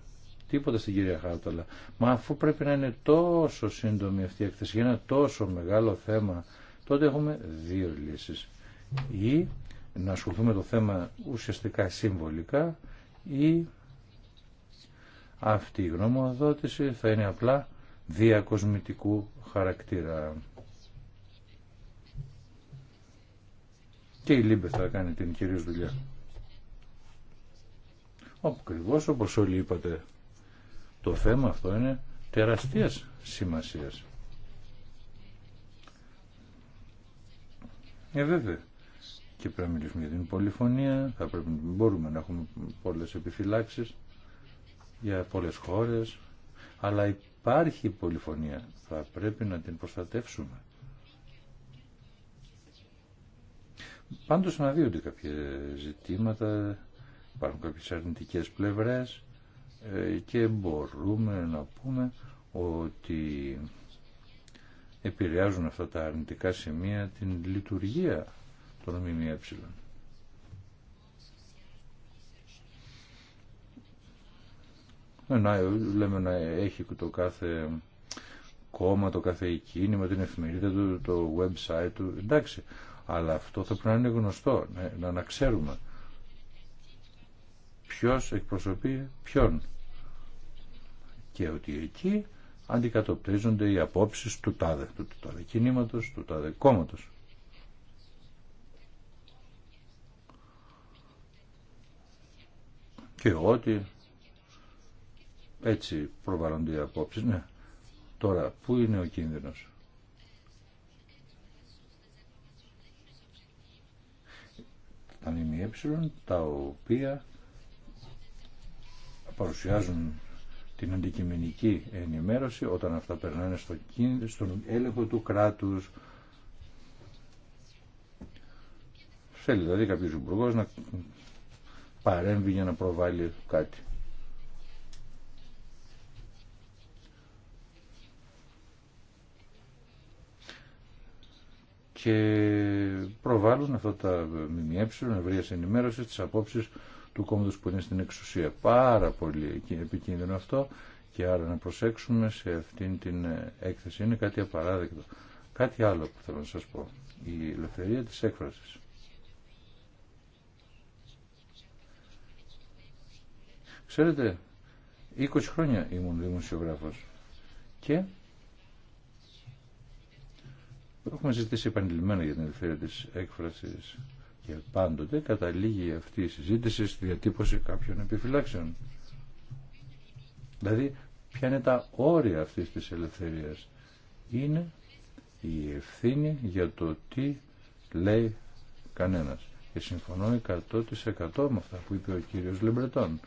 τίποτα στην κυρία Χάουταλα. Μα αφού πρέπει να είναι τόσο σύντομη αυτή η έκθεση για ένα τόσο μεγάλο θέμα, τότε έχουμε δύο λύσεις. Ή να ασχοληθούμε το θέμα ουσιαστικά συμβολικά ή αυτή η γνωμοδότηση θα είναι απλά διακοσμητικού χαρακτήρα. Και η Λίμπε θα κάνει την κυρίως δουλειά. Ακριβώς όπως όλοι είπατε, το θέμα αυτό είναι τεραστίας σημασίας. Ε, βέβαια. Και πρέπει να μιλήσουμε για την πολυφωνία, θα πρέπει να μπορούμε να έχουμε πολλές επιφυλάξεις για πολλές χώρες, αλλά υπάρχει πολυφωνία. Θα πρέπει να την προστατεύσουμε. Πάντως αναδύονται κάποια ζητήματα, υπάρχουν κάποιες αρνητικές πλευρές ε, και μπορούμε να πούμε ότι επηρεάζουν αυτά τα αρνητικά σημεία την λειτουργία των ΜΜΕ. Ναι, λέμε να έχει το κάθε κόμμα, το κάθε κίνημα, την εφημερίδα του, το website του, εντάξει. Αλλά αυτό θα πρέπει να είναι γνωστό, ναι, να, να ξέρουμε ποιος εκπροσωπεί ποιον. Και ότι εκεί αντικατοπτρίζονται οι απόψεις του τάδε, του, του τάδε κινήματος, του τάδε κόμματος. Και ό,τι έτσι προβάλλονται οι απόψεις. Ναι. Τώρα, πού είναι ο κίνδυνος. Τα ΜΜΕ, τα οποία παρουσιάζουν την αντικειμενική ενημέρωση όταν αυτά περνάνε στο κίνδυνο, στον έλεγχο του κράτους. Θέλει δηλαδή κάποιος υπουργός να παρέμβει για να προβάλλει κάτι. και προβάλλουν αυτά τα ΜΜΕ, ευρεία ενημέρωση, τι απόψει του κόμματο που είναι στην εξουσία. Πάρα πολύ επικίνδυνο αυτό και άρα να προσέξουμε σε αυτήν την έκθεση. Είναι κάτι απαράδεκτο. Κάτι άλλο που θέλω να σας πω. Η ελευθερία της έκφρασης. Ξέρετε, 20 χρόνια ήμουν δημοσιογράφος και Έχουμε ζητήσει επανειλημμένα για την ελευθερία της έκφρασης και πάντοτε καταλήγει αυτή η συζήτηση στη διατύπωση κάποιων επιφυλάξεων. Δηλαδή, ποια είναι τα όρια αυτής της ελευθερίας. Είναι η ευθύνη για το τι λέει κανένας. Και συμφωνώ 100% με αυτά που είπε ο κύριος Λεμπρετών.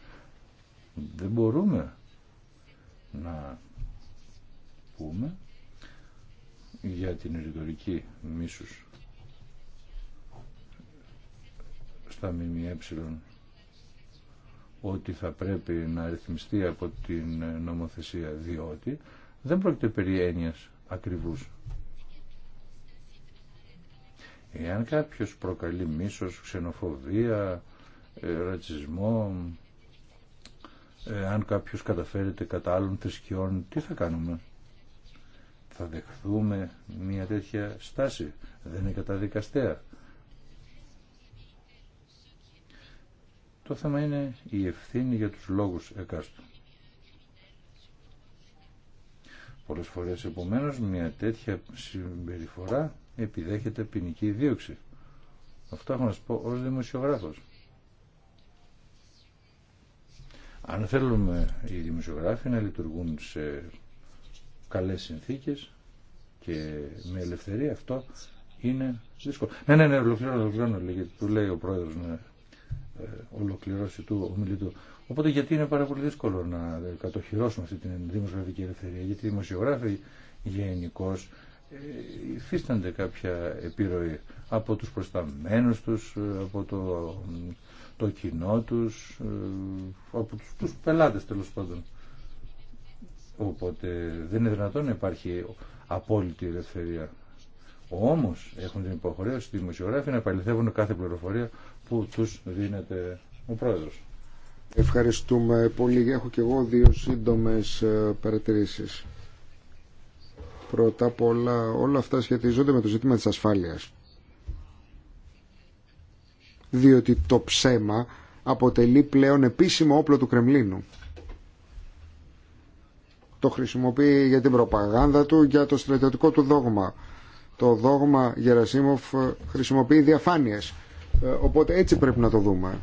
Δεν μπορούμε να πούμε για την ρητορική μίσους στα ΜΜΕ ότι θα πρέπει να αριθμιστεί από την νομοθεσία διότι δεν πρόκειται περί έννοιας ακριβούς. Εάν κάποιος προκαλεί μίσος, ξενοφοβία, ε, ρατσισμό, ε, αν κάποιος καταφέρεται κατά άλλων θρησκειών, τι θα κάνουμε θα δεχθούμε μια τέτοια στάση. Δεν είναι καταδικαστέα. Το θέμα είναι η ευθύνη για τους λόγους εκάστου. Πολλές φορές επομένως μια τέτοια συμπεριφορά επιδέχεται ποινική δίωξη. Αυτό έχω να σας πω ως δημοσιογράφος. Αν θέλουμε οι δημοσιογράφοι να λειτουργούν σε καλές συνθήκες και με ελευθερία αυτό είναι δύσκολο. Ναι, ναι, ναι, ολοκληρώνω, ολοκληρώνω, του λέει ο πρόεδρος να ε, ολοκληρώσει του ομιλητού. Οπότε γιατί είναι πάρα πολύ δύσκολο να κατοχυρώσουμε αυτή την δημοσιογραφική ελευθερία, γιατί οι δημοσιογράφοι γενικώ ε, υφίστανται κάποια επιρροή από τους προσταμένους τους, ε, από το, το κοινό τους, από τους, τους πελάτες τέλος πάντων. Οπότε δεν είναι δυνατόν να υπάρχει απόλυτη ελευθερία. Όμω έχουν την υποχρέωση οι δημοσιογράφοι να επαληθεύουν κάθε πληροφορία που του δίνεται ο πρόεδρο. Ευχαριστούμε πολύ. Έχω και εγώ δύο σύντομε παρατηρήσει. Πρώτα απ' όλα, όλα αυτά σχετίζονται με το ζήτημα της ασφάλειας. Διότι το ψέμα αποτελεί πλέον επίσημο όπλο του Κρεμλίνου το χρησιμοποιεί για την προπαγάνδα του, για το στρατιωτικό του δόγμα. Το δόγμα Γερασίμοφ χρησιμοποιεί διαφάνειες. Ε, οπότε έτσι πρέπει να το δούμε.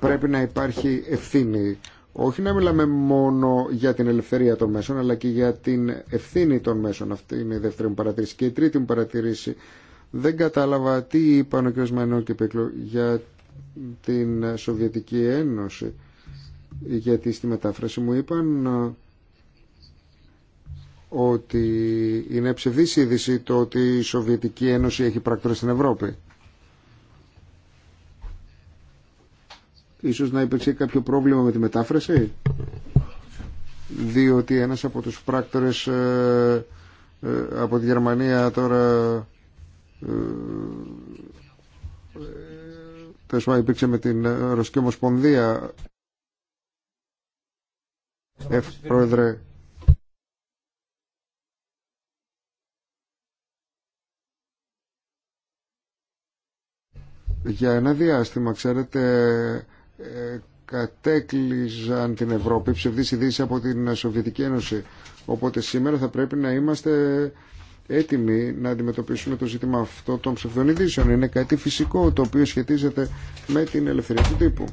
Πρέπει να υπάρχει ευθύνη. Όχι να μιλάμε μόνο για την ελευθερία των μέσων, αλλά και για την ευθύνη των μέσων. Αυτή είναι η δεύτερη μου παρατήρηση. Και η τρίτη μου παρατήρηση. Δεν κατάλαβα τι είπαν ο κ. Μανώκη για την Σοβιετική Ένωση γιατί στη μετάφραση μου είπαν ε, ότι είναι ψευδής είδηση το ότι η Σοβιετική Ένωση έχει πράκτορα στην Ευρώπη. Ίσως να υπήρξε κάποιο πρόβλημα με τη μετάφραση διότι ένας από τους πράκτορες ε, ε, από τη Γερμανία τώρα ε, υπήρξε με την Ρωσική Ομοσπονδία πρόεδρε, για ένα διάστημα, ξέρετε, ε, κατέκλυζαν την Ευρώπη ψευδείς ειδήσει από την Σοβιετική Ένωση. Οπότε σήμερα θα πρέπει να είμαστε έτοιμοι να αντιμετωπίσουμε το ζήτημα αυτό των ψευδών ειδήσεων. Είναι κάτι φυσικό το οποίο σχετίζεται με την ελευθερία του τύπου.